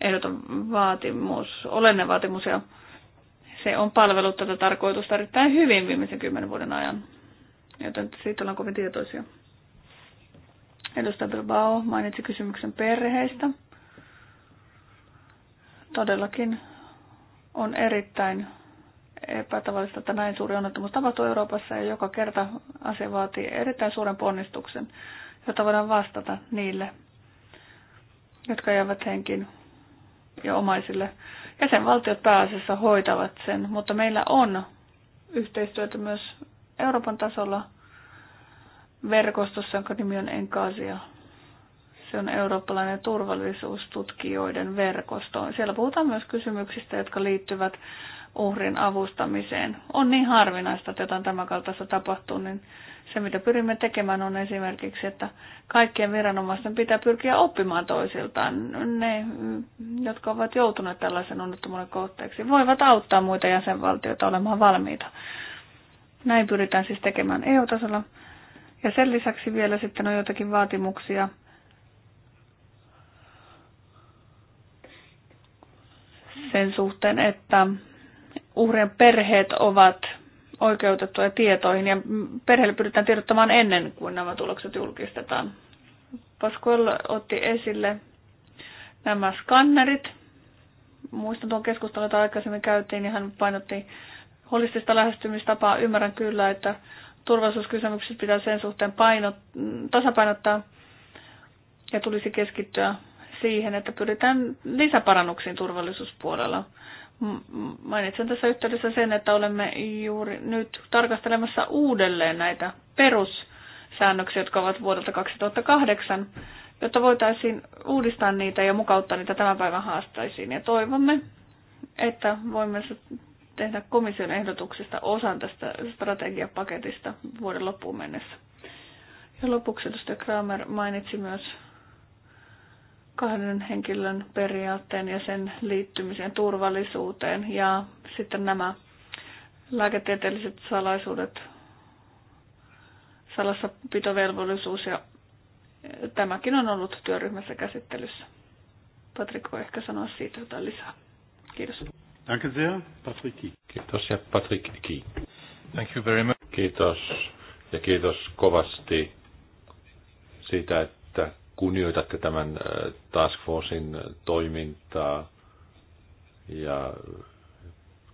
ehdoton vaatimus, olennainen vaatimus ja se on palvellut tätä tarkoitusta erittäin hyvin viimeisen kymmenen vuoden ajan, joten siitä ollaan kovin tietoisia. Edustaja Bilbao mainitsi kysymyksen perheistä. Todellakin on erittäin epätavallista, että näin suuri onnettomuus tapahtuu Euroopassa ja joka kerta asia vaatii erittäin suuren ponnistuksen, jota voidaan vastata niille, jotka jäävät henkin ja omaisille. Jäsenvaltiot pääasiassa hoitavat sen, mutta meillä on yhteistyötä myös Euroopan tasolla verkostossa, jonka nimi on Enkasia. Se on eurooppalainen turvallisuustutkijoiden verkosto. Siellä puhutaan myös kysymyksistä, jotka liittyvät uhrin avustamiseen. On niin harvinaista, että jotain tämän kaltaista tapahtuu, niin se mitä pyrimme tekemään on esimerkiksi, että kaikkien viranomaisten pitää pyrkiä oppimaan toisiltaan. Ne, jotka ovat joutuneet tällaisen onnettomuuden kohteeksi, voivat auttaa muita jäsenvaltioita olemaan valmiita. Näin pyritään siis tekemään EU-tasolla. Ja sen lisäksi vielä sitten on jotakin vaatimuksia sen suhteen, että uhrien perheet ovat oikeutettuja tietoihin ja perheelle pyritään tiedottamaan ennen kuin nämä tulokset julkistetaan. Pascual otti esille nämä skannerit. Muistan tuon keskustelun, jota aikaisemmin käytiin, niin hän painotti holistista lähestymistapaa. Ymmärrän kyllä, että turvallisuuskysymykset pitää sen suhteen painot, tasapainottaa ja tulisi keskittyä siihen, että pyritään lisäparannuksiin turvallisuuspuolella. Mainitsen tässä yhteydessä sen, että olemme juuri nyt tarkastelemassa uudelleen näitä perussäännöksiä, jotka ovat vuodelta 2008, jotta voitaisiin uudistaa niitä ja mukauttaa niitä tämän päivän haastaisiin. Ja toivomme, että voimme tehdä komission ehdotuksista osan tästä strategiapaketista vuoden loppuun mennessä. Ja lopuksi edustaja Kramer mainitsi myös kahden henkilön periaatteen ja sen liittymisen turvallisuuteen ja sitten nämä lääketieteelliset salaisuudet, salassapitovelvollisuus ja eh, tämäkin on ollut työryhmässä käsittelyssä. Patrik voi ehkä sanoa siitä jotain lisää. Kiitos. Danke sehr, Kiitos ja Patrik Ki. Thank you very much. Kiitos ja kiitos kovasti siitä, että kunnioitatte tämän äh, Task Forcein äh, toimintaa ja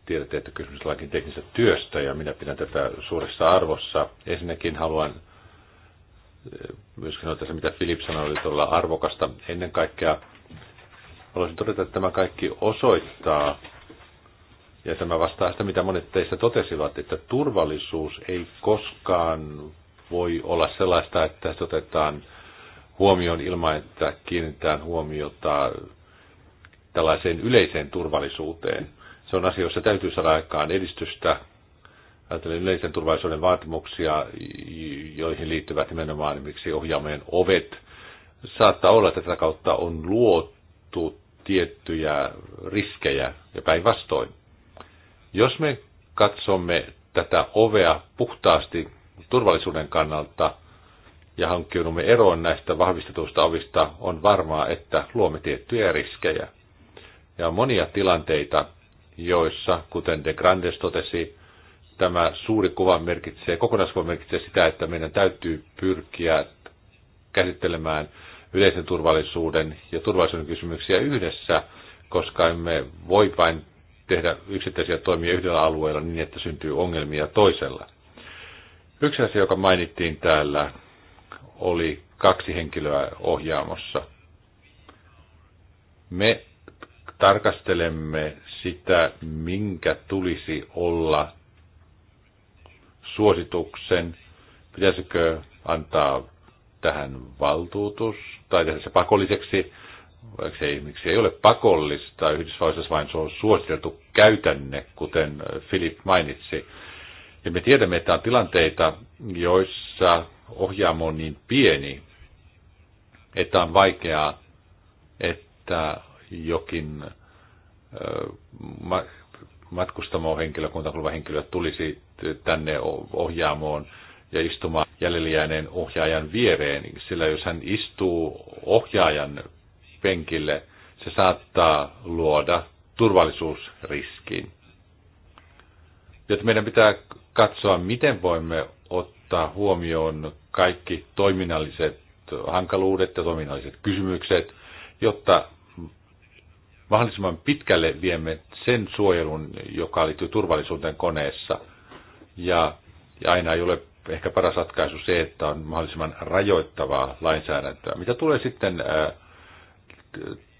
tiedätte, että kysymys on teknisestä työstä ja minä pidän tätä suuressa arvossa. Ensinnäkin haluan äh, myöskin sanoa tässä, mitä Filip sanoi, oli todella arvokasta. Ennen kaikkea haluaisin todeta, että tämä kaikki osoittaa, ja tämä vastaa sitä, mitä monet teistä totesivat, että turvallisuus ei koskaan voi olla sellaista, että se otetaan huomioon ilman, että kiinnitetään huomiota tällaiseen yleiseen turvallisuuteen. Se on asia, jossa täytyy saada aikaan edistystä. Ajattelen yleisen turvallisuuden vaatimuksia, joihin liittyvät nimenomaan miksi ohjaamien ovet. Saattaa olla, että tätä kautta on luotu tiettyjä riskejä ja päinvastoin. Jos me katsomme tätä ovea puhtaasti turvallisuuden kannalta, ja hankkiudumme eroon näistä vahvistetuista avista, on varmaa, että luomme tiettyjä riskejä. Ja on monia tilanteita, joissa, kuten De Grandes totesi, tämä suuri kuva merkitsee, kokonaiskuva merkitsee sitä, että meidän täytyy pyrkiä käsittelemään yleisen turvallisuuden ja turvallisuuden kysymyksiä yhdessä, koska emme voi vain tehdä yksittäisiä toimia yhdellä alueella niin, että syntyy ongelmia toisella. Yksi asia, joka mainittiin täällä, oli kaksi henkilöä ohjaamossa. Me tarkastelemme sitä, minkä tulisi olla suosituksen, pitäisikö antaa tähän valtuutus tai tehdä se pakolliseksi, vaikka ei, miksi ei ole pakollista Yhdysvalloissa, vain se on suositeltu käytänne, kuten Philip mainitsi. Ja me tiedämme, että on tilanteita, joissa ohjaamo on niin pieni, että on vaikeaa, että jokin henkilö, kuuluva henkilö tulisi tänne ohjaamoon ja istumaan jäljellä jääneen ohjaajan viereen, sillä jos hän istuu ohjaajan penkille, se saattaa luoda turvallisuusriskin. Joten meidän pitää katsoa, miten voimme ottaa huomioon kaikki toiminnalliset hankaluudet ja toiminnalliset kysymykset, jotta mahdollisimman pitkälle viemme sen suojelun, joka liittyy turvallisuuteen koneessa. Ja, ja aina ei ole ehkä paras ratkaisu se, että on mahdollisimman rajoittavaa lainsäädäntöä. Mitä tulee sitten ää, äh,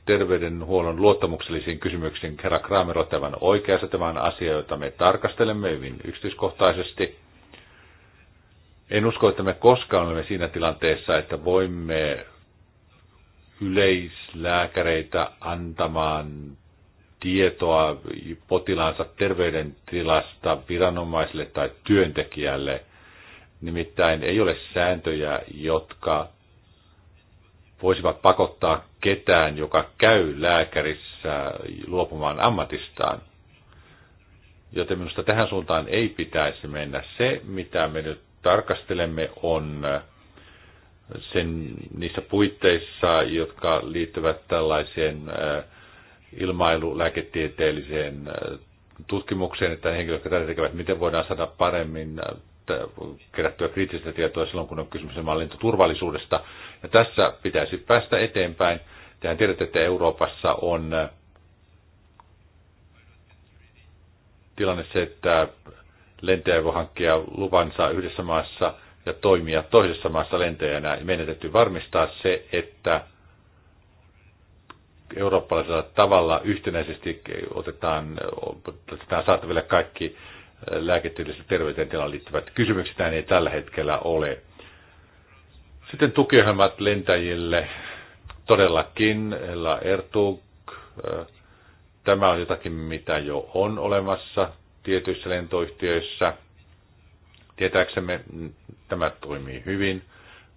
terveydenhuollon luottamuksellisiin kysymyksiin, herra Kramer on tämän oikeassa. Tämä on asia, jota me tarkastelemme hyvin yksityiskohtaisesti. En usko, että me koskaan olemme siinä tilanteessa, että voimme yleislääkäreitä antamaan tietoa potilaansa terveydentilasta viranomaisille tai työntekijälle. Nimittäin ei ole sääntöjä, jotka voisivat pakottaa ketään, joka käy lääkärissä luopumaan ammatistaan. Joten minusta tähän suuntaan ei pitäisi mennä. Se, mitä me nyt tarkastelemme, on äh, sen, niissä puitteissa, jotka liittyvät tällaiseen äh, ilmailulääketieteelliseen äh, tutkimukseen, että henkilöt, jotka tätä tekevät, miten voidaan saada paremmin kerättyä kriittistä tietoa silloin, kun on kysymys lentoturvallisuudesta. Ja tässä pitäisi päästä eteenpäin. Tehän tiedätte, että Euroopassa on tilanne se, että lentäjä voi hankkia luvansa yhdessä maassa ja toimia toisessa maassa lentäjänä. Meidän täytyy varmistaa se, että eurooppalaisella tavalla yhtenäisesti otetaan, otetaan saataville kaikki eh, lääketieteelliset terveydentilaan liittyvät kysymykset. Näin ei tällä hetkellä ole. Sitten tukiohjelmat lentäjille. Todellakin, La Ertug, eh, tämä on jotakin, mitä jo on olemassa tietyissä lentoyhtiöissä. Tietääksemme tämä toimii hyvin,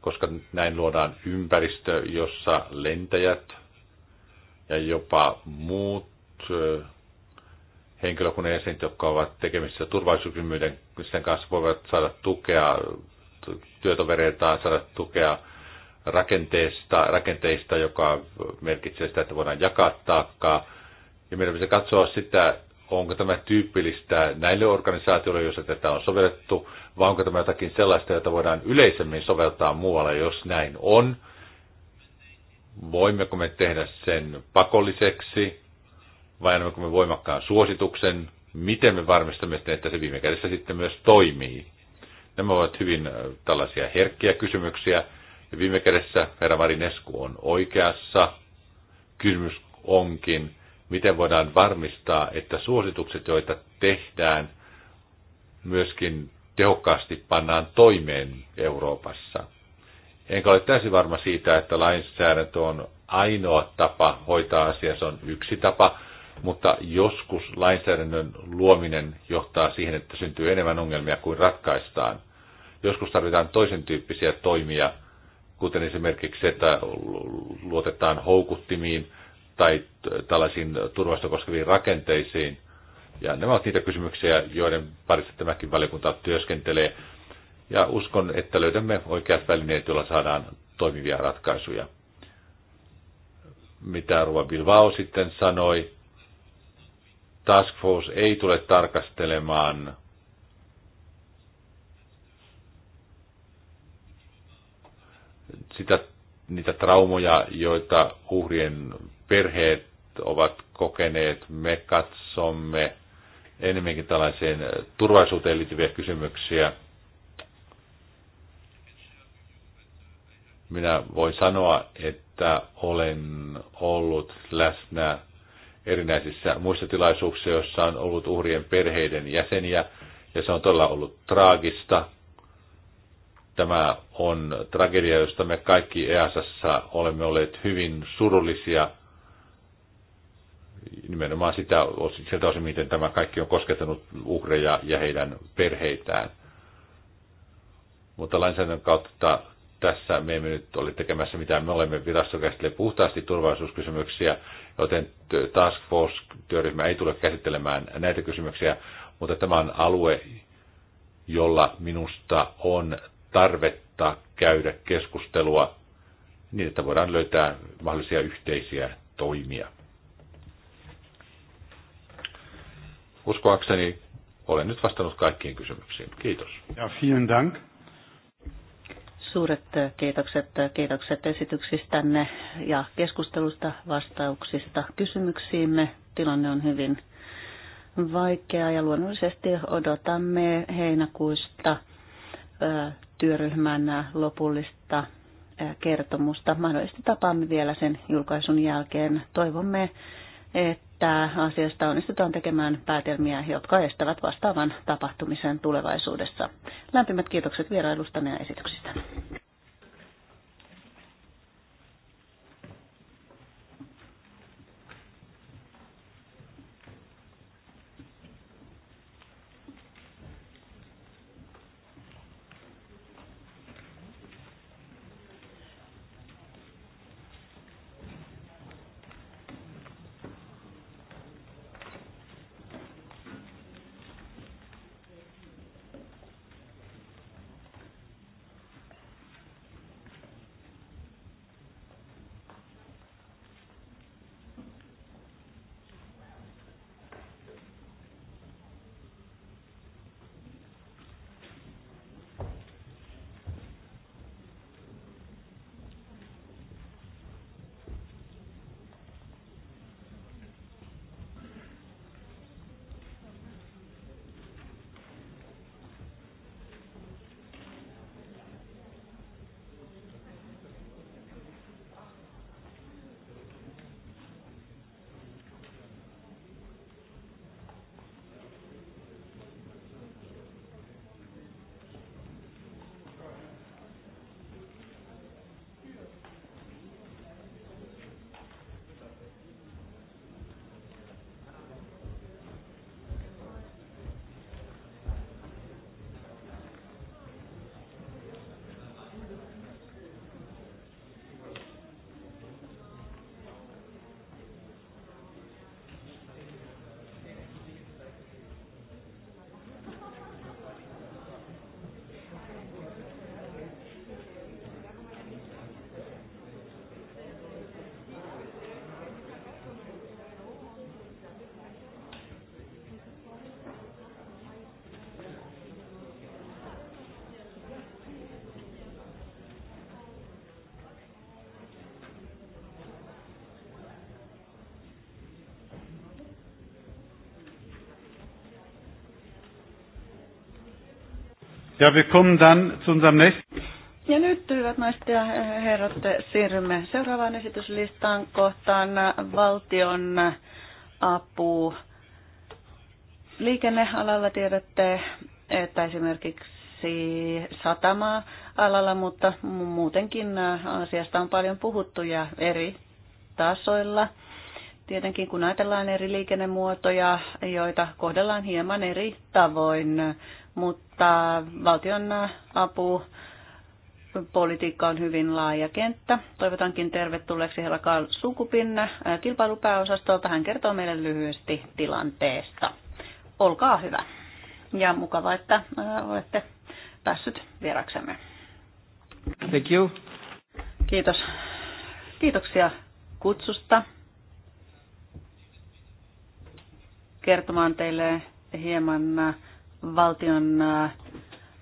koska näin luodaan ympäristö, jossa lentäjät ja jopa muut henkilökunnan jäsenet, jotka ovat tekemisissä turvallisuuskysymysten kanssa, voivat saada tukea työtovereiltaan, saada tukea rakenteesta, rakenteista, joka merkitsee sitä, että voidaan jakaa taakkaa. Ja meidän pitäisi katsoa sitä, Onko tämä tyypillistä näille organisaatioille, joissa tätä on sovellettu, vai onko tämä jotakin sellaista, jota voidaan yleisemmin soveltaa muualla, jos näin on? Voimmeko me tehdä sen pakolliseksi, vai annammeko me voimakkaan suosituksen? Miten me varmistamme että se viime kädessä sitten myös toimii? Nämä ovat hyvin äh, tällaisia herkkiä kysymyksiä. Ja viime kädessä herra Marinesku on oikeassa. Kysymys onkin, miten voidaan varmistaa, että suositukset, joita tehdään, myöskin tehokkaasti pannaan toimeen Euroopassa. Enkä ole täysin varma siitä, että lainsäädäntö on ainoa tapa hoitaa asia, se on yksi tapa, mutta joskus lainsäädännön luominen johtaa siihen, että syntyy enemmän ongelmia kuin ratkaistaan. Joskus tarvitaan toisen tyyppisiä toimia, kuten esimerkiksi se, että luotetaan houkuttimiin, tai tällaisiin turvasta koskeviin rakenteisiin. Ja nämä ovat niitä kysymyksiä, joiden parissa tämäkin valiokunta työskentelee. Ja uskon, että löydämme oikeat välineet, joilla saadaan toimivia ratkaisuja. Mitä Ruva Bilbao sitten sanoi, Task Force ei tule tarkastelemaan sitä, niitä traumoja, joita uhrien perheet ovat kokeneet, me katsomme enemmänkin tällaiseen turvallisuuteen liittyviä kysymyksiä. Minä voin sanoa, että olen ollut läsnä erinäisissä muissa tilaisuuksissa, joissa on ollut uhrien perheiden jäseniä, ja se on todella ollut traagista. Tämä on tragedia, josta me kaikki EASassa olemme olleet hyvin surullisia – nimenomaan sitä, sieltä osin, miten tämä kaikki on koskettanut uhreja ja heidän perheitään. Mutta lainsäädännön kautta tässä me emme nyt ole tekemässä mitään. Me olemme virasto käsittelee puhtaasti turvallisuuskysymyksiä, joten Task Force-työryhmä ei tule käsittelemään näitä kysymyksiä, mutta tämä on alue, jolla minusta on tarvetta käydä keskustelua niin, että voidaan löytää mahdollisia yhteisiä toimia. Uskoakseni olen nyt vastannut kaikkiin kysymyksiin. Kiitos. Ja vielen dank. Suuret kiitokset, kiitokset esityksistänne ja keskustelusta, vastauksista kysymyksiimme. Tilanne on hyvin vaikea ja luonnollisesti odotamme heinäkuista työryhmän lopullista kertomusta. Mahdollisesti tapaamme vielä sen julkaisun jälkeen. Toivomme, että että asiasta onnistutaan tekemään päätelmiä, jotka estävät vastaavan tapahtumisen tulevaisuudessa. Lämpimät kiitokset vierailustanne ja esityksistä. Ja wir kommen dann zu unserem nächsten. Ja nyt, hyvät naiset ja herrat, siirrymme seuraavaan esityslistaan kohtaan valtion apu. Liikennealalla tiedätte, että esimerkiksi satama alalla, mutta muutenkin asiasta on paljon puhuttu ja eri tasoilla. Tietenkin kun ajatellaan eri liikennemuotoja, joita kohdellaan hieman eri tavoin, mutta mutta valtion apu politiikka on hyvin laaja kenttä. Toivotankin tervetulleeksi Hela Karl Sukupin äh, kilpailupääosastolta. Hän kertoo meille lyhyesti tilanteesta. Olkaa hyvä ja mukava, että äh, olette päässyt vieraksemme. Thank you. Kiitos. Kiitoksia kutsusta kertomaan teille hieman äh, valtion äh,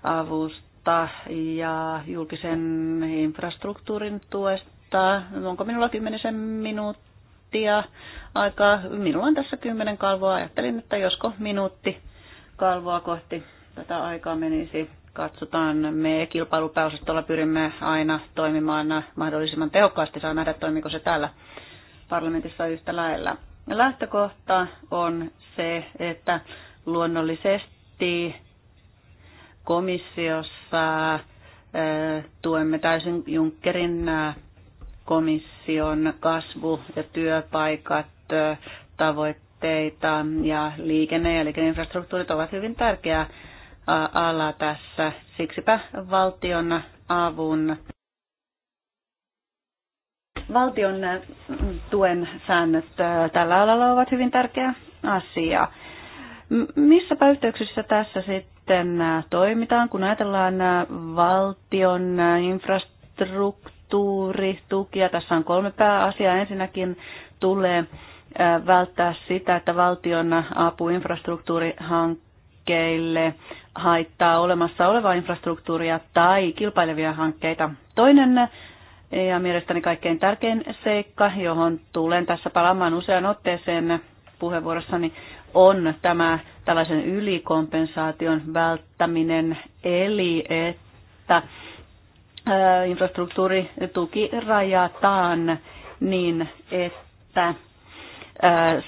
avusta ja julkisen infrastruktuurin tuesta. Onko minulla kymmenisen minuuttia aikaa? Minulla on tässä kymmenen kalvoa. Ajattelin, että josko minuutti kalvoa kohti tätä aikaa menisi. Katsotaan, me kilpailupääosastolla pyrimme aina toimimaan mahdollisimman tehokkaasti. Saa nähdä, toimiko se täällä parlamentissa yhtä lailla. Lähtökohta on se, että luonnollisesti miettii komissiossa, tuemme täysin Junckerin komission kasvu- ja työpaikat tavoitteita ja liikenne- ja liikenneinfrastruktuurit ovat hyvin tärkeä ala tässä. Siksipä valtion avun valtion tuen säännöt tällä alalla ovat hyvin tärkeä asia. Missäpä yhteyksissä tässä sitten äh, toimitaan, kun ajatellaan äh, valtion äh, infrastruktuuritukia? Tässä on kolme pääasiaa. Ensinnäkin tulee välttää sitä, että valtion apu infrastruktuurihankkeille haittaa olemassa olevaa infrastruktuuria tai kilpailevia hankkeita. Toinen ja mielestäni kaikkein tärkein seikka, johon tulen tässä palaamaan usean otteeseen puheenvuorossani, on tämä tällaisen ylikompensaation välttäminen, eli että infrastruktuurituki rajataan niin, että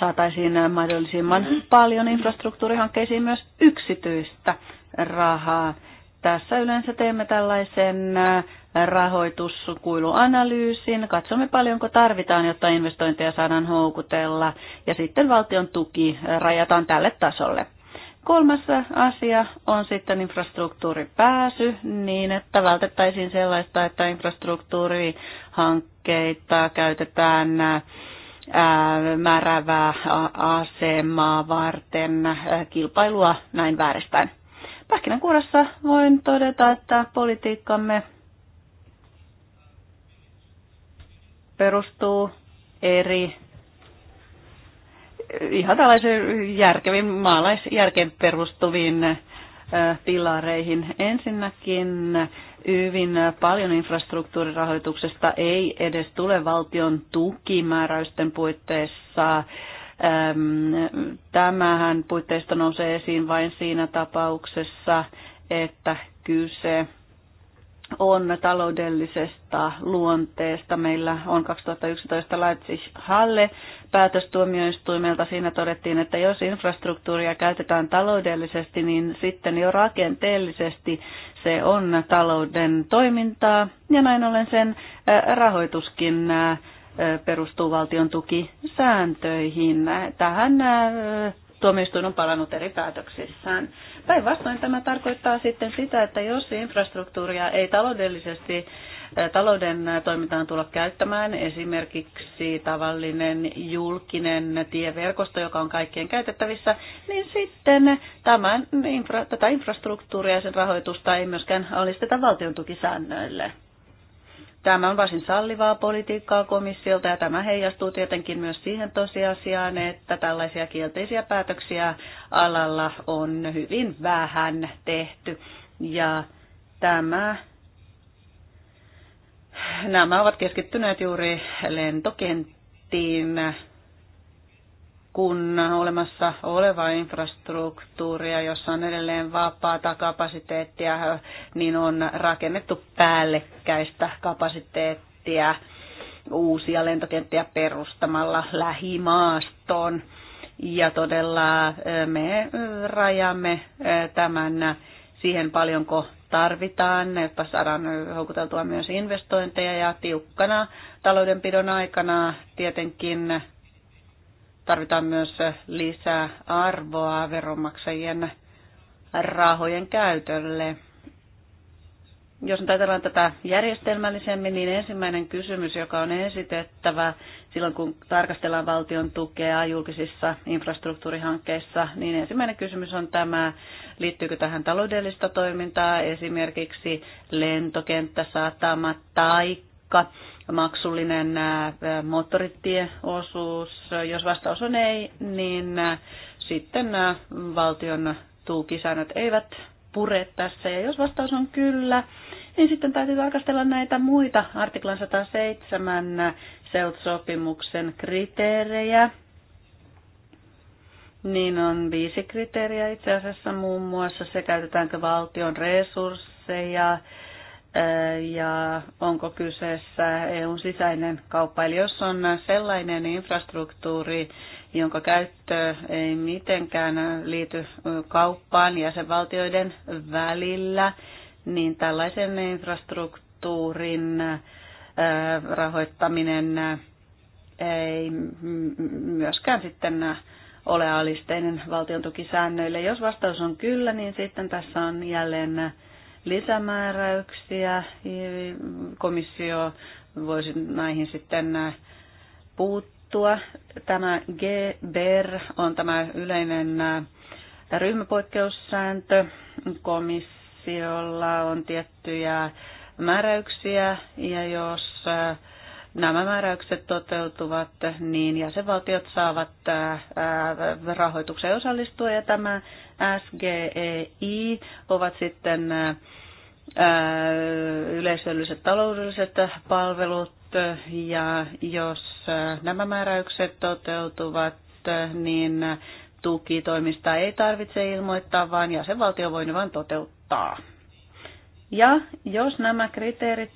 saataisiin mahdollisimman paljon infrastruktuurihankkeisiin myös yksityistä rahaa. Tässä yleensä teemme tällaisen rahoituskuiluanalyysin, katsomme paljonko tarvitaan, jotta investointeja saadaan houkutella, ja sitten valtion tuki rajataan tälle tasolle. Kolmas asia on sitten infrastruktuuripääsy niin, että vältettäisiin sellaista, että infrastruktuurihankkeita käytetään määrävää asemaa varten kilpailua näin vääristäen. Pähkinänkuoressa voin todeta, että politiikkamme perustuu eri ihan tällaisiin järkeviin, maalaisjärkeen perustuviin pilareihin. Ensinnäkin hyvin paljon infrastruktuurirahoituksesta ei edes tule valtion tukimääräysten puitteissa Tämähän puitteista nousee esiin vain siinä tapauksessa, että kyse on taloudellisesta luonteesta. Meillä on 2011 Leipzig-Halle päätöstuomioistuimelta. Siinä todettiin, että jos infrastruktuuria käytetään taloudellisesti, niin sitten jo rakenteellisesti se on talouden toimintaa ja näin ollen sen rahoituskin perustuu valtion tukisääntöihin. Tähän tuomioistuin on palannut eri päätöksissään. Päinvastoin tämä tarkoittaa sitten sitä, että jos infrastruktuuria ei taloudellisesti talouden toimintaan tulla käyttämään esimerkiksi tavallinen julkinen tieverkosto, joka on kaikkien käytettävissä, niin sitten tämän infra, tätä infrastruktuuria ja sen rahoitusta ei myöskään alisteta valtion tukisäännöille. Tämä on varsin sallivaa politiikkaa komissiolta ja tämä heijastuu tietenkin myös siihen tosiasiaan, että tällaisia kielteisiä päätöksiä alalla on hyvin vähän tehty. Ja tämä, nämä ovat keskittyneet juuri lentokenttiin kun olemassa oleva infrastruktuuria, jossa on edelleen vapaata kapasiteettia, niin on rakennettu päällekkäistä kapasiteettia uusia lentokenttiä perustamalla lähimaastoon. Ja todella me rajamme tämän siihen paljonko tarvitaan, että saadaan houkuteltua myös investointeja ja tiukkana taloudenpidon aikana tietenkin tarvitaan myös lisää arvoa veronmaksajien rahojen käytölle. Jos ajatellaan tätä järjestelmällisemmin, niin ensimmäinen kysymys, joka on esitettävä silloin, kun tarkastellaan valtion tukea julkisissa infrastruktuurihankkeissa, niin ensimmäinen kysymys on tämä, liittyykö tähän taloudellista toimintaa, esimerkiksi lentokenttä, satama, taikka maksullinen moottoritieosuus. Jos vastaus on ei, niin sitten valtion tuukisäännöt eivät pure tässä. Ja jos vastaus on kyllä, niin sitten täytyy tarkastella näitä muita artiklan 107 SEUT-sopimuksen kriteerejä. Niin on viisi kriteeriä itse asiassa muun muassa se, käytetäänkö valtion resursseja, ja onko kyseessä EUn sisäinen kauppa. Eli jos on sellainen infrastruktuuri, jonka käyttö ei mitenkään liity kauppaan jäsenvaltioiden välillä, niin tällaisen infrastruktuurin rahoittaminen ei myöskään sitten ole alisteinen valtion tukisäännöille. Jos vastaus on kyllä, niin sitten tässä on jälleen lisämääräyksiä. Komissio voisi näihin sitten äh, puuttua. Tämä GBER on tämä yleinen äh, ryhmäpoikkeussääntö. Komissiolla on tiettyjä määräyksiä ja jos äh, nämä määräykset toteutuvat, niin jäsenvaltiot saavat rahoitukseen osallistua ja tämä SGEI ovat sitten äh, yleisölliset taloudelliset palvelut ja jos äh, nämä määräykset toteutuvat, äh, niin tukitoimista ei tarvitse ilmoittaa, vaan jäsenvaltio voi ne vain toteuttaa. Ja jos nämä kriteerit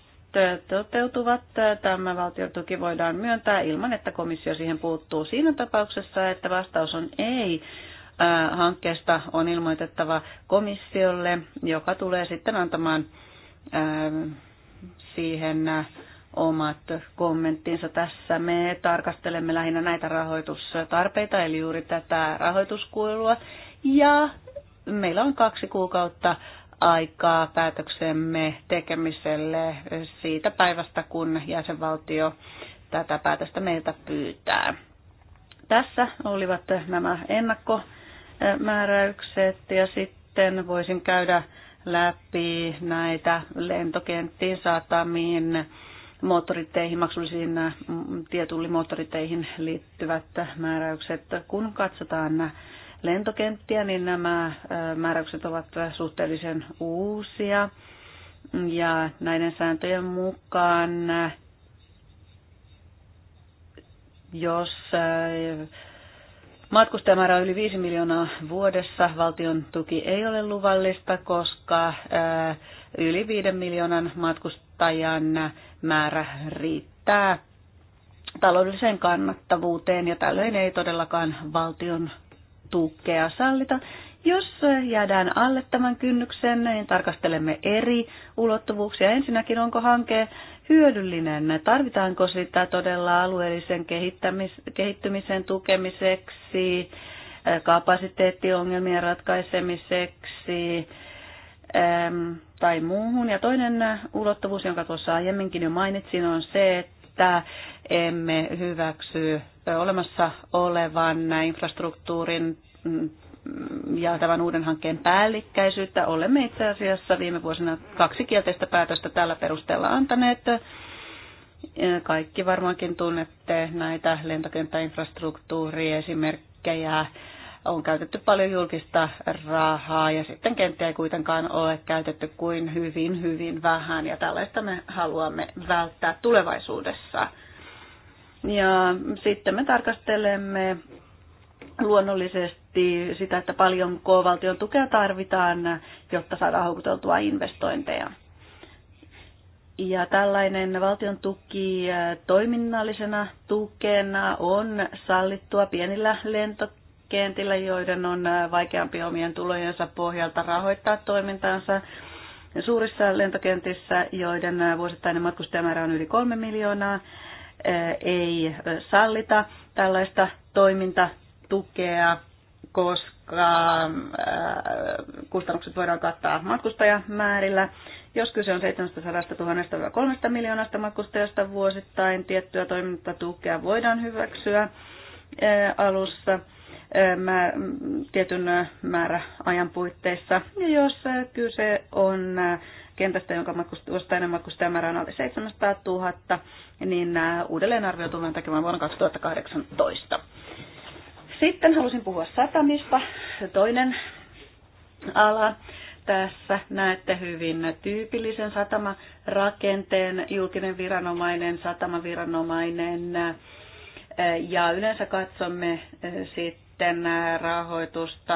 toteutuvat, tämä valtiotuki voidaan myöntää ilman, että komissio siihen puuttuu siinä tapauksessa, että vastaus on ei hankkeesta on ilmoitettava komissiolle, joka tulee sitten antamaan siihen omat kommenttinsa. Tässä me tarkastelemme lähinnä näitä rahoitustarpeita, eli juuri tätä rahoituskuilua. Ja meillä on kaksi kuukautta aikaa päätöksemme tekemiselle siitä päivästä, kun jäsenvaltio tätä päätöstä meiltä pyytää. Tässä olivat nämä ennakko määräykset ja sitten voisin käydä läpi näitä lentokenttiin, saatamiin moottoriteihin, maksullisiin mm, tietullimoottoriteihin liittyvät määräykset. Kun katsotaan lentokenttiä, niin nämä määräykset ovat suhteellisen uusia. Ja näiden sääntöjen mukaan, jos Matkustajamäärä on yli 5 miljoonaa vuodessa. Valtion tuki ei ole luvallista, koska yli 5 miljoonan matkustajan määrä riittää taloudelliseen kannattavuuteen ja tällöin ei todellakaan valtion tukea sallita. Jos jäädään alle tämän kynnyksen, niin tarkastelemme eri ulottuvuuksia. Ensinnäkin, onko hanke hyödyllinen? Tarvitaanko sitä todella alueellisen kehittymisen tukemiseksi, eh, kapasiteettiongelmien ratkaisemiseksi tai muuhun? Ja toinen eh, ulottuvuus, jonka tuossa aiemminkin jo mainitsin, on se, että emme hyväksy eh, olemassa olevan infrastruktuurin mm, ja tämän uuden hankkeen päällikkäisyyttä olemme itse asiassa viime vuosina kaksi kielteistä päätöstä tällä perusteella antaneet. Kaikki varmaankin tunnette näitä lentokenttäinfrastruktuuriesimerkkejä. On käytetty paljon julkista rahaa ja sitten kenttiä ei kuitenkaan ole käytetty kuin hyvin, hyvin vähän ja tällaista me haluamme välttää tulevaisuudessa. Ja sitten me tarkastelemme luonnollisesti sitä, että paljonko valtion tukea tarvitaan, jotta saadaan houkuteltua investointeja. Ja tällainen valtion tuki toiminnallisena tukena on sallittua pienillä lentokentillä, joiden on vaikeampi omien tulojensa pohjalta rahoittaa toimintaansa. Suurissa lentokentissä, joiden vuosittainen matkustajamäärä on yli kolme miljoonaa, ei sallita tällaista toiminta tukea, koska äh, kustannukset voidaan kattaa matkustajamäärillä. Jos kyse on 700 000 3 miljoonasta matkustajasta vuosittain, tiettyä toimintatukea voidaan hyväksyä äh, alussa äh, tietyn määrä ajan puitteissa. Ja jos kyse on kentästä, jonka matkustajan matkustajamäärä on alle 700 000, niin uudelleenarvioituvan tekemään vuonna 2018. Sitten halusin puhua satamista. Toinen ala. Tässä näette hyvin tyypillisen satamarakenteen, julkinen viranomainen, satamaviranomainen ja yleensä katsomme eh, sitten eh, rahoitusta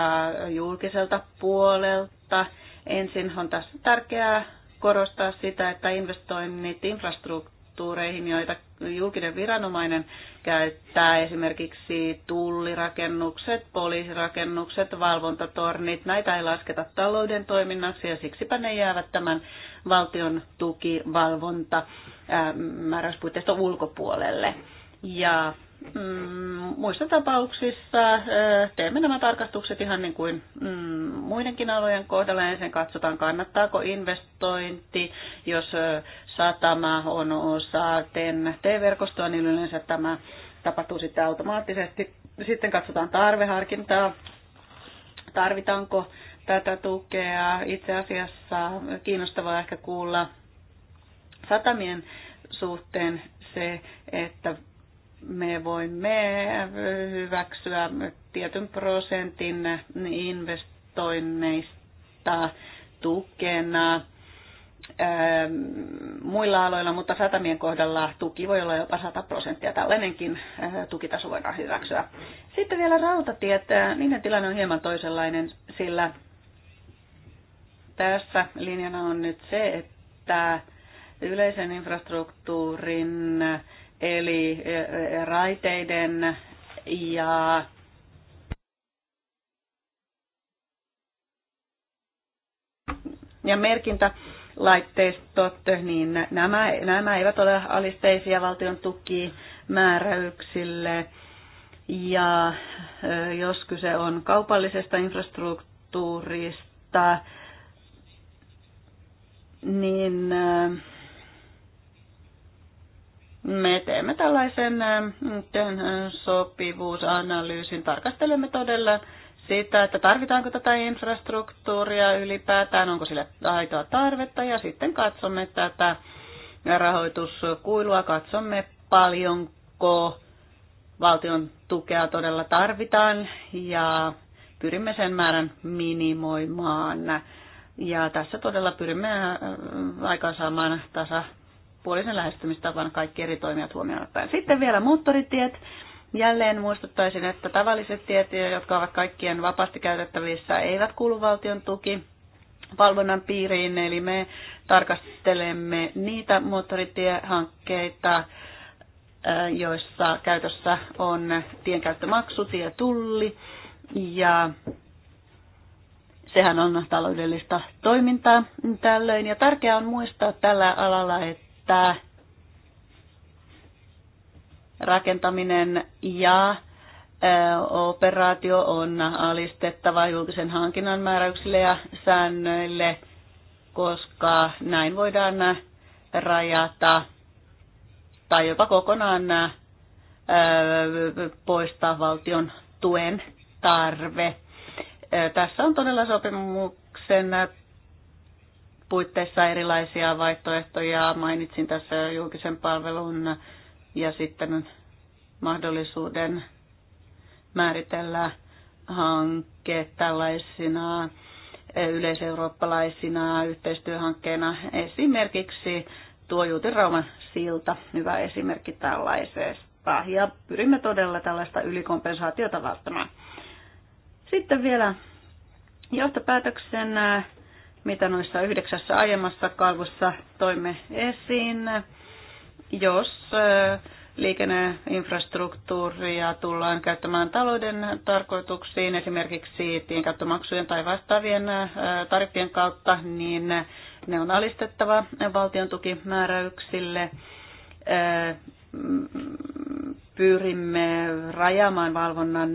julkiselta puolelta. Ensin on tässä tärkeää korostaa sitä, että investoinnit infrastruktuuriin kulttuureihin, joita julkinen viranomainen käyttää, esimerkiksi tullirakennukset, poliisirakennukset, valvontatornit, näitä ei lasketa talouden toiminnaksi ja siksipä ne jäävät tämän valtion tukivalvonta määräyspuitteista ulkopuolelle. Ja mm, muissa tapauksissa ö, teemme nämä tarkastukset ihan niin kuin mm, muidenkin alojen kohdalla. Ensin katsotaan, kannattaako investointi, jos ö, satama on osa TEN-T-verkostoa, niin yleensä tämä tapahtuu sitten automaattisesti. Sitten katsotaan tarveharkintaa, tarvitaanko tätä tukea. Itse asiassa kiinnostavaa ehkä kuulla satamien suhteen se, että me voimme hyväksyä tietyn prosentin investoinneista tukena muilla aloilla, mutta satamien kohdalla tuki voi olla jopa 100 prosenttia. Tällainenkin äh, tukitaso voidaan hyväksyä. Sitten vielä rautatiet. Äh, niiden tilanne on hieman toisenlainen, sillä tässä linjana on nyt se, että yleisen infrastruktuurin eli äh, raiteiden ja ja merkintä laitteistot, niin nämä, nämä eivät ole alisteisia valtion tukimääräyksille. Ja jos kyse on kaupallisesta infrastruktuurista, niin me teemme tällaisen sopivuusanalyysin, tarkastelemme todella siitä, että tarvitaanko tätä infrastruktuuria ylipäätään, onko sille aitoa tarvetta ja sitten katsomme tätä rahoituskuilua, katsomme paljonko valtion tukea todella tarvitaan ja pyrimme sen määrän minimoimaan. Ja tässä todella pyrimme äh, aikaansaamaan tasapuolisen lähestymistavan kaikki eri toimijat huomioon ottaen. Sitten vielä moottoritiet. Jälleen muistuttaisin, että tavalliset tietoja, jotka ovat kaikkien vapaasti käytettävissä, eivät kuulu valtion tuki valvonnan piiriin, eli me tarkastelemme niitä moottoritiehankkeita, äh, joissa käytössä on tienkäyttömaksu, tietulli, ja sehän on taloudellista toimintaa tällöin. Ja tärkeää on muistaa tällä alalla, että rakentaminen ja operaatio on alistettava julkisen hankinnan määräyksille ja säännöille, koska näin voidaan rajata tai jopa kokonaan poistaa valtion tuen tarve. Tässä on todella sopimuksen puitteissa erilaisia vaihtoehtoja. Mainitsin tässä julkisen palvelun ja sitten mahdollisuuden määritellä hanke tällaisina eh, yleiseurooppalaisina yhteistyöhankkeina esimerkiksi tuo Juutirauman silta, hyvä esimerkki tällaisesta. Ja pyrimme todella tällaista ylikompensaatiota välttämään. Sitten vielä johtopäätöksen, eh, mitä noissa yhdeksässä aiemmassa kalvussa toimme esiin jos eh, liikenneinfrastruktuuria tullaan käyttämään talouden tarkoituksiin, esimerkiksi tienkäyttömaksujen tai vastaavien eh, tariffien kautta, niin ne on alistettava valtion tukimääräyksille. Eh, pyrimme rajaamaan valvonnan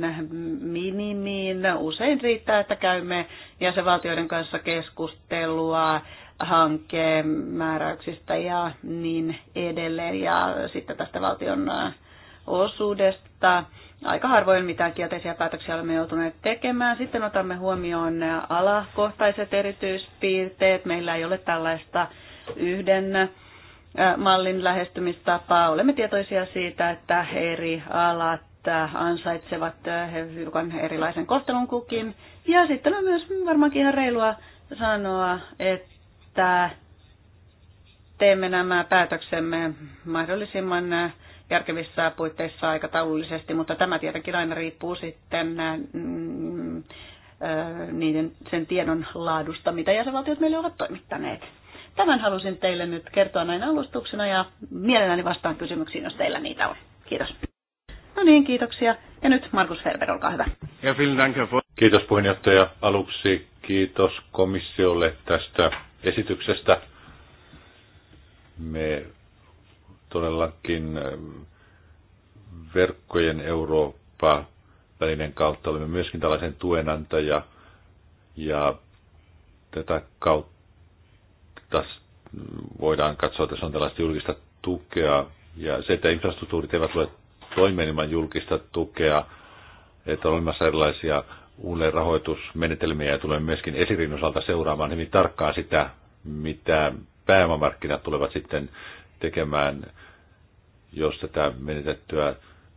minimiin. Usein riittää, että käymme jäsenvaltioiden kanssa keskustelua hankkeen määräyksistä ja niin edelleen ja sitten tästä valtion osuudesta. Aika harvoin mitään kielteisiä päätöksiä olemme joutuneet tekemään. Sitten otamme huomioon alakohtaiset erityispiirteet. Meillä ei ole tällaista yhden mallin lähestymistapaa. Olemme tietoisia siitä, että eri alat ansaitsevat hiukan erilaisen kohtelun kukin. Ja sitten on myös varmaankin ihan reilua sanoa, että että teemme nämä päätöksemme mahdollisimman järkevissä puitteissa aikataulullisesti, mutta tämä tietenkin aina riippuu sitten mm, niiden, sen tiedon laadusta, mitä jäsenvaltiot meille ovat toimittaneet. Tämän halusin teille nyt kertoa näin alustuksena ja mielelläni vastaan kysymyksiin, jos teillä niitä on. Kiitos. No niin, kiitoksia. Ja nyt Markus Ferber, olkaa hyvä. Ja Kiitos puheenjohtaja. Aluksi kiitos komissiolle tästä esityksestä. Me todellakin ähm, verkkojen Eurooppa välinen kautta olemme myöskin tällaisen tuenantaja ja tätä kautta voidaan katsoa, että se on tällaista julkista tukea ja se, että infrastruktuurit eivät ole toimeen julkista tukea, että on olemassa erilaisia uudelleen rahoitusmenetelmiä ja tulemme myöskin esirin osalta seuraamaan hyvin tarkkaan sitä, mitä pääomamarkkinat tulevat sitten tekemään, jos tätä menetettyä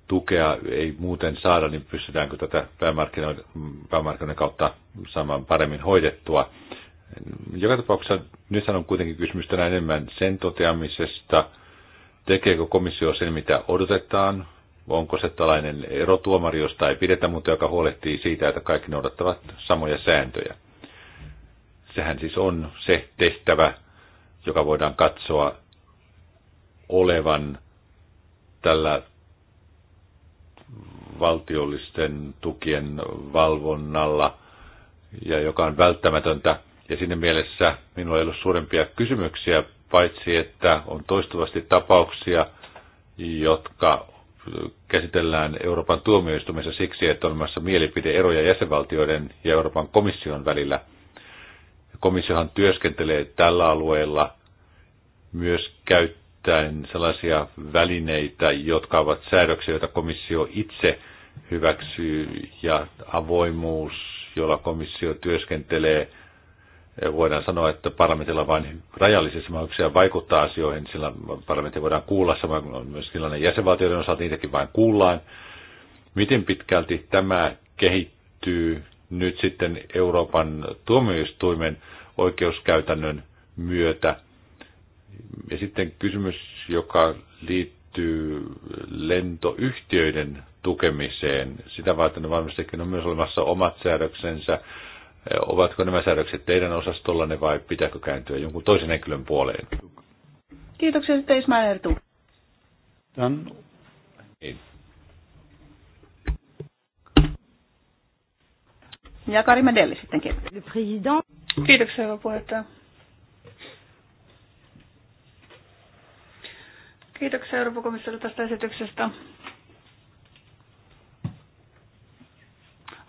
tukea ei muuten saada, niin pystytäänkö tätä päämarkkinoiden, päämarkkinoiden kautta saamaan paremmin hoidettua. Joka tapauksessa nyt on kuitenkin kysymys tänään enemmän sen toteamisesta, tekeekö komissio sen, mitä odotetaan, Onko se tällainen erotuomari, josta ei pidetä, mutta joka huolehtii siitä, että kaikki noudattavat samoja sääntöjä? Sehän siis on se tehtävä, joka voidaan katsoa olevan tällä valtiollisten tukien valvonnalla ja joka on välttämätöntä. Ja siinä mielessä minulla ei ollut suurempia kysymyksiä, paitsi että on toistuvasti tapauksia, jotka käsitellään Euroopan tuomioistuimessa siksi, että on olemassa mielipideeroja jäsenvaltioiden ja Euroopan komission välillä. Komissiohan työskentelee tällä alueella myös käyttäen sellaisia välineitä, jotka ovat säädöksiä, joita komissio itse hyväksyy, ja avoimuus, jolla komissio työskentelee – voidaan sanoa, että parlamentilla on vain rajallisia mahdollisuuksia vaikuttaa asioihin, sillä parlamentti voidaan kuulla, samoin on myös tilanne jäsenvaltioiden osalta, niitäkin vain kuullaan. Miten pitkälti tämä kehittyy nyt sitten Euroopan tuomioistuimen oikeuskäytännön myötä? Ja sitten kysymys, joka liittyy lentoyhtiöiden tukemiseen. Sitä varten varmastikin on myös olemassa omat säädöksensä Ovatko nämä säädökset teidän osastollanne vai pitääkö kääntyä jonkun toisen henkilön puoleen? Kiitoksia sitten Ismail Ertu. Tän... Niin. Ja Kari Medelli sittenkin. Kiitoksia, hyvä puheenjohtaja. Kiitoksia Euroopan komissiolle tästä esityksestä.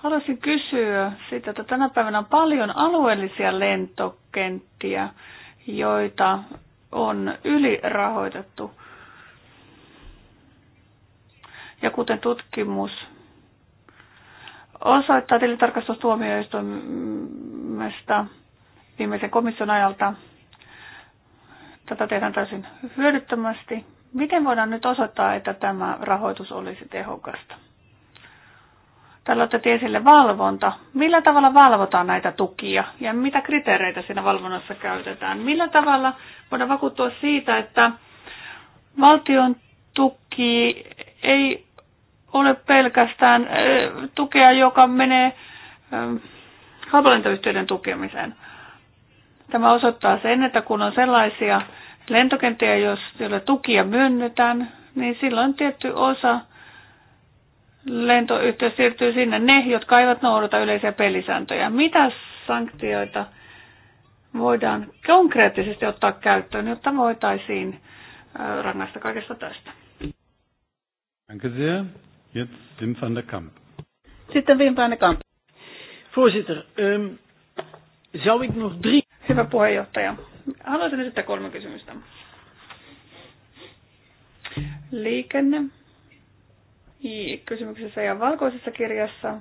Haluaisin kysyä sitä, että tänä päivänä on paljon alueellisia lentokenttiä, joita on ylirahoitettu. Ja kuten tutkimus osoittaa tilintarkastustuomioistuimesta viimeisen komission ajalta, tätä tehdään täysin hyödyttömästi. Miten voidaan nyt osoittaa, että tämä rahoitus olisi tehokasta? Täällä otettiin esille valvonta. Millä tavalla valvotaan näitä tukia ja mitä kriteereitä siinä valvonnassa käytetään? Millä tavalla voidaan vakuuttua siitä, että valtion tuki ei ole pelkästään tukea, joka menee halpalentoyhtiöiden tukemiseen. Tämä osoittaa sen, että kun on sellaisia lentokenttiä, joille tukia myönnetään, niin silloin tietty osa lentoyhtiö siirtyy sinne ne, jotka eivät noudata yleisiä pelisääntöjä. Mitä sanktioita voidaan konkreettisesti ottaa käyttöön, jotta voitaisiin rangaista kaikesta tästä? Danke sehr. Jetzt Wim van der Kamp. Sitten Wim van der Kamp. Voorzitter, um, zou ik nog drie... Hyvä puheenjohtaja. Haluaisin esittää kolme kysymystä. Liikenne, kysymyksessä ja valkoisessa kirjassa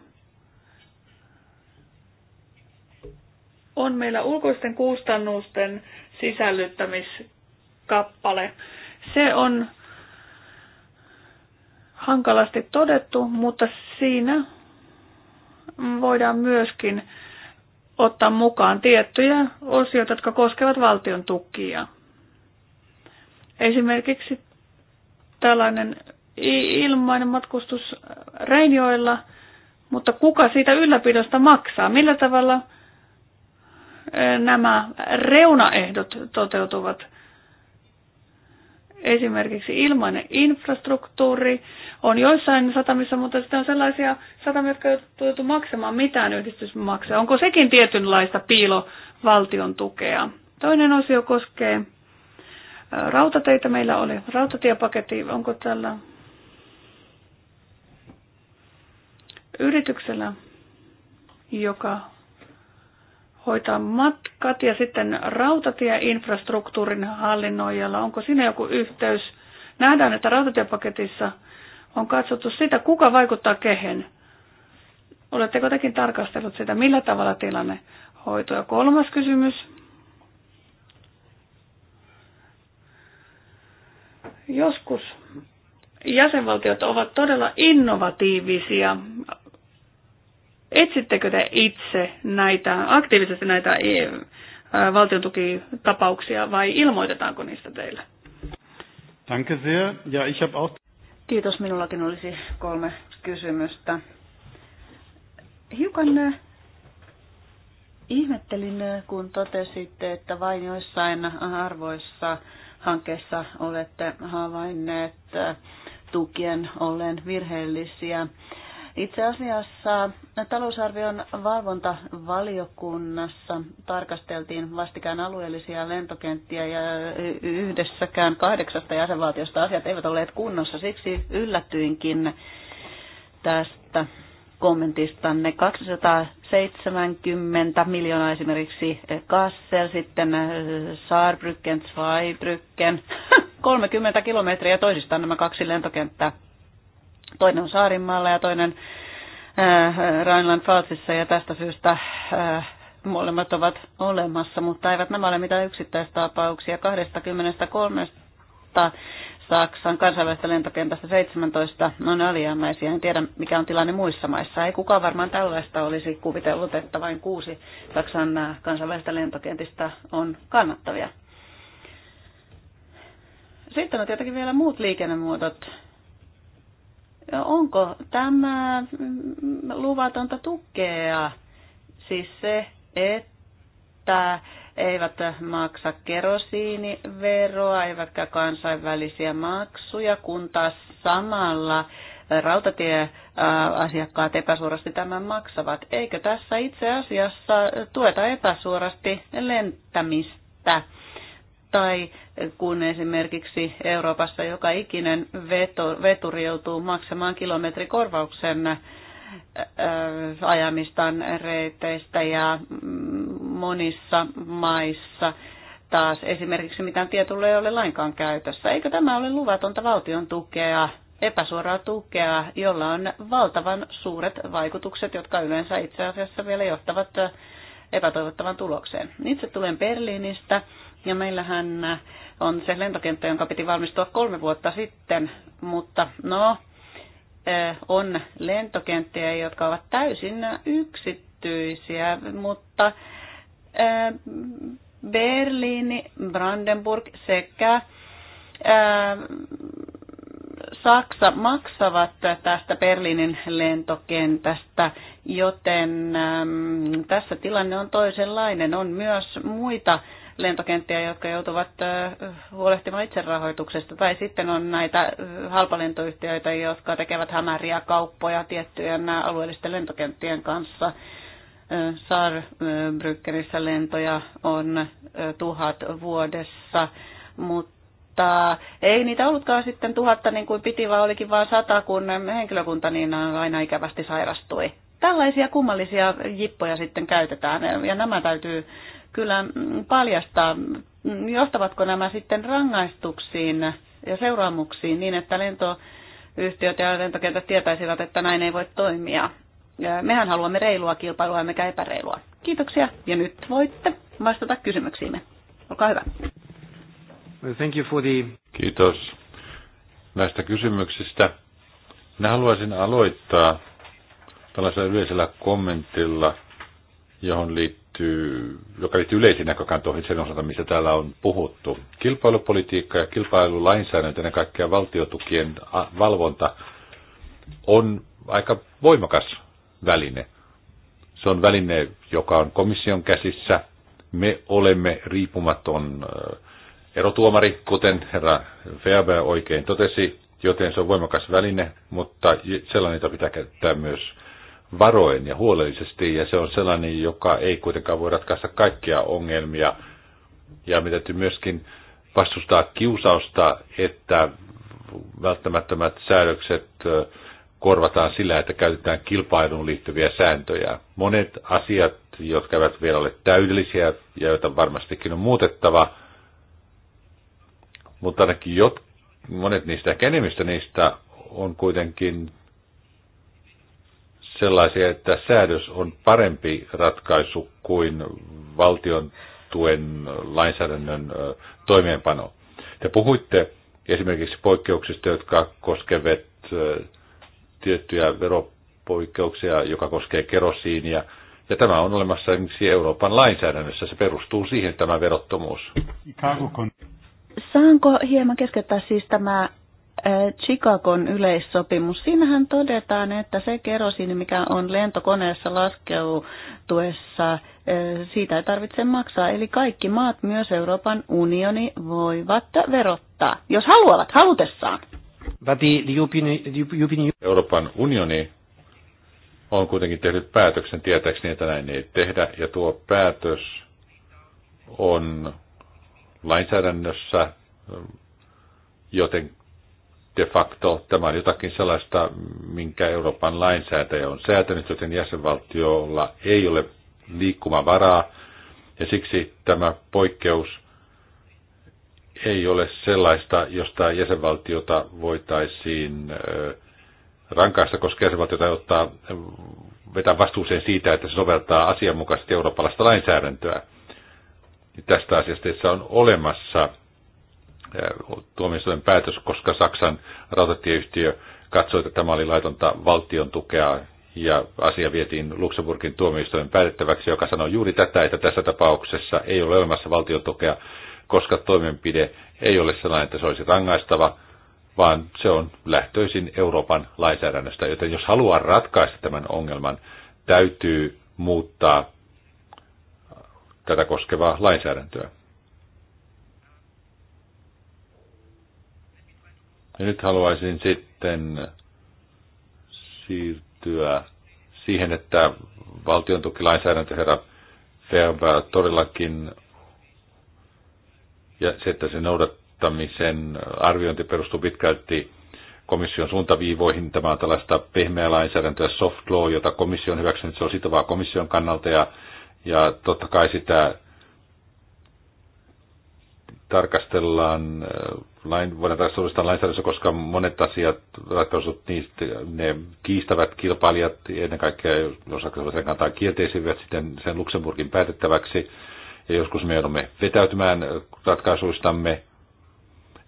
on meillä ulkoisten kustannusten sisällyttämiskappale. Se on hankalasti todettu, mutta siinä voidaan myöskin ottaa mukaan tiettyjä osioita, jotka koskevat valtion tukia. Esimerkiksi tällainen ilmainen matkustus Reinjoilla, mutta kuka siitä ylläpidosta maksaa? Millä tavalla eh, nämä reunaehdot toteutuvat? Esimerkiksi ilmainen infrastruktuuri on joissain satamissa, mutta sitten on sellaisia satamia, jotka joutuu maksamaan mitään yhdistysmaksuja. Onko sekin tietynlaista piilovaltion tukea? Toinen osio koskee eh, rautateitä. Meillä oli rautatiepaketti. Onko tällä Yrityksellä, joka hoitaa matkat ja sitten rautatieinfrastruktuurin hallinnoijalla, onko siinä joku yhteys? Nähdään, että rautatiepaketissa on katsottu sitä, kuka vaikuttaa kehen. Oletteko tekin tarkastellut sitä, millä tavalla tilanne hoituu? Ja kolmas kysymys. Joskus jäsenvaltiot ovat todella innovatiivisia Etsittekö te itse näitä, aktiivisesti näitä e, valtiontukitapauksia vai ilmoitetaanko niistä teille? Danke sehr. Ja, ich habe auch... Kiitos, minullakin olisi kolme kysymystä. Hiukan ihmettelin, kun totesitte, että vain joissain arvoissa hankkeessa olette havainneet tukien ollen virheellisiä. Itse asiassa talousarvion valvontavaliokunnassa tarkasteltiin vastikään alueellisia lentokenttiä ja yhdessäkään kahdeksasta jäsenvaltiosta asiat eivät olleet kunnossa. Siksi yllätyinkin tästä kommentistanne. 270 miljoonaa esimerkiksi Kassel, sitten Saarbrücken, Zweibrücken, 30 kilometriä toisistaan nämä kaksi lentokenttää. Toinen on Saarinmaalla ja toinen äh, Rheinland-Pfalzissa ja tästä syystä äh, molemmat ovat olemassa, mutta eivät nämä ole mitään yksittäistapauksia. 23 Saksan kansainvälistä lentokentästä 17 on alijäämäisiä. En tiedä, mikä on tilanne muissa maissa. Ei kukaan varmaan tällaista olisi kuvitellut, että vain kuusi Saksan äh, kansainvälistä lentokentistä on kannattavia. Sitten on tietenkin vielä muut liikennemuodot, onko tämä luvatonta tukea, siis se, että eivät maksa kerosiiniveroa, eivätkä kansainvälisiä maksuja, kun taas samalla rautatieasiakkaat epäsuorasti tämän maksavat. Eikö tässä itse asiassa tueta epäsuorasti lentämistä? tai kun esimerkiksi Euroopassa joka ikinen veto, veturi joutuu maksamaan kilometrikorvauksen äh, äh, ajamistaan reiteistä ja mm, monissa maissa taas esimerkiksi mitään tietulle ei ole lainkaan käytössä. Eikö tämä ole luvatonta valtion tukea, epäsuoraa tukea, jolla on valtavan suuret vaikutukset, jotka yleensä itse asiassa vielä johtavat äh, epätoivottavan tulokseen. Itse tulen Berliinistä ja meillähän on se lentokenttä, jonka piti valmistua kolme vuotta sitten, mutta no, eh, on lentokenttiä, jotka ovat täysin yksityisiä, mutta eh, Berliini, Brandenburg sekä eh, Saksa maksavat tästä Berliinin lentokentästä, joten tässä tilanne on toisenlainen. On myös muita lentokenttiä, jotka joutuvat huolehtimaan itse rahoituksesta. Tai sitten on näitä halpalentoyhtiöitä, jotka tekevät hämäriä kauppoja tiettyjen alueellisten lentokenttien kanssa. Saarbrückerissä lentoja on tuhat vuodessa, mutta ei niitä ollutkaan sitten tuhatta niin kuin piti, vaan olikin vain sata, kun henkilökunta niin aina ikävästi sairastui. Tällaisia kummallisia jippoja sitten käytetään ja nämä täytyy kyllä paljastaa, johtavatko nämä sitten rangaistuksiin ja seuraamuksiin niin, että lentoyhtiöt ja lentokentät tietäisivät, että näin ei voi toimia. Mehän haluamme reilua kilpailua, emmekä epäreilua. Kiitoksia, ja nyt voitte vastata kysymyksiimme. Olkaa hyvä. Thank you for the... Kiitos näistä kysymyksistä. Minä haluaisin aloittaa tällaisella yleisellä kommentilla, johon liittyy liittyy, joka liittyy yleisiin näkökantoihin sen osalta, mistä täällä on puhuttu. Kilpailupolitiikka ja kilpailulainsäädäntö, ennen kaikkea valtiotukien valvonta, on aika voimakas väline. Se on väline, joka on komission käsissä. Me olemme riippumaton erotuomari, kuten herra Feaber oikein totesi, joten se on voimakas väline, mutta sellainen, jota pitää käyttää myös varoin ja huolellisesti, ja se on sellainen, joka ei kuitenkaan voi ratkaista kaikkia ongelmia. Ja me täytyy myöskin vastustaa kiusausta, että välttämättömät säädökset korvataan sillä, että käytetään kilpailuun liittyviä sääntöjä. Monet asiat, jotka eivät vielä ole täydellisiä ja joita varmastikin on muutettava, mutta ainakin jot, monet niistä, ehkä niistä on kuitenkin sellaisia, että säädös on parempi ratkaisu kuin valtion tuen lainsäädännön toimeenpano. Te puhuitte esimerkiksi poikkeuksista, jotka koskevat tiettyjä veropoikkeuksia, joka koskee kerosiinia. Ja tämä on olemassa esimerkiksi Euroopan lainsäädännössä. Se perustuu siihen tämä verottomuus. Saanko hieman keskeyttää siis tämä Chicagon yleissopimus. Siinähän todetaan, että se kerosiini, mikä on lentokoneessa laskeutuessa, siitä ei tarvitse maksaa. Eli kaikki maat, myös Euroopan unioni, voivat verottaa, jos haluavat, halutessaan. Euroopan unioni on kuitenkin tehnyt päätöksen tietääkseni, että näin ei tehdä, ja tuo päätös on lainsäädännössä, joten de facto tämä on jotakin sellaista, minkä Euroopan lainsäätäjä on säätänyt, joten jäsenvaltiolla ei ole liikkumavaraa. Ja siksi tämä poikkeus ei ole sellaista, josta jäsenvaltiota voitaisiin rankaista, koska jäsenvaltiota ottaa vetää vastuuseen siitä, että se soveltaa asianmukaisesti eurooppalaista lainsäädäntöä. Tästä asiasta on olemassa Äh, tuomioistuimen päätös, koska Saksan rautatieyhtiö katsoi, että tämä oli laitonta valtion tukea ja asia vietiin Luxemburgin tuomioistuimen päätettäväksi, joka sanoi juuri tätä, että tässä tapauksessa ei ole olemassa valtion tukea, koska toimenpide ei ole sellainen, että se olisi rangaistava, vaan se on lähtöisin Euroopan lainsäädännöstä. Joten jos haluaa ratkaista tämän ongelman, täytyy muuttaa tätä koskevaa lainsäädäntöä. Ja nyt haluaisin sitten siirtyä siihen, että valtion tukilainsäädäntö herra Ferber todellakin ja se, että se noudattamisen arviointi perustuu pitkälti komission suuntaviivoihin. Tämä on tällaista pehmeää lainsäädäntöä, soft law, jota komissio on hyväksynyt. Se on sitovaa komission kannalta ja, ja totta kai sitä tarkastellaan, äh, lain, voidaan tarkastella lainsäädännössä, koska monet asiat, ratkaisut, niistä, ne kiistävät kilpailijat, ennen kaikkea jos sen kantaa kielteisivät sitten sen Luxemburgin päätettäväksi, ja joskus me joudumme vetäytymään ratkaisuistamme,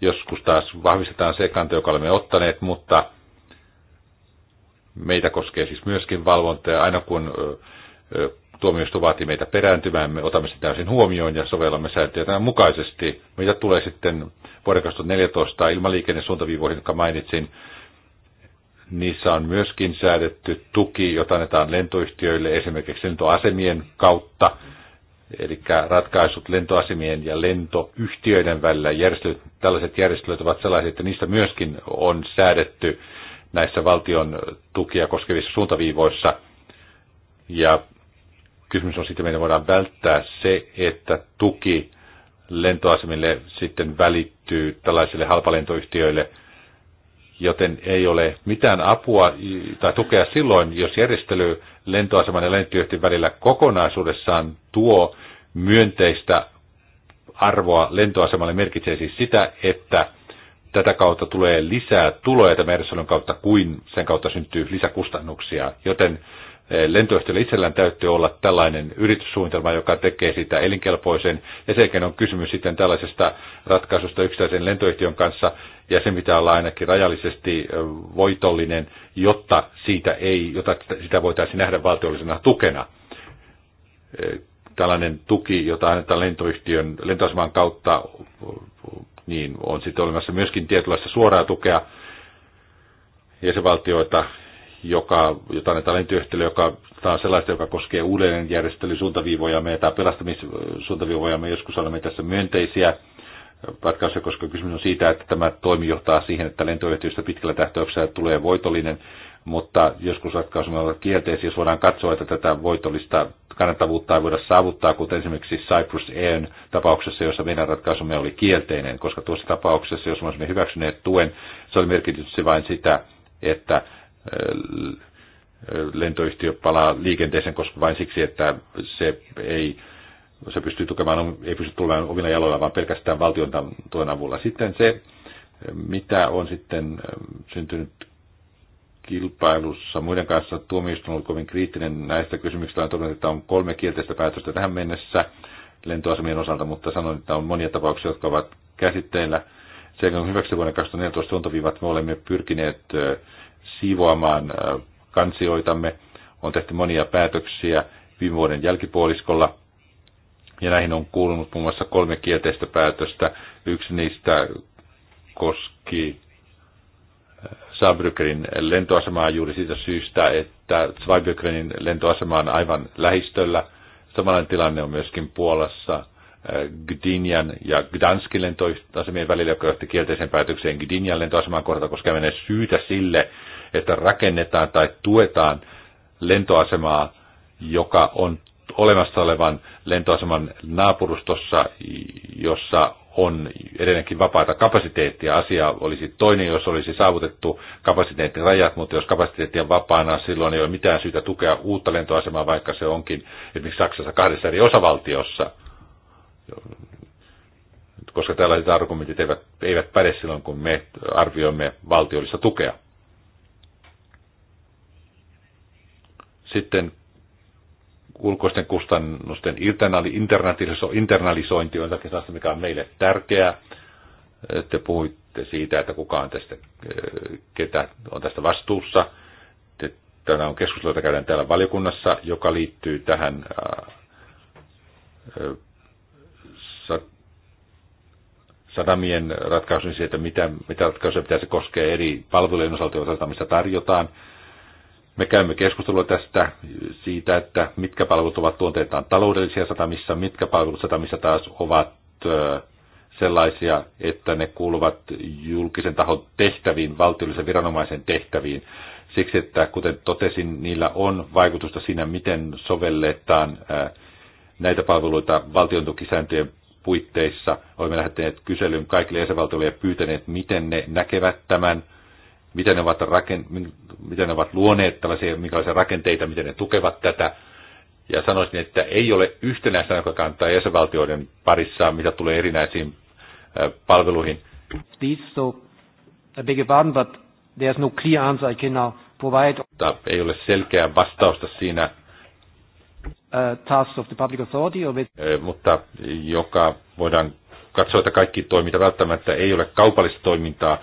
joskus taas vahvistetaan se kanta, joka olemme ottaneet, mutta meitä koskee siis myöskin valvonta, ja aina kun tuomioistu vaatii meitä perääntymään, me otamme sitä täysin huomioon ja sovellamme sääntöjä tämän mukaisesti. Mitä tulee sitten vuoden 2014 ilmaliikennesuuntaviivoihin, jotka mainitsin, niissä on myöskin säädetty tuki, jota annetaan lentoyhtiöille esimerkiksi lentoasemien kautta, eli ratkaisut lentoasemien ja lentoyhtiöiden välillä. Järjestelyt, tällaiset järjestelyt ovat sellaisia, että niistä myöskin on säädetty näissä valtion tukia koskevissa suuntaviivoissa. Ja kysymys on sitten, miten voidaan välttää se, että tuki lentoasemille sitten välittyy tällaisille halpalentoyhtiöille, joten ei ole mitään apua tai tukea silloin, jos järjestely lentoaseman ja lentoyhtiön välillä kokonaisuudessaan tuo myönteistä arvoa lentoasemalle merkitsee siis sitä, että tätä kautta tulee lisää tuloja tämän järjestelyn kautta, kuin sen kautta syntyy lisäkustannuksia. Joten lentoyhtiöllä itsellään täytyy olla tällainen yrityssuunnitelma, joka tekee sitä elinkelpoisen, ja sekin on kysymys sitten tällaisesta ratkaisusta yksittäisen lentoyhtiön kanssa, ja se pitää olla ainakin rajallisesti voitollinen, jotta siitä ei, jota sitä voitaisiin nähdä valtiollisena tukena. Tällainen tuki, jota annetaan lentoyhtiön lentoaseman kautta, niin on sitten olemassa myöskin tietynlaista suoraa tukea jäsenvaltioita, joka, jotain annetaan lentoyhtiölle, joka tämä on sellaista, joka koskee me tai me Joskus olemme tässä myönteisiä ratkaisuja, koska kysymys on siitä, että tämä toimi johtaa siihen, että lentoyhtiöstä pitkällä tähtäyksellä tulee voitollinen, mutta joskus ratkaisumme on kielteisiä, jos voidaan katsoa, että tätä voitollista kannattavuutta ei voida saavuttaa, kuten esimerkiksi Cyprus Airin tapauksessa, jossa meidän ratkaisumme oli kielteinen, koska tuossa tapauksessa, jos olisimme hyväksyneet tuen, se oli merkitys vain sitä, että lentoyhtiö palaa liikenteeseen, koska vain siksi, että se ei se pystyy tukemaan, ei pysty tulemaan omilla jaloilla, vaan pelkästään valtion tuen avulla. Sitten se, mitä on sitten syntynyt kilpailussa muiden kanssa, tuomioistuin on kovin kriittinen näistä kysymyksistä, on todennut, että on kolme kielteistä päätöstä tähän mennessä lentoasemien osalta, mutta sanoin, että on monia tapauksia, jotka ovat käsitteillä. se on hyväksi vuoden 2014 suuntaviivat me olemme pyrkineet siivoamaan äh, kansioitamme. On tehty monia päätöksiä viime vuoden jälkipuoliskolla, ja näihin on kuulunut muun muassa kolme kielteistä päätöstä. Yksi niistä koski äh, Saarbrückerin lentoasemaa juuri siitä syystä, että Zweibrückerin lentoasema on aivan lähistöllä. Samanlainen tilanne on myöskin Puolassa äh, Gdynian ja Gdanskin lentoasemien välillä, joka johti kielteiseen päätökseen Gdynian lentoaseman kohdalla, koska menee syytä sille, että rakennetaan tai tuetaan lentoasemaa, joka on olemassa olevan lentoaseman naapurustossa, jossa on edelleenkin vapaata kapasiteettia. Asia olisi toinen, jos olisi saavutettu kapasiteetin rajat, mutta jos kapasiteetti on vapaana, silloin ei ole mitään syytä tukea uutta lentoasemaa, vaikka se onkin esimerkiksi Saksassa kahdessa eri osavaltiossa, koska tällaiset argumentit eivät, eivät päde silloin, kun me arvioimme valtiollista tukea. Sitten ulkoisten kustannusten internalisointi on jotakin sellaista, mikä on meille tärkeää. Te puhuitte siitä, että kuka on tästä, äh, ketä on tästä vastuussa. Tämä on keskustelu, jota käydään täällä valiokunnassa, joka liittyy tähän äh, äh, sadamien ratkaisuun siitä, mitä, mitä ratkaisuja pitäisi koskea eri palvelujen osalta, joita tarjotaan. Me käymme keskustelua tästä siitä, että mitkä palvelut ovat tuonteeltaan taloudellisia satamissa, mitkä palvelut satamissa taas ovat sellaisia, että ne kuuluvat julkisen tahon tehtäviin, valtiollisen viranomaisen tehtäviin. Siksi, että kuten totesin, niillä on vaikutusta siinä, miten sovelletaan näitä palveluita valtion tukisääntöjen puitteissa. Olemme lähettäneet kyselyyn kaikille jäsenvaltioille ja pyytäneet, miten ne näkevät tämän – miten ne ovat, raken, miten ne ovat luoneet tällaisia, minkälaisia rakenteita, miten ne tukevat tätä. Ja sanoisin, että ei ole yhtenäistä näkökantaa jäsenvaltioiden parissa, mitä tulee erinäisiin palveluihin. so pardon, but there's no clear answer I can now provide. Ei ole selkeää vastausta siinä, äh, tasks of the public authority or with... mutta joka voidaan katsoa, että kaikki toiminta välttämättä ei ole kaupallista toimintaa,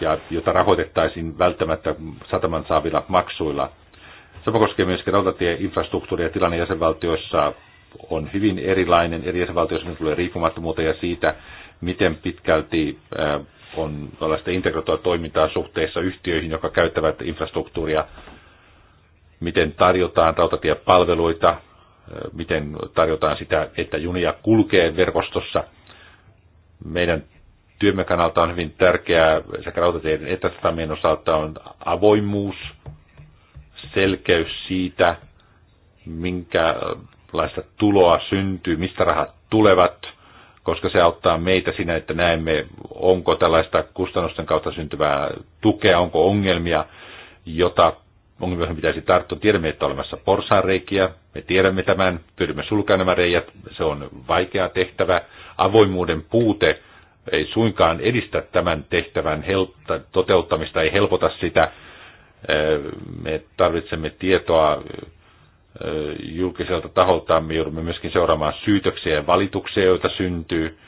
ja jota rahoitettaisiin välttämättä sataman saavilla maksuilla. Sama koskee myöskin rautatieinfrastruktuuria. Tilanne jäsenvaltioissa on hyvin erilainen. Eri jäsenvaltioissa tulee riippumattomuutta ja siitä, miten pitkälti äh, on tällaista integroitua toimintaa suhteessa yhtiöihin, jotka käyttävät infrastruktuuria, miten tarjotaan rautatiepalveluita, äh, miten tarjotaan sitä, että junia kulkee verkostossa. Meidän työmme kannalta on hyvin tärkeää sekä rautateiden että satamien osalta on avoimuus, selkeys siitä, minkälaista tuloa syntyy, mistä rahat tulevat, koska se auttaa meitä siinä, että näemme, onko tällaista kustannusten kautta syntyvää tukea, onko ongelmia, jota ongelmia pitäisi tarttua. Tiedämme, että on olemassa porsaanreikiä, me tiedämme tämän, pyrimme sulkemaan nämä reijät, se on vaikea tehtävä. Avoimuuden puute ei suinkaan edistä tämän tehtävän helpta, toteuttamista, ei helpota sitä. Me tarvitsemme tietoa julkiselta taholta, me joudumme myöskin seuraamaan syytöksiä ja valituksia, joita syntyy.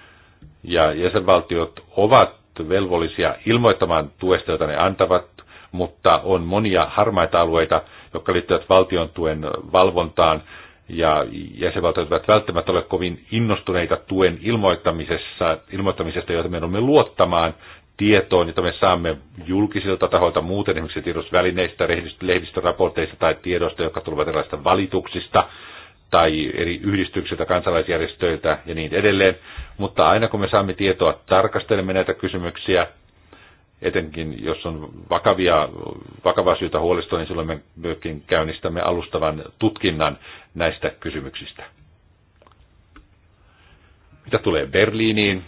Ja jäsenvaltiot ovat velvollisia ilmoittamaan tuesta, jota ne antavat, mutta on monia harmaita alueita, jotka liittyvät valtion tuen valvontaan, ja jäsenvaltiot eivät välttämättä ole kovin innostuneita tuen ilmoittamisessa, ilmoittamisesta, jota me olemme luottamaan tietoon, jota me saamme julkisilta tahoilta muuten, esimerkiksi tiedotusvälineistä, lehdistöraporteista tai tiedosta, jotka tulevat erilaisista valituksista tai eri yhdistyksiltä, kansalaisjärjestöiltä ja niin edelleen. Mutta aina kun me saamme tietoa, tarkastelemme näitä kysymyksiä etenkin jos on vakavia, vakavaa syytä huolestua, niin silloin me myöskin käynnistämme alustavan tutkinnan näistä kysymyksistä. Mitä tulee Berliiniin,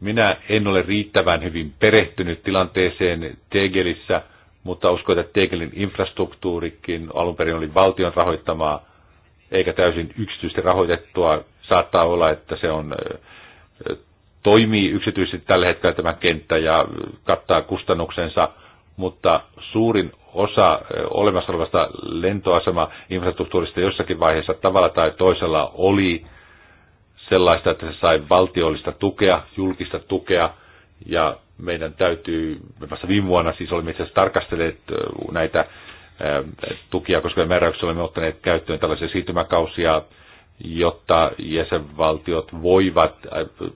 minä en ole riittävän hyvin perehtynyt tilanteeseen Tegelissä, mutta uskon, että Tegelin infrastruktuurikin alun perin oli valtion rahoittamaa, eikä täysin yksityisesti rahoitettua. Saattaa olla, että se on toimii yksityisesti tällä hetkellä tämä kenttä ja kattaa kustannuksensa, mutta suurin osa olemassa olevasta lentoasema infrastruktuurista jossakin vaiheessa tavalla tai toisella oli sellaista, että se sai valtiollista tukea, julkista tukea, ja meidän täytyy, vasta viime vuonna siis olemme itse asiassa tarkastelleet näitä tukia, koska määräyksessä olemme ottaneet käyttöön tällaisia siirtymäkausia jotta jäsenvaltiot voivat,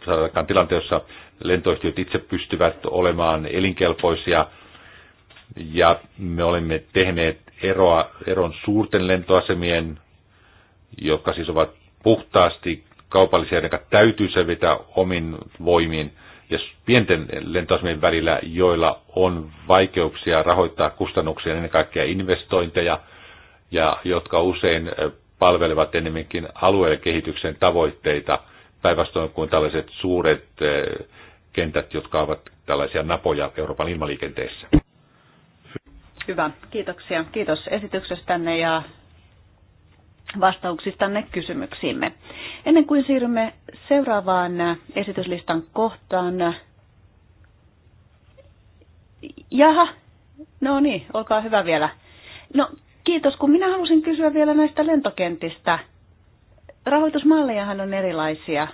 sanotaan tilanteessa lentoyhtiöt itse pystyvät olemaan elinkelpoisia, ja me olemme tehneet eroa, eron suurten lentoasemien, jotka siis ovat puhtaasti kaupallisia, jotka täytyy selvitä omin voimin, ja pienten lentoasemien välillä, joilla on vaikeuksia rahoittaa kustannuksia, ennen kaikkea investointeja, ja jotka usein palvelevat enemmänkin kehityksen tavoitteita, päinvastoin kuin tällaiset suuret eh, kentät, jotka ovat tällaisia napoja Euroopan ilmaliikenteessä. Hyvä, kiitoksia. Kiitos esityksestänne ja vastauksistanne kysymyksiimme. Ennen kuin siirrymme seuraavaan esityslistan kohtaan. Jaha, no niin, olkaa hyvä vielä. No Kiitos, kun minä halusin kysyä vielä näistä lentokentistä. Rahoitusmallejahan on erilaisia.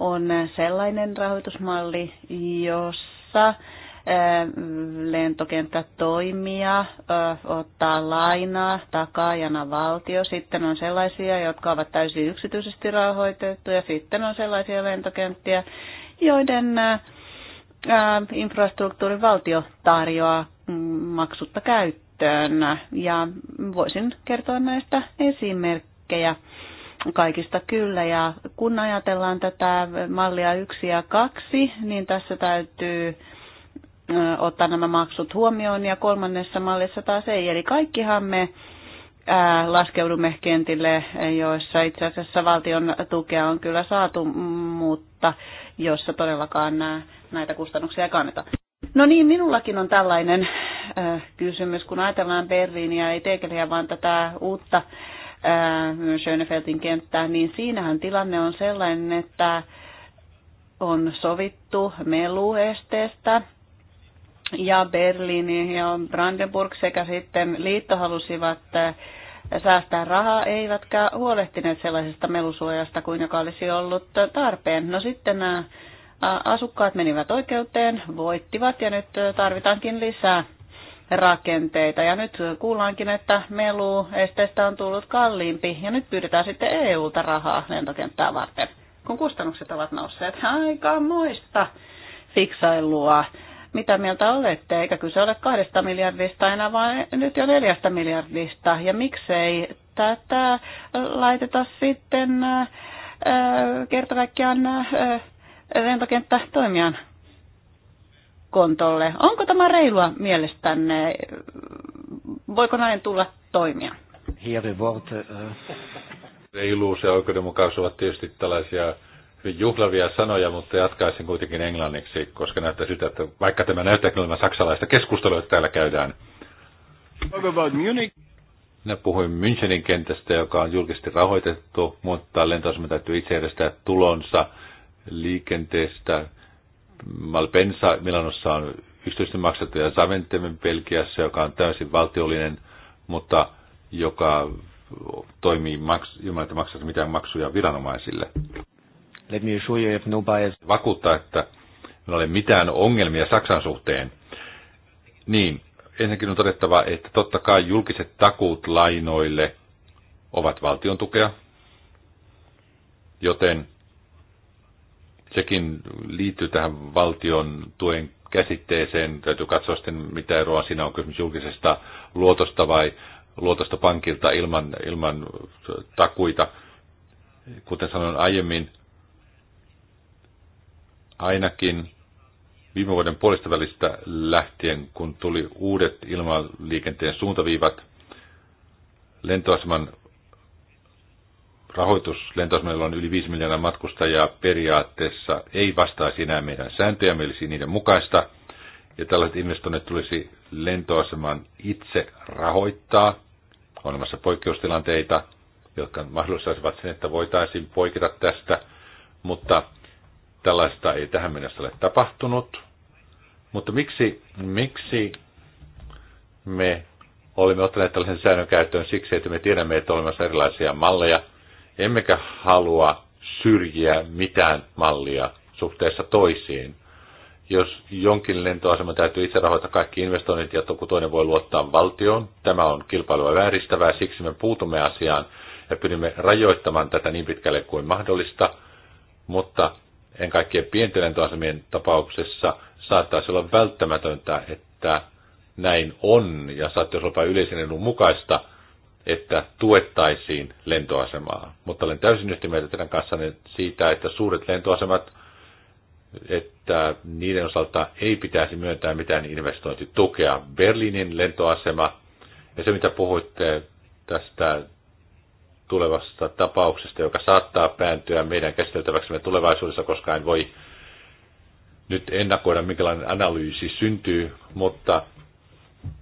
On sellainen rahoitusmalli, jossa äh, toimia, äh, ottaa lainaa takaajana valtio. Sitten on sellaisia, jotka ovat täysin yksityisesti rahoitettuja. Sitten on sellaisia lentokenttiä, joiden äh, infrastruktuuri valtio tarjoaa mm, maksutta käyttöön käyttöön ja voisin kertoa näistä esimerkkejä kaikista kyllä. Ja kun ajatellaan tätä mallia yksi ja kaksi, niin tässä täytyy ottaa nämä maksut huomioon ja kolmannessa mallissa taas ei. Eli kaikkihan me laskeudumme kentille, joissa itse asiassa valtion tukea on kyllä saatu, mutta jossa todellakaan näitä kustannuksia ei kanneta. No niin, minullakin on tällainen äh, kysymys, kun ajatellaan Berliiniä, ei Tekeliä, vaan tätä uutta äh, Schönefeldin kenttää, niin siinähän tilanne on sellainen, että on sovittu meluesteestä ja Berliini ja Brandenburg sekä sitten liitto halusivat äh, säästää rahaa, eivätkä huolehtineet sellaisesta melusuojasta kuin joka olisi ollut tarpeen. No sitten nämä äh, asukkaat menivät oikeuteen, voittivat ja nyt tarvitaankin lisää rakenteita. Ja nyt kuullaankin, että melu esteestä on tullut kalliimpi ja nyt pyydetään sitten EU-ta rahaa lentokenttää varten, kun kustannukset ovat nousseet. Aika moista fiksailua. Mitä mieltä olette? Eikä kyse ole kahdesta miljardista enää, vaan nyt jo neljästä miljardista. Ja miksei tätä laiteta sitten äh, kertakaikkiaan äh, lentokenttä toimijan kontolle. Onko tämä reilua mielestänne? Voiko näin tulla toimia? Uh, Reiluus ja oikeudenmukaisuus ovat tietysti tällaisia hyvin juhlavia sanoja, mutta jatkaisin kuitenkin englanniksi, koska näyttää siltä, että vaikka tämä näyttää kyllä saksalaista keskustelua, että täällä käydään. Minä puhuin Münchenin kentästä, joka on julkisesti rahoitettu, mutta lentoasema täytyy itse edestää tulonsa liikenteestä. Malpensa Milanossa on yksityisten ja Saventemen Belgiassa, joka on täysin valtiollinen, mutta joka toimii maks- ilman, että maksaisi mitään maksuja viranomaisille. Let me assure you if no Vakuuttaa, että ei ole mitään ongelmia Saksan suhteen. Niin, ensinnäkin on todettava, että totta kai julkiset takuut lainoille ovat valtion tukea, joten sekin liittyy tähän valtion tuen käsitteeseen. Täytyy katsoa sitten, mitä eroa siinä on kysymys julkisesta luotosta vai luotosta pankilta ilman, ilman takuita. Kuten sanoin aiemmin, ainakin viime vuoden puolesta välistä lähtien, kun tuli uudet ilmaliikenteen suuntaviivat, lentoaseman rahoitus lentoasemalla on yli 5 miljoonaa matkustajaa periaatteessa ei vastaisi enää meidän sääntöjä, olisi niiden mukaista. Ja tällaiset investoinnit tulisi lentoaseman itse rahoittaa. On olemassa poikkeustilanteita, jotka mahdollistaisivat sen, että voitaisiin poiketa tästä, mutta tällaista ei tähän mennessä ole tapahtunut. Mutta miksi, miksi me olemme ottaneet tällaisen säännön käyttöön siksi, että me tiedämme, että on olemassa erilaisia malleja, Emmekä halua syrjiä mitään mallia suhteessa toisiin. Jos jonkin lentoasema täytyy itse rahoita kaikki investoinnit ja joku toinen voi luottaa valtioon, tämä on kilpailua vääristävää, siksi me puutumme asiaan ja pyrimme rajoittamaan tätä niin pitkälle kuin mahdollista, mutta en kaikkien pienten lentoasemien tapauksessa saattaisi olla välttämätöntä, että näin on ja saattaisi olla yleisen edun mukaista – että tuettaisiin lentoasemaa. Mutta olen täysin yhtä mieltä teidän kanssanne siitä, että suuret lentoasemat, että niiden osalta ei pitäisi myöntää mitään investointitukea. Berliinin lentoasema ja se, mitä puhuitte tästä tulevasta tapauksesta, joka saattaa pääntyä meidän käsiteltäväksemme tulevaisuudessa, koska en voi nyt ennakoida, minkälainen analyysi syntyy, mutta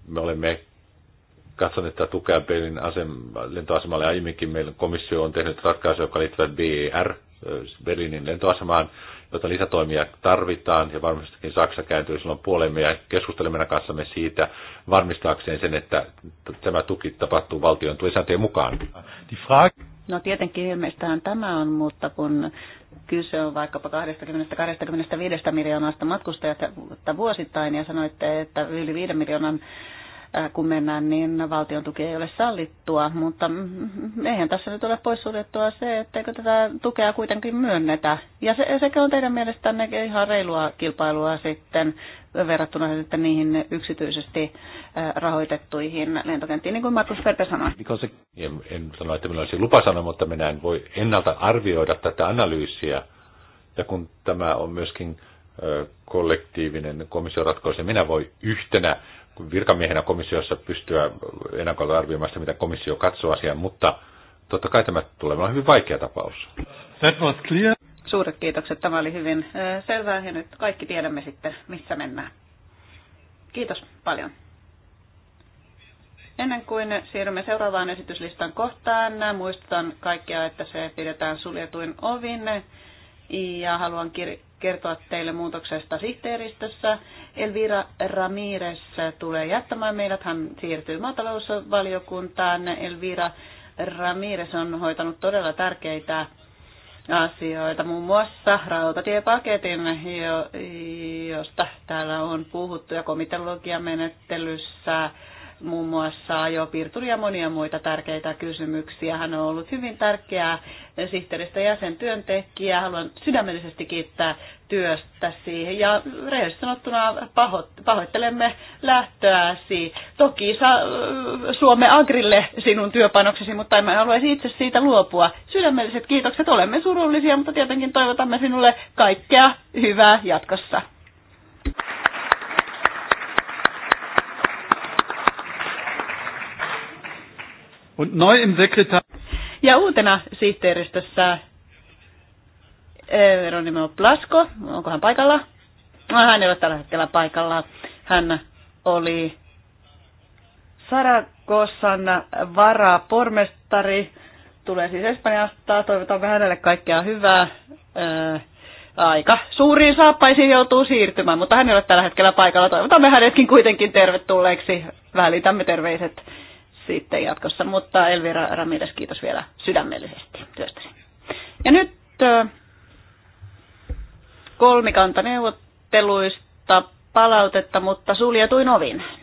me olemme katson, että tukea Berlin asem- lentoasemalle aiemminkin meillä komissio on tehnyt ratkaisuja, jotka liittyvät BER, äh, Berliinin lentoasemaan, jota lisätoimia tarvitaan, ja varmastikin Saksa kääntyy silloin puoleen ja keskustelemme kanssamme siitä varmistaakseen sen, että tämä tuki tapahtuu valtion tulisääntöjen mukaan. No tietenkin ilmeistähän tämä on, mutta kun kyse on vaikkapa 20-25 miljoonasta matkustajasta vuosittain ja sanoitte, että yli 5 miljoonan kun mennään, niin valtion tuki ei ole sallittua, mutta mm, eihän tässä nyt ole poissuljettua se, etteikö tätä tukea kuitenkin myönnetä. Ja se, sekä on teidän mielestänne ihan reilua kilpailua sitten verrattuna sitten niihin yksityisesti rahoitettuihin lentokenttiin, niin kuin Markus Perpe sanoi. En, en sano, että minulla olisi lupa sanoa, mutta minä en voi ennalta arvioida tätä analyysiä. Ja kun tämä on myöskin kollektiivinen komission ratkaisu, minä voi yhtenä virkamiehenä komissiossa pystyä ennakolta arvioimaan sitä, mitä komissio katsoo asiaa, mutta totta kai tämä tulee olemaan hyvin vaikea tapaus. That was clear. Suuret kiitokset. Tämä oli hyvin selvää ja nyt kaikki tiedämme sitten, missä mennään. Kiitos paljon. Ennen kuin siirrymme seuraavaan esityslistan kohtaan, muistutan kaikkia, että se pidetään suljetuin ovin ja haluan kertoa teille muutoksesta sihteeristössä. Elvira Ramirez tulee jättämään meidät. Hän siirtyy maatalousvaliokuntaan. Elvira Ramirez on hoitanut todella tärkeitä asioita, muun muassa rautatiepaketin, josta täällä on puhuttu, ja komitologiamenettelyssä muun muassa jo Pirturi ja monia muita tärkeitä kysymyksiä. Hän on ollut hyvin tärkeää sihteeristä työntekijä Haluan sydämellisesti kiittää työstä siihen ja rehellisesti sanottuna paho, pahoittelemme lähtöäsi. Toki sa, Suome Agrille sinun työpanoksesi, mutta en haluaisi itse siitä luopua. Sydämelliset kiitokset, olemme surullisia, mutta tietenkin toivotamme sinulle kaikkea hyvää jatkossa. Ja uutena sihteeristössä Veronimo eh, Plasko, onko hän paikalla? No, hän ei ole tällä hetkellä paikalla. Hän oli Saragossan varapormestari, tulee siis Espanjasta, toivotamme hänelle kaikkea hyvää. Ää, eh, aika suuriin saappaisiin joutuu siirtymään, mutta hän ei ole tällä hetkellä paikalla. Toivotamme hänetkin kuitenkin tervetulleeksi. Välitämme terveiset sitten jatkossa. Mutta Elvira Ramirez, kiitos vielä sydämellisesti työstäsi. Ja nyt äh, kolmikantaneuvotteluista palautetta, mutta suljetuin ovin.